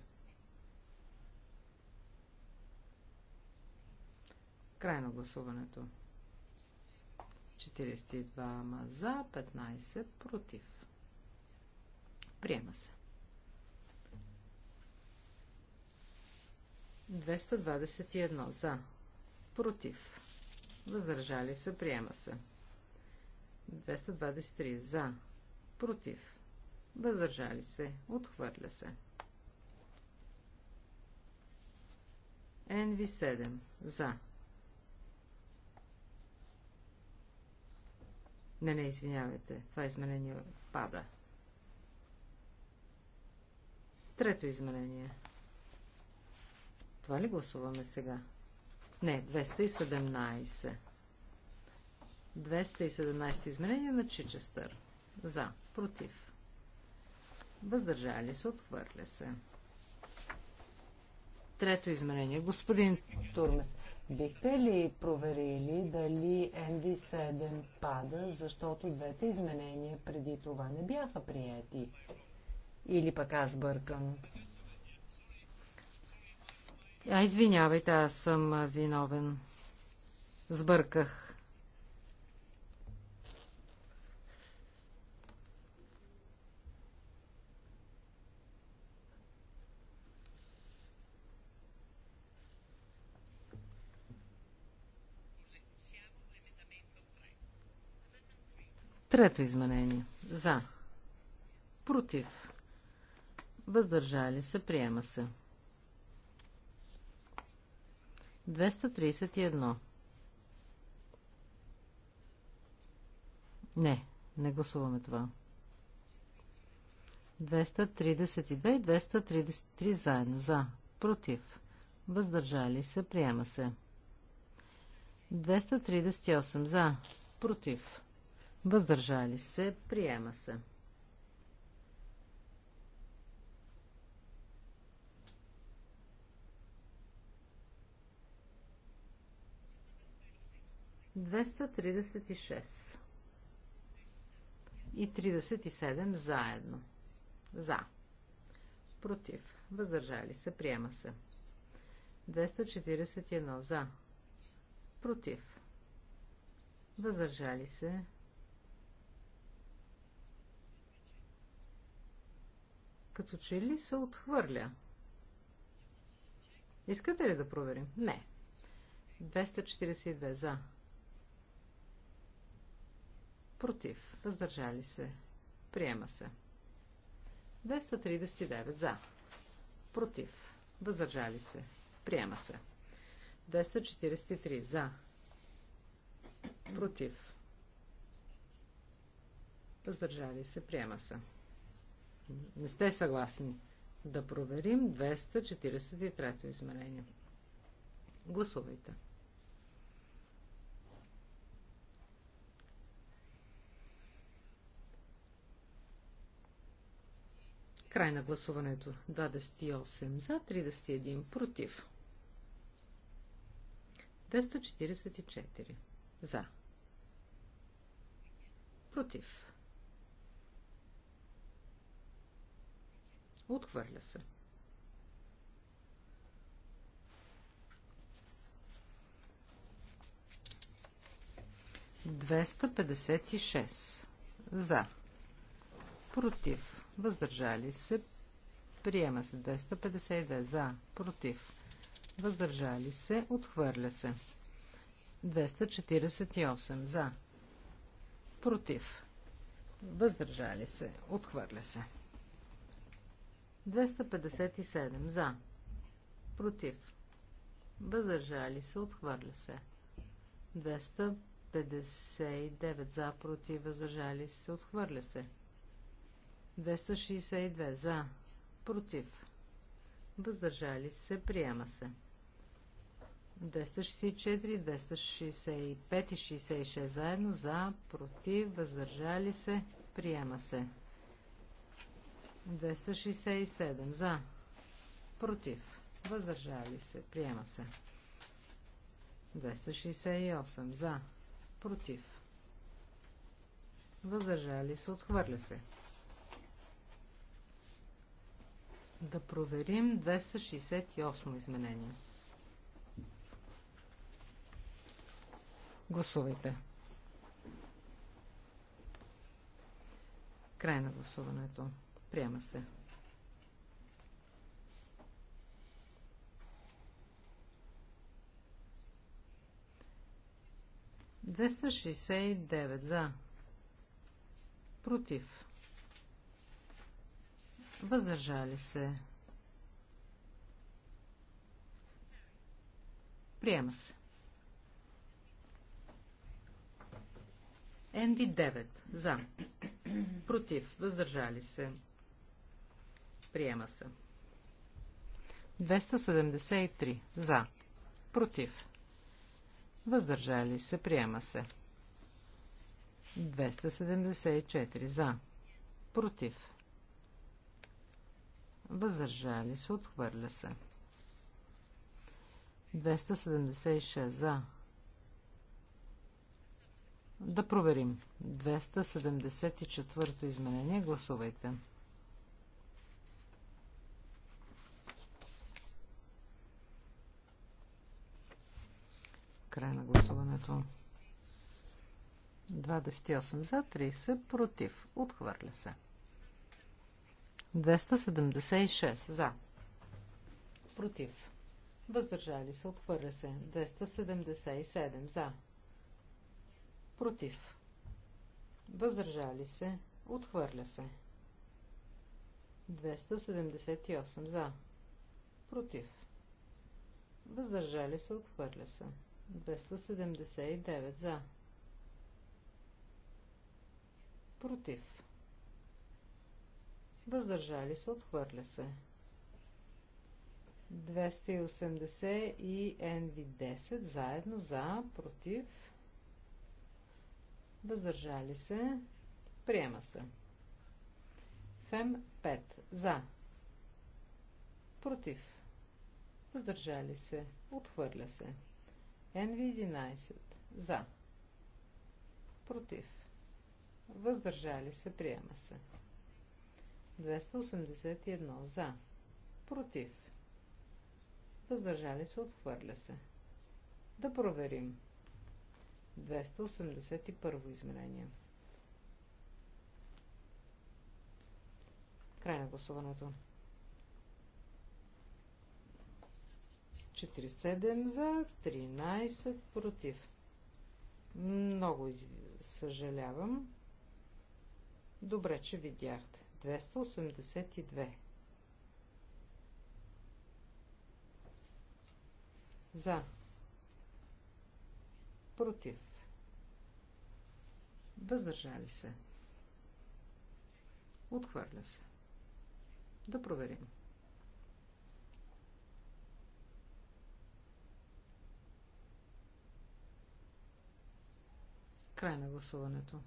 Speaker 4: Край на гласуването. 42 за, 15 против. Приема се. 221 за. Против. Въздържали се. Приема се. 223 за. Против. Въздържали се. Отхвърля се. NV7 за. Не, не, извинявайте. Това изменение пада. Трето изменение. Това ли гласуваме сега? Не, 217. 217 изменение на Чичестър. За, против. Въздържали се, отхвърля се. Трето изменение. Господин Турмес, бихте ли проверили дали NV7 пада, защото двете изменения преди това не бяха прияти? Или пък аз бъркам? А, извинявайте, аз съм виновен. Сбърках. Трето изменение. За. Против. Въздържали се. Приема се. 231. Не, не гласуваме това. 232 и 233 заедно. За. Против. Въздържали се. Приема се. 238 за. Против. Въздържали се. Приема се. 236 и 37 заедно. За. Против. Въздържали се. Приема се. 241 за. Против. Въздържали се. Като че ли се отхвърля? Искате ли да проверим? Не. 242 за. Против. Въздържали се. Приема се. 239 за. Против. Въздържали се. Приема се. 243 за. Против. Въздържали се. Приема се. Не сте съгласни. Да проверим 243 изменение. Гласувайте. 243. Край на гласуването. 28 за, 31 против. 244 за. Против. Отхвърля се. Двеста пятьдесят и шест. За. Против въздържали се, приема се 252 за, против, въздържали се, отхвърля се 248 за, против, въздържали се, отхвърля се 257 за, против, въздържали се, отхвърля се 259 за, против, въздържали се, отхвърля се 262 за, против, въздържали се, приема се. 264, 265 и 66 заедно за, против, въздържали се, приема се. 267 за, против, въздържали се, приема се. 268 за, против, въздържали се, отхвърля се. Да проверим 268 изменение. Гласувайте. Край на гласуването. Приема се. Двеста шестдесет и девет за. Против. Въздържали се. Приема се. NV9. За. Против. Въздържали се. Приема се. 273. За. Против. Въздържали се. Приема се. 274. За. Против въздържали се, отхвърля се. 276 за. Да проверим. 274 изменение. Гласувайте. Край на гласуването. 28 за, 30 против. Отхвърля се. 276 за. Против. Въздържали се. Отхвърля се. 277 за. Против. Въздържали се. Отхвърля се. 278 за. Против. Въздържали се. Отхвърля се. 279 за. Против въздържали се, отхвърля се. 280 и NV10 заедно за, против, въздържали се, приема се. ФЕМ 5 за, против, въздържали се, отхвърля се. NV11 за, против, въздържали се, приема се. 281 за. Против. Въздържали се, отхвърля се. Да проверим. 281 изменение. Край на гласуването. 47 за, 13 против. Много съжалявам. Добре, че видяхте. 282. За. Против. Въздържали се. Отхвърля се. Да проверим. Край на гласуването.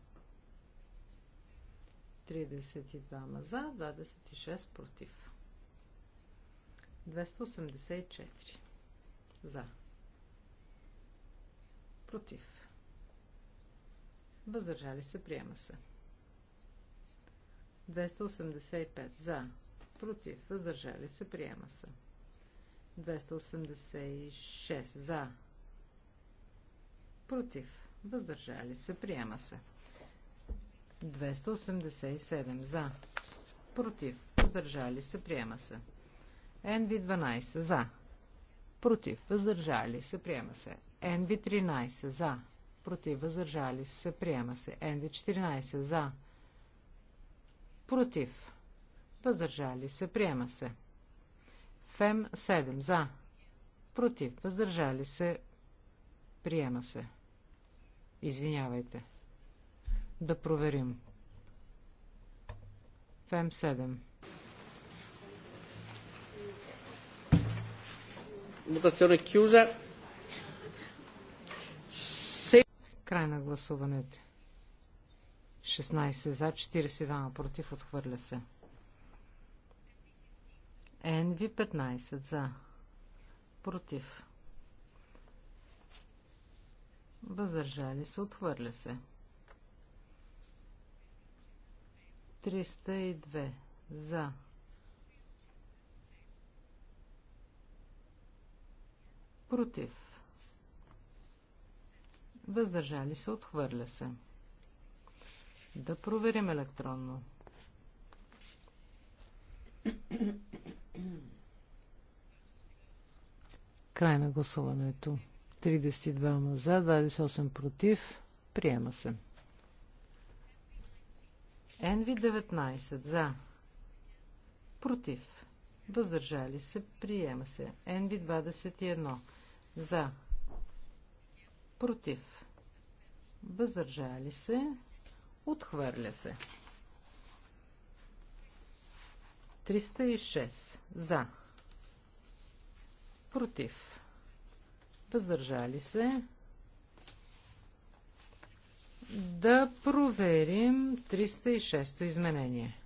Speaker 4: 32 за, 26 против. 284 за. Против. Въздържали се, приема се. 285 за. Против. Въздържали се, приема се. 286 за. Против. Въздържали се, приема се. 287 за. Против. Въздържали се. Приема се. NV12 за. Против. Въздържали се. Приема се. NV13 за. Против. Въздържали се. Приема се. NV14 за. Против. Въздържали се. Приема се. ФЕМ 7 за. Против. Въздържали се. Приема се. Извинявайте. Да проверим. ФЕМ 7.
Speaker 1: Мутационна кюза. Край на гласуването.
Speaker 4: 16 за, 42 против, отхвърля се. НВ 15 за, против. Възържали се, отхвърля се. 302 за. Против. Въздържали се, отхвърля се. Да проверим електронно. Край на гласуването. 32 за, 28 против. Приема се. Енви 19 за. Против. Въздържали се. Приема се. Енви 21 за. Против. Въздържали се. Отхвърля се. 306 за. Против. Въздържали се да проверим 306-то изменение.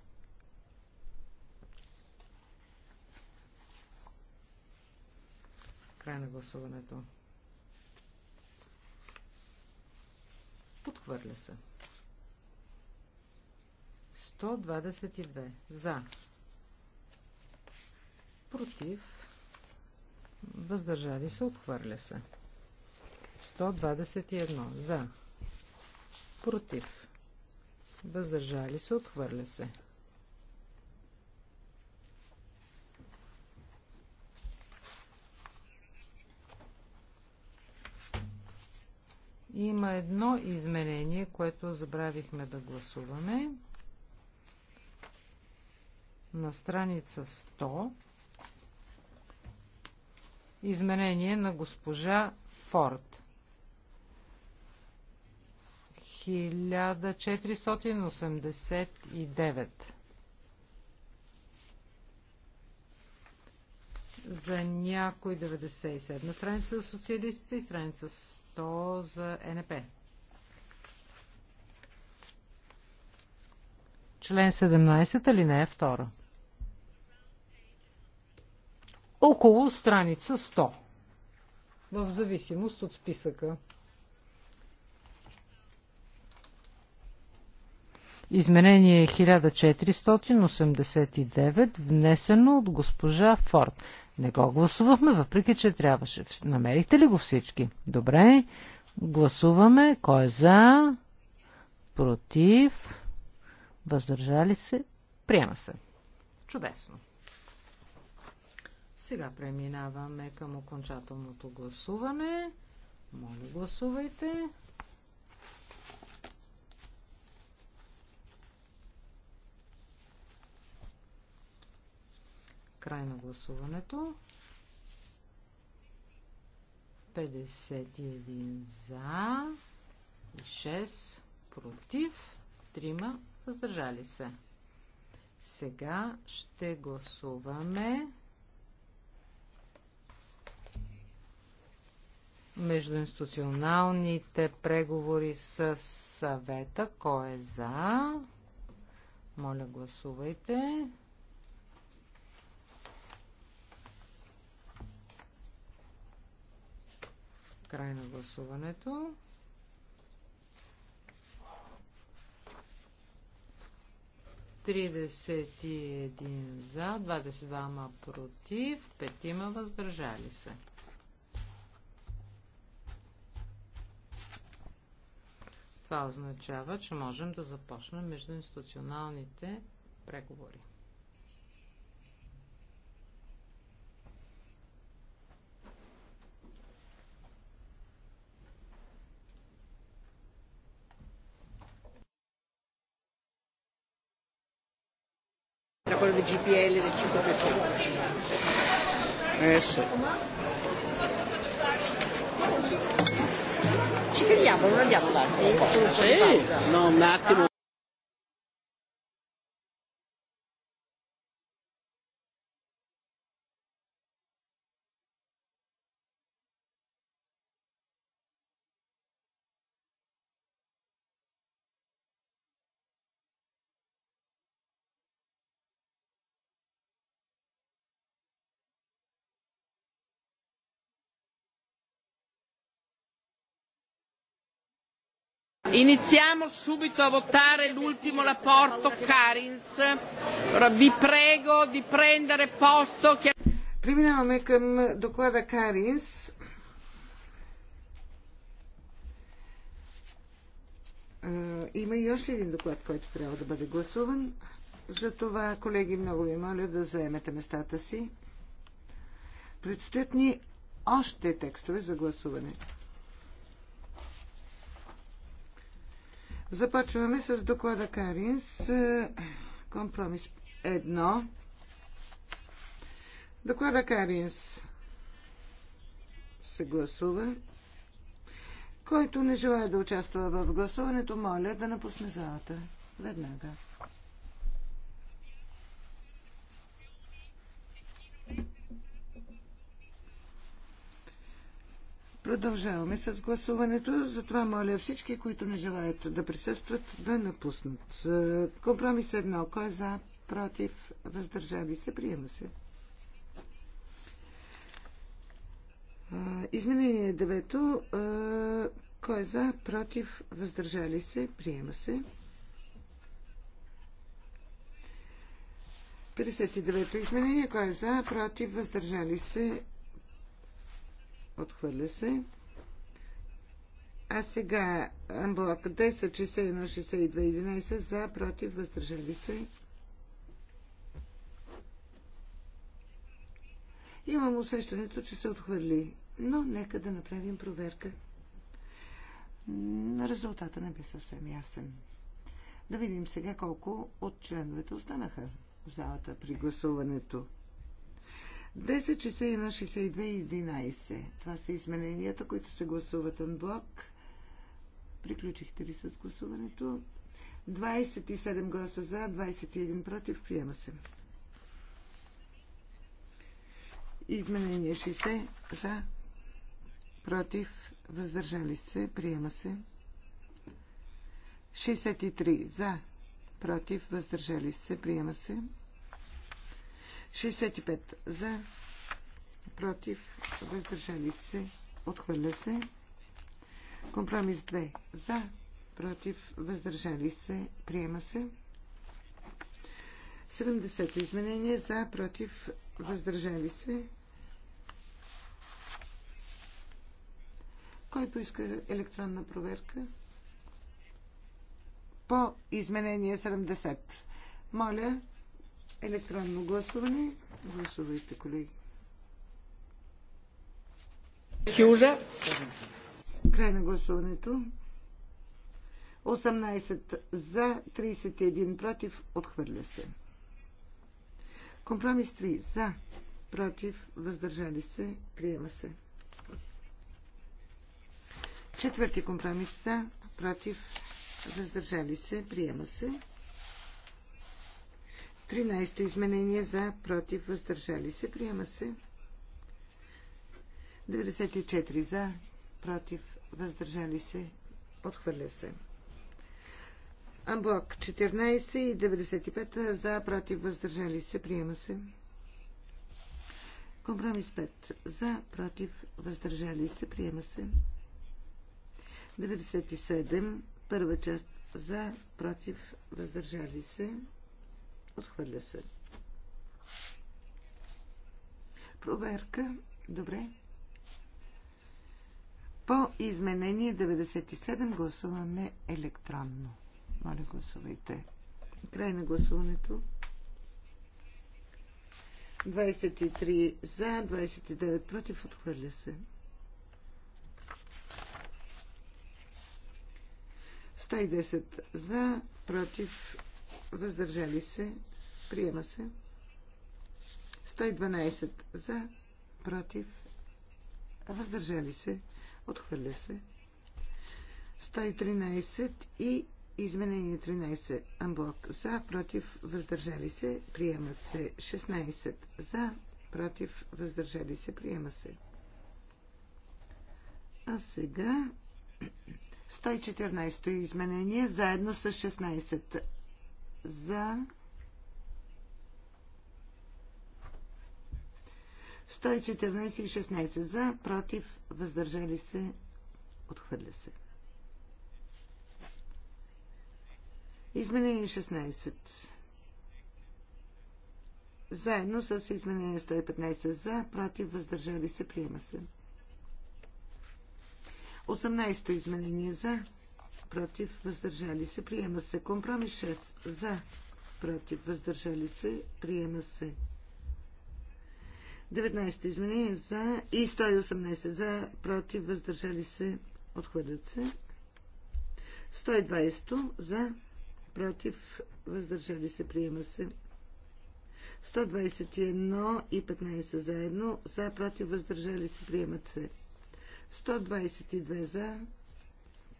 Speaker 4: Край на гласуването. Подхвърля се. 122. За. Против. Въздържали се. Отхвърля се. 121. За против, въздържали се, отхвърля се. Има едно изменение, което забравихме да гласуваме. На страница 100 Измерение на госпожа Форд. 1489. За някой 97 страница за социалистите и страница 100 за НП. Член 17, алинея 2. Около страница 100. В зависимост от списъка. Изменение 1489, внесено от госпожа Форд. Не го гласувахме, въпреки че трябваше. Намерихте ли го всички? Добре. Гласуваме. Кой е за? Против? Въздържали се? Приема се. Чудесно. Сега преминаваме към окончателното гласуване. Моля, гласувайте. Край на гласуването. 51 за, 6 против, 3 въздържали се. Сега ще гласуваме междуинституционалните преговори с съвета. Кой е за? Моля, гласувайте. Край на гласуването. Тридесет и един за, 22 против, петима въздържали се. Това означава, че можем да започнем междуинституционалните преговори.
Speaker 5: del GPL del 5%. Eh sì.
Speaker 1: Ci fermiamo, non andiamo avanti? Sì,
Speaker 5: no, un attimo.
Speaker 1: Iniziamo subito a votare l'ultimo rapporto Carins. Vi prego di prendere posto. Преминаваме към доклада Каринс.
Speaker 3: Е, има и още един доклад, който трябва да бъде гласуван. Затова, колеги, много ви моля да заемете местата си. Предстоят ни още текстове за гласуване. Започваме с доклада Каринс. Е, компромис 1. Доклада Каринс се гласува. Който не желая да участва в гласуването, моля да напусне залата. Веднага. Продължаваме с гласуването, затова моля всички, които не желаят да присъстват, да напуснат. Компромис едно. Кой е за, против, въздържали се, приема се. Изменение 9. Кой е за, против, въздържали се, приема се. 59-то изменение. Кой е за, против, въздържали се, Отхвърля се. А сега анблок 10, 61, 62, 11 за, против, въздържали се. Имам усещането, че се отхвърли, но нека да направим проверка. Резултата не бе съвсем ясен. Да видим сега колко от членовете останаха в залата при гласуването. 10, 61, 62 и 11. Това са измененията, които се гласуват на блок. Приключихте ли с гласуването? 27 гласа за, 21 против. Приема се. Изменение 60 за, против, въздържали се. Приема се. 63 за, против, въздържали се. Приема се. 65 за, против, въздържали се, отхвърля се. Компромис 2 за, против, въздържали се, приема се. 70 изменения изменение за, против, въздържали се. Който иска електронна проверка? По изменение 70. Моля, Електронно гласуване. Гласувайте, колеги. Край на гласуването. 18 за, 31 против, отхвърля се. Компромис 3 за, против, въздържали се, приема се. Четвърти компромис за, против, въздържали се, приема се. 13-то изменение за, против, въздържали се. Приема се. 94 за, против, въздържали се. Отхвърля се. Амблок 14 и 95 за, против, въздържали се. Приема се. Компромис 5 за, против, въздържали се. Приема се. 97 първа част за, против, въздържали се. Отхвърля се. Проверка. Добре. По изменение 97 гласуваме електронно. Моля, гласувайте. Край на гласуването. 23 за, 29 против. Отхвърля се. 110 за, против въздържали се, приема се. 112 за, против, въздържали се, отхвърля се. 113 и изменение 13 амблок за, против, въздържали се, приема се. 16 за, против, въздържали се, приема се. А сега 114 изменение заедно с 16 за 114 и 16 за, против, въздържали се, отхвърля се. Изменение 16. Заедно с изменение 115 за, против, въздържали се, приема се. 18 изменение за, против, въздържали се, приема се. Компромис 6 за, против, въздържали се, приема се. 19 изменение за и 118 за, против, въздържали се, отхвърлят се. 120 за, против, въздържали се, приема се. 121 и 15 заедно, за, против, въздържали се, приемат се. 122 за,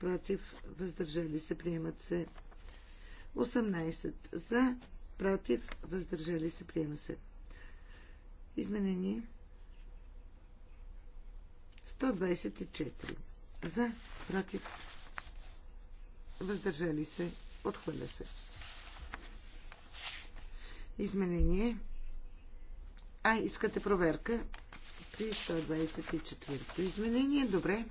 Speaker 3: против, въздържали се, приемат се. 18 за, против, въздържали се, приема се. Изменение 124 за, против, въздържали се, отхвърля се. Изменение. А, искате проверка при 124 изменение. Добре.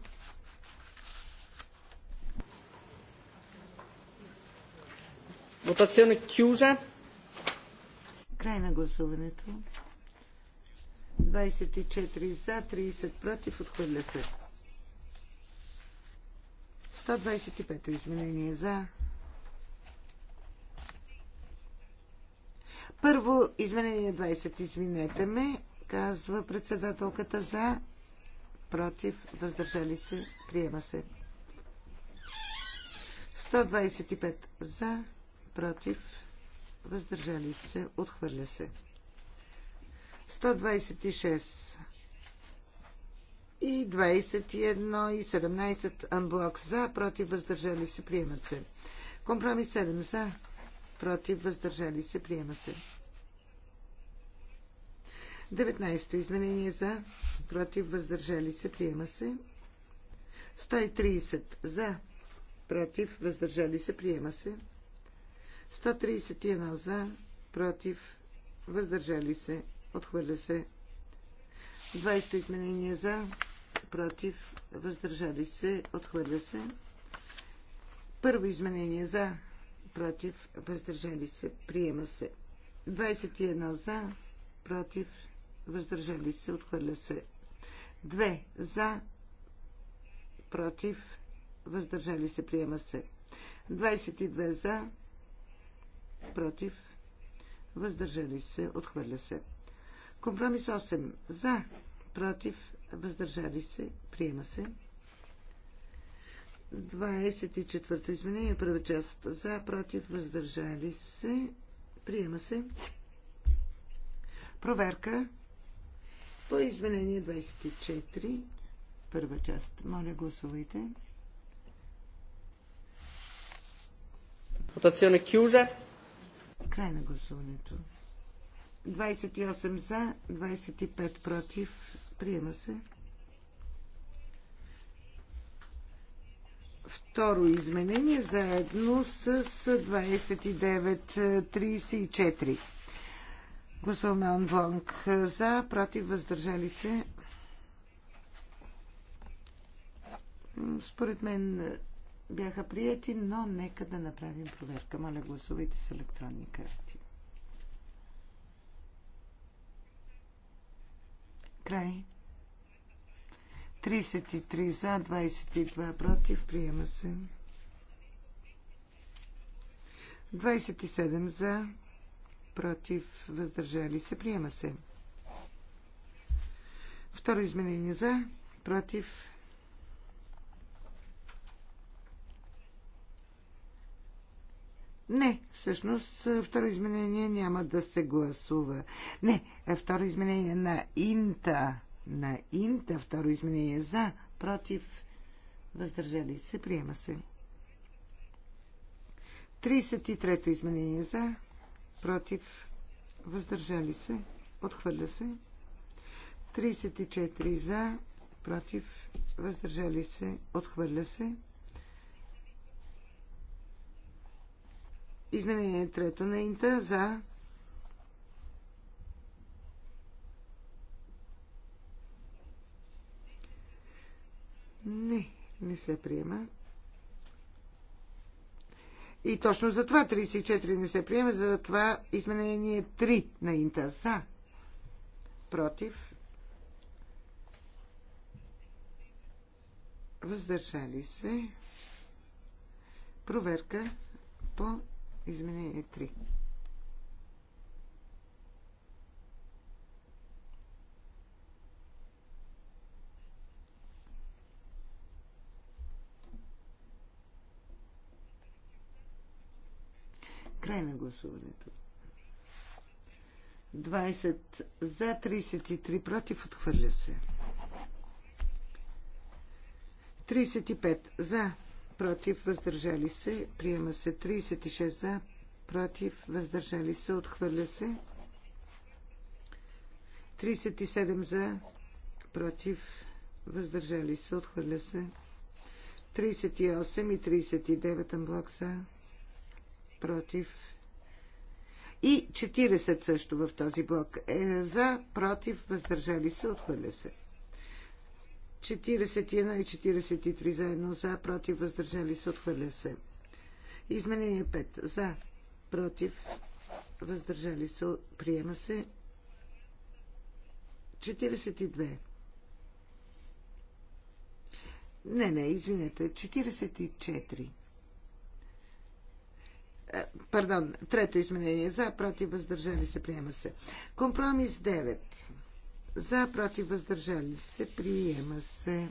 Speaker 3: Votazione chiusa. Край на гласуването. 24 за, 30 против, отхвърля се. 125 изменение за. Първо изменение 20, извинете ме, казва председателката за, против, въздържали се, приема се. 125 за, против, въздържали се, отхвърля се. 126 и 21 и 17 анблок за, против, въздържали се, приемат се. Компромис 7 за, против, въздържали се, приема се. 19 изменение за, против, въздържали се, приема се. 130 за, против, въздържали се, приема се. 131 за, против, въздържали се, отхвърля се. 20 изменения за, против, въздържали се, отхвърля се. Първо изменение за, против, въздържали се, приема се. 21 за, против, въздържали се, отхвърля се. 2 за, против, въздържали се, приема се. 22 за, против, въздържали се, отхвърля се. Компромис 8 за, против, въздържали се, приема се. 24-то изменение, първа част за, против, въздържали се, приема се. Проверка по изменение 24, първа част. Моля, гласувайте. Votazione chiusa. Край на гласуването. 28 за, 25 против. Приема се. Второ изменение заедно с 29.34. Гласуваме Анблонг за, против, въздържали се. Според мен бяха прияти, но нека да направим проверка. Моля, гласувайте с електронни карти. Край. 33 за, 22 против. Приема се. 27 за, против, въздържали се. Приема се. Второ изменение за, против, Не, всъщност е, второ изменение няма да се гласува. Не, е, второ изменение на Инта. На Инта второ изменение за, против, въздържали се, приема се. 33-то изменение за, против, въздържали се, отхвърля се. 34 за, против, въздържали се, отхвърля се. Изменение трето на Инта за Не, не се приема. И точно за това 34 не се приема, за това изменение 3 на Инта за против въздържали се проверка по Изменение 3. Край на гласуването. 20 за, 33 против, отхвърля се. 35 за, против, въздържали се, приема се 36 за, против, въздържали се, отхвърля се. 37 за, против, въздържали се, отхвърля се. 38 и 39 амблок за, против. И 40 също в този блок. Е, за, против, въздържали се, отхвърля се. 41 и 43 заедно за, против, въздържали се, отхвърля се. Изменение 5 за, против, въздържали се, приема се. 42. Не, не, извинете, 44. Е, пардон, трето изменение за, против, въздържали се, приема се. Компромис 9. За, против, въздържали се. Приема се.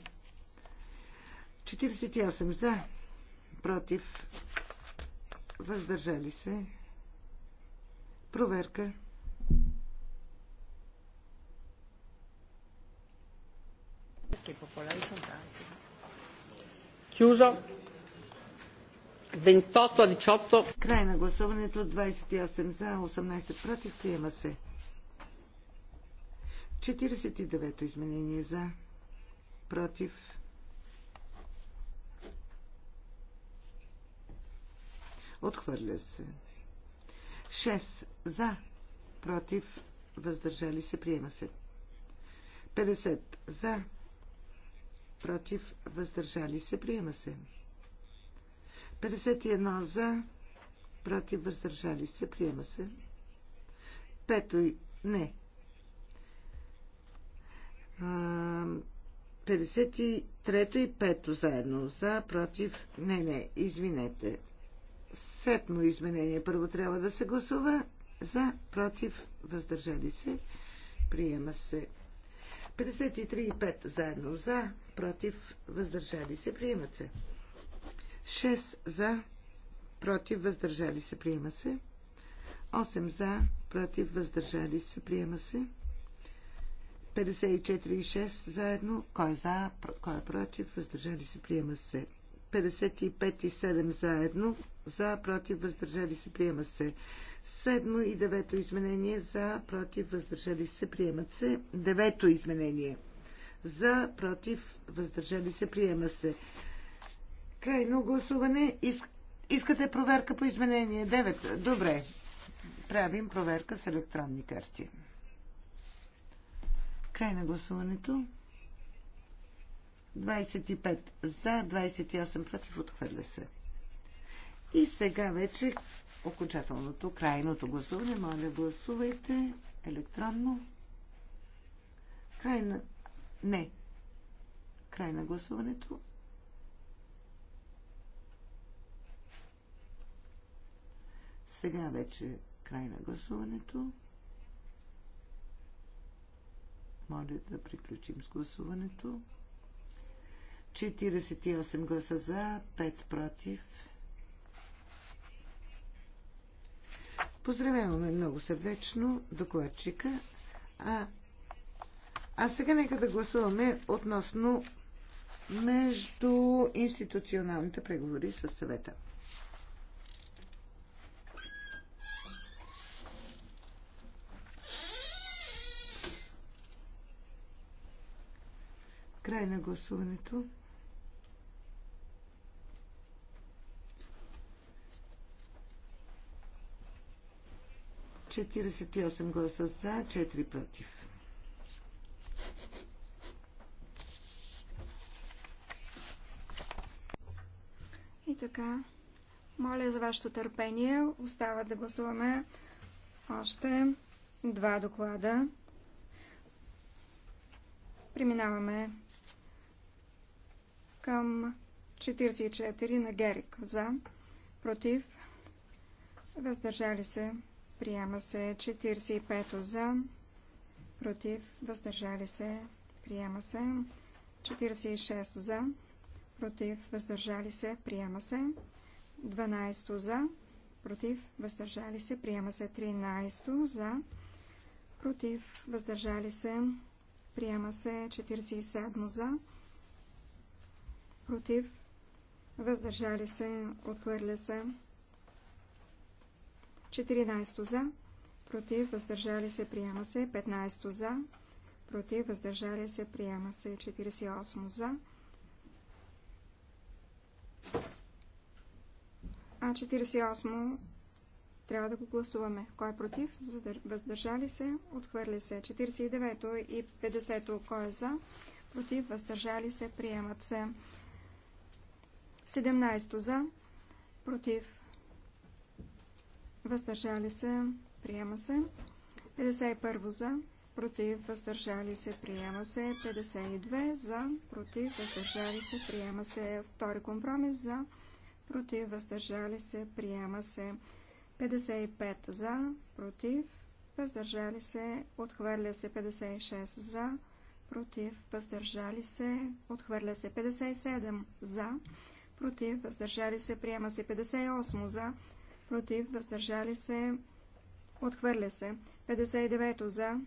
Speaker 3: 48 за, против, въздържали се. Проверка.
Speaker 1: Chiuso. 28 18.
Speaker 3: Край на гласуването 28 за, 18 против. Приема се. 49-то изменение за, против. Отхвърля се. 6 за, против, въздържали се, приема се. 50 за, против, въздържали се, приема се. 51 за, против, въздържали се, приема се. 5 не, 53-то и 5-то заедно. За, против. Не, не, извинете. Седмо изменение първо трябва да се гласува. За, против, въздържали се. Приема се. 53 и 5 заедно. За, против, въздържали се. Приемат се. 6 за, против, въздържали се. Приема се. 8 за, против, въздържали се. Приема се. 54 и 6 заедно. Кой е за, кой е против, въздържали се, приема се. 55 и 7 заедно. За, против, въздържали се, приема се. Седмо и девето изменение. За, против, въздържали се, приемат се. Девето изменение. За, против, въздържали се, приема се. Крайно гласуване. Искате проверка по изменение 9. Добре. Правим проверка с електронни карти. Край на гласуването. 25 за, 28 против, отхвърля се. И сега вече окончателното, крайното гласуване. Моля, гласувайте електронно. Край на... Не. Край на гласуването. Сега вече край на гласуването. Моля да приключим с гласуването. 48 гласа за, 5 против. Поздравяваме много сърдечно докладчика. А, а сега нека да гласуваме относно между институционалните преговори с съвета. Край на гласуването. Четиридесет и осем гласа за, четири против.
Speaker 2: И така, моля за вашето търпение. Остава да гласуваме още два доклада. Преминаваме към 44 на Герик. За, против, въздържали се, приема се 45 за, против, въздържали се, приема се 46 за, против, въздържали се, приема се 12 за, против, въздържали се, приема се 13 за, против, въздържали се, приема се 47 за, против, въздържали се, отхвърля се. 14 за, против, въздържали се, приема се. 15 за, против, въздържали се, приема се. 48 за. А 48 трябва да го гласуваме. Кой е против? Въздържали се? Отхвърли се. 49 и 50 кой е за? Против? Въздържали се? Приемат се. 17 за, против, въздържали се, приема се. 51 за, против, въздържали се, приема се. 52 за, против, въздържали се, приема се. Втори компромис за, против, въздържали се, приема се. 55 за, против, въздържали се, отхвърля се 56 за, против, въздържали се, отхвърля се 57 за, против, въздържали се, приема се 58 за, против, въздържали се, отхвърля се 59 за,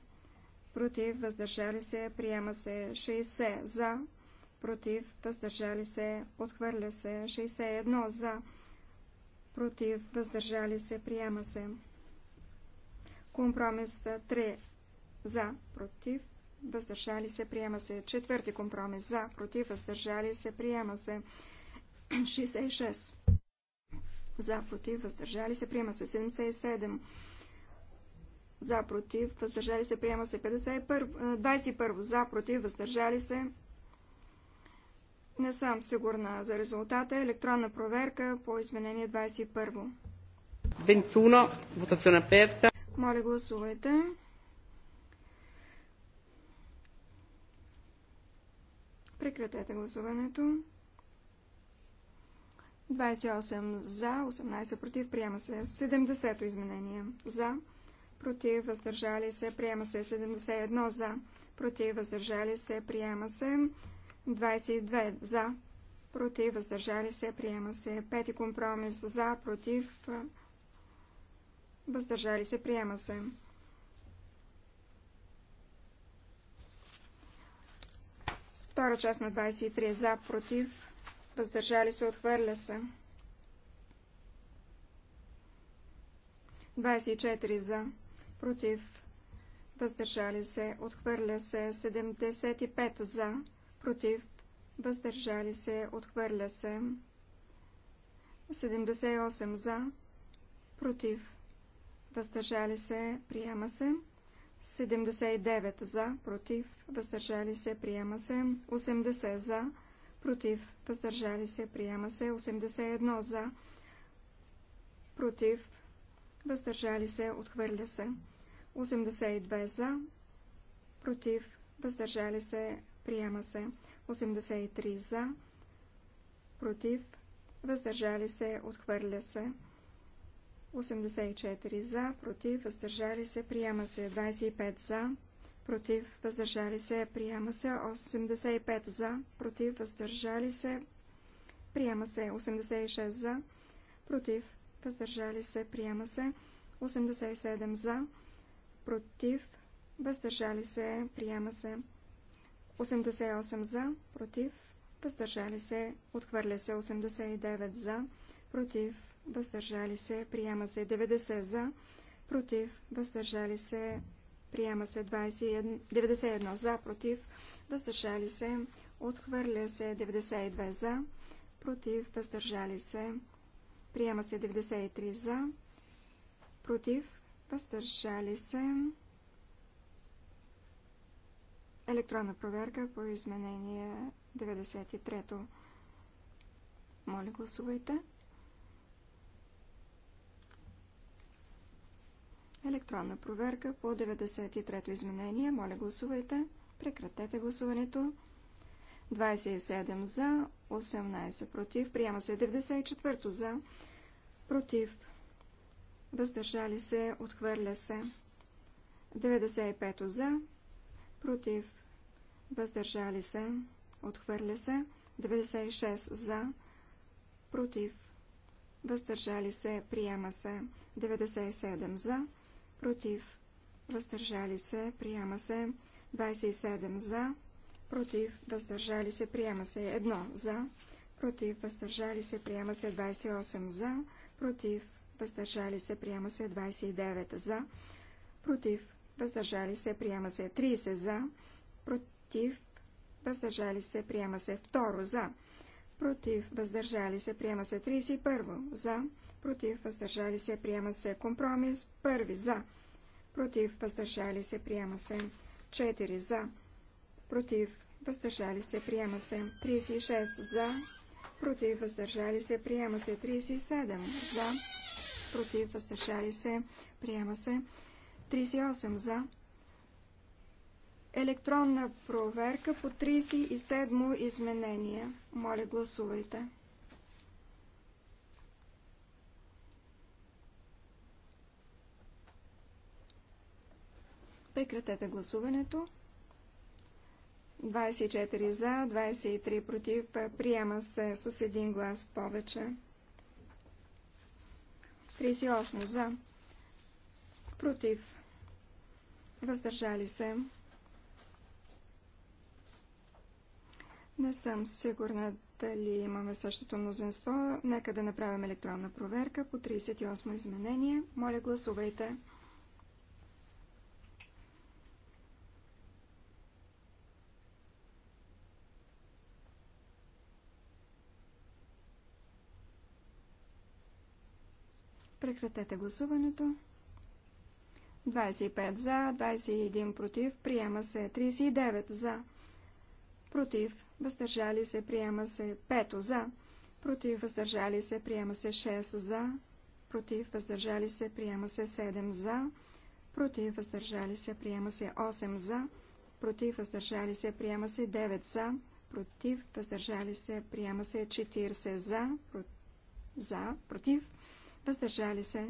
Speaker 2: против, въздържали се, приема се 60 за, против, въздържали се, отхвърля се 61 за, против, въздържали се, приема се. Компромис 3 за, против, въздържали се, приема се. Четвърти компромис за, против, въздържали се, приема се. 66. За, против, въздържали се, приема се 77. За, против, въздържали се, приема се 51. 21. За, против, въздържали се. Не съм сигурна за резултата. Електронна проверка по изменение 21.
Speaker 1: 21. Votazione aperta.
Speaker 2: Моля, гласувайте. Прекратете гласуването. 28 за, 18 против, приема се 70-то изменение. За, против, въздържали се, приема се 71 за, против, въздържали се, приема се 22 за, против, въздържали се, приема се 5 компромис за, против, въздържали се, приема се. Втора част на 23 за, против, въздържали се, отхвърля се. 24 за, против, въздържали се, отхвърля се. 75 за, против, въздържали се, отхвърля се. 78 за, против, въздържали се, приема се. 79 за, против, въздържали се, приема се. 80 за, против, въздържали се, приема се 81 за, против, въздържали се, отхвърля се 82 за, против, въздържали се, приема се 83 за, против, въздържали се, отхвърля се 84 за, против, въздържали се, приема се 25 за, против, въздържали се, приема се. 85 за, против, въздържали се, приема се. 86 за, против, въздържали се, приема се. 87 за, против, въздържали се, приема се. 88 за, против, въздържали се, отхвърля се 89 за, против, въздържали се, приема се 90 за, против, въздържали се, Приема се 21, 91 за, против, въздържали се. Отхвърля се 92 за, против, въздържали се. Приема се 93 за, против, въздържали се. Електронна проверка по изменение 93-то. Моля, гласувайте. Електронна проверка по 93-то изменение. Моля гласувайте. Прекратете гласуването. 27 за, 18 против. Приема се 94-то за, против. Въздържали се, отхвърля се. 95 за, против. Въздържали се, отхвърля се. 96 за, против. Въздържали се, приема се. 97 за, против против, въздържали се, приема се 27 за, против, въздържали се, приема се 1 за, против, въздържали се, приема се 28 за, против, въздържали се, приема се 29 за, против, въздържали се, приема се 30 за, против, въздържали се, приема се 2 за, против, въздържали се, приема се 31 за, против, въздържали се, приема се. Компромис, първи, за, против, въздържали се, приема се. 4 за, против, въздържали се, приема се. 36 за, против, въздържали се, приема се. 37 за, против, въздържали се, приема се. 38 за, електронна проверка по 37 изменение. Моля, гласувайте. Прекратете гласуването. 24 за, 23 против. Приема се с един глас повече. 38 за, против. Въздържали се. Не съм сигурна дали имаме същото мнозинство. Нека да направим електронна проверка по 38 изменение. Моля, гласувайте. Прекратете гласуването. 25 за, 21 против, приема се 39 за, против, въздържали се, приема се 5 за, против, въздържали се, приема се 6 за, против, въздържали се, приема се 7 за, против, въздържали се, приема се 8 за, против, въздържали се, приема се 9 за, против, въздържали се, приема се 40 за, 40 за, против, въздържали се,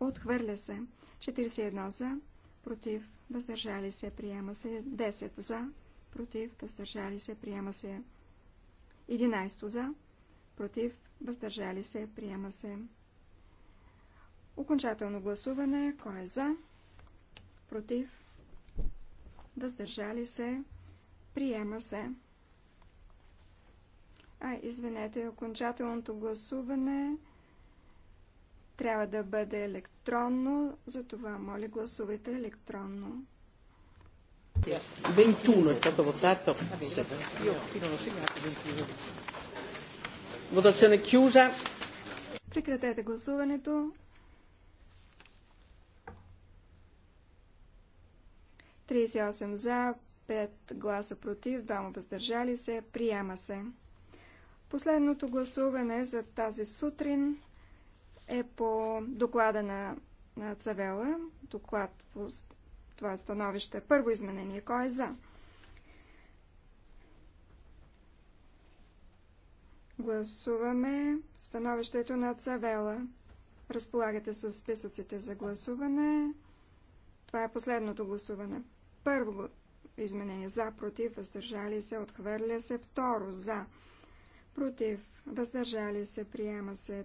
Speaker 2: отхвърля се. 41 за, против, въздържали се, приема се. 10 за, против, въздържали се, приема се. 11 за, против, въздържали се, приема се. Окончателно гласуване. Кой е за? Против? Въздържали се? Приема се. А, извинете, окончателното гласуване трябва да бъде електронно, затова моля гласувайте електронно.
Speaker 1: 21 è stato votato. Votazione chiusa.
Speaker 2: Прекратете гласуването. 38 за, 5 гласа против, 2 въздържали се. Приема се. Последното гласуване за тази сутрин е по доклада на, на Цавела, доклад по това становище. Първо изменение. Кой е за? Гласуваме становището на Цавела. Разполагате с списъците за гласуване. Това е последното гласуване. Първо изменение за, против, въздържали се, отхвърля се. Второ за, против, въздържали се, приема се.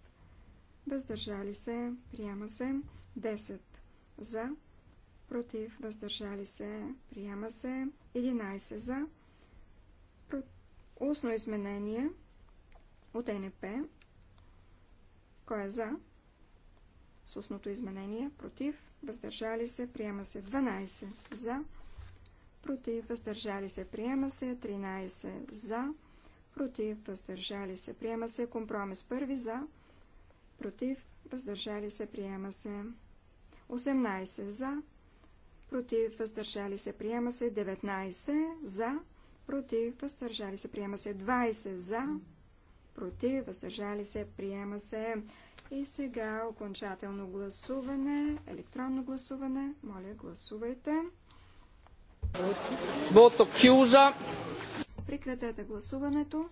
Speaker 2: въздържали се, приема се. 10 за, против, въздържали се, приема се. 11 за, Про... устно изменение от НП. Кой е за? С устното изменение, против, въздържали се, приема се. 12 за, против, въздържали се, приема се. 13 за, против, въздържали се, приема се. Компромис първи за, против, въздържали се, приема се. 18 за, против, въздържали се, приема се. 19 за, против, въздържали се, приема се. 20 за, против, въздържали се, приема се. И сега окончателно гласуване, електронно гласуване. Моля, гласувайте.
Speaker 1: Вото Кюза.
Speaker 2: Прекратете гласуването.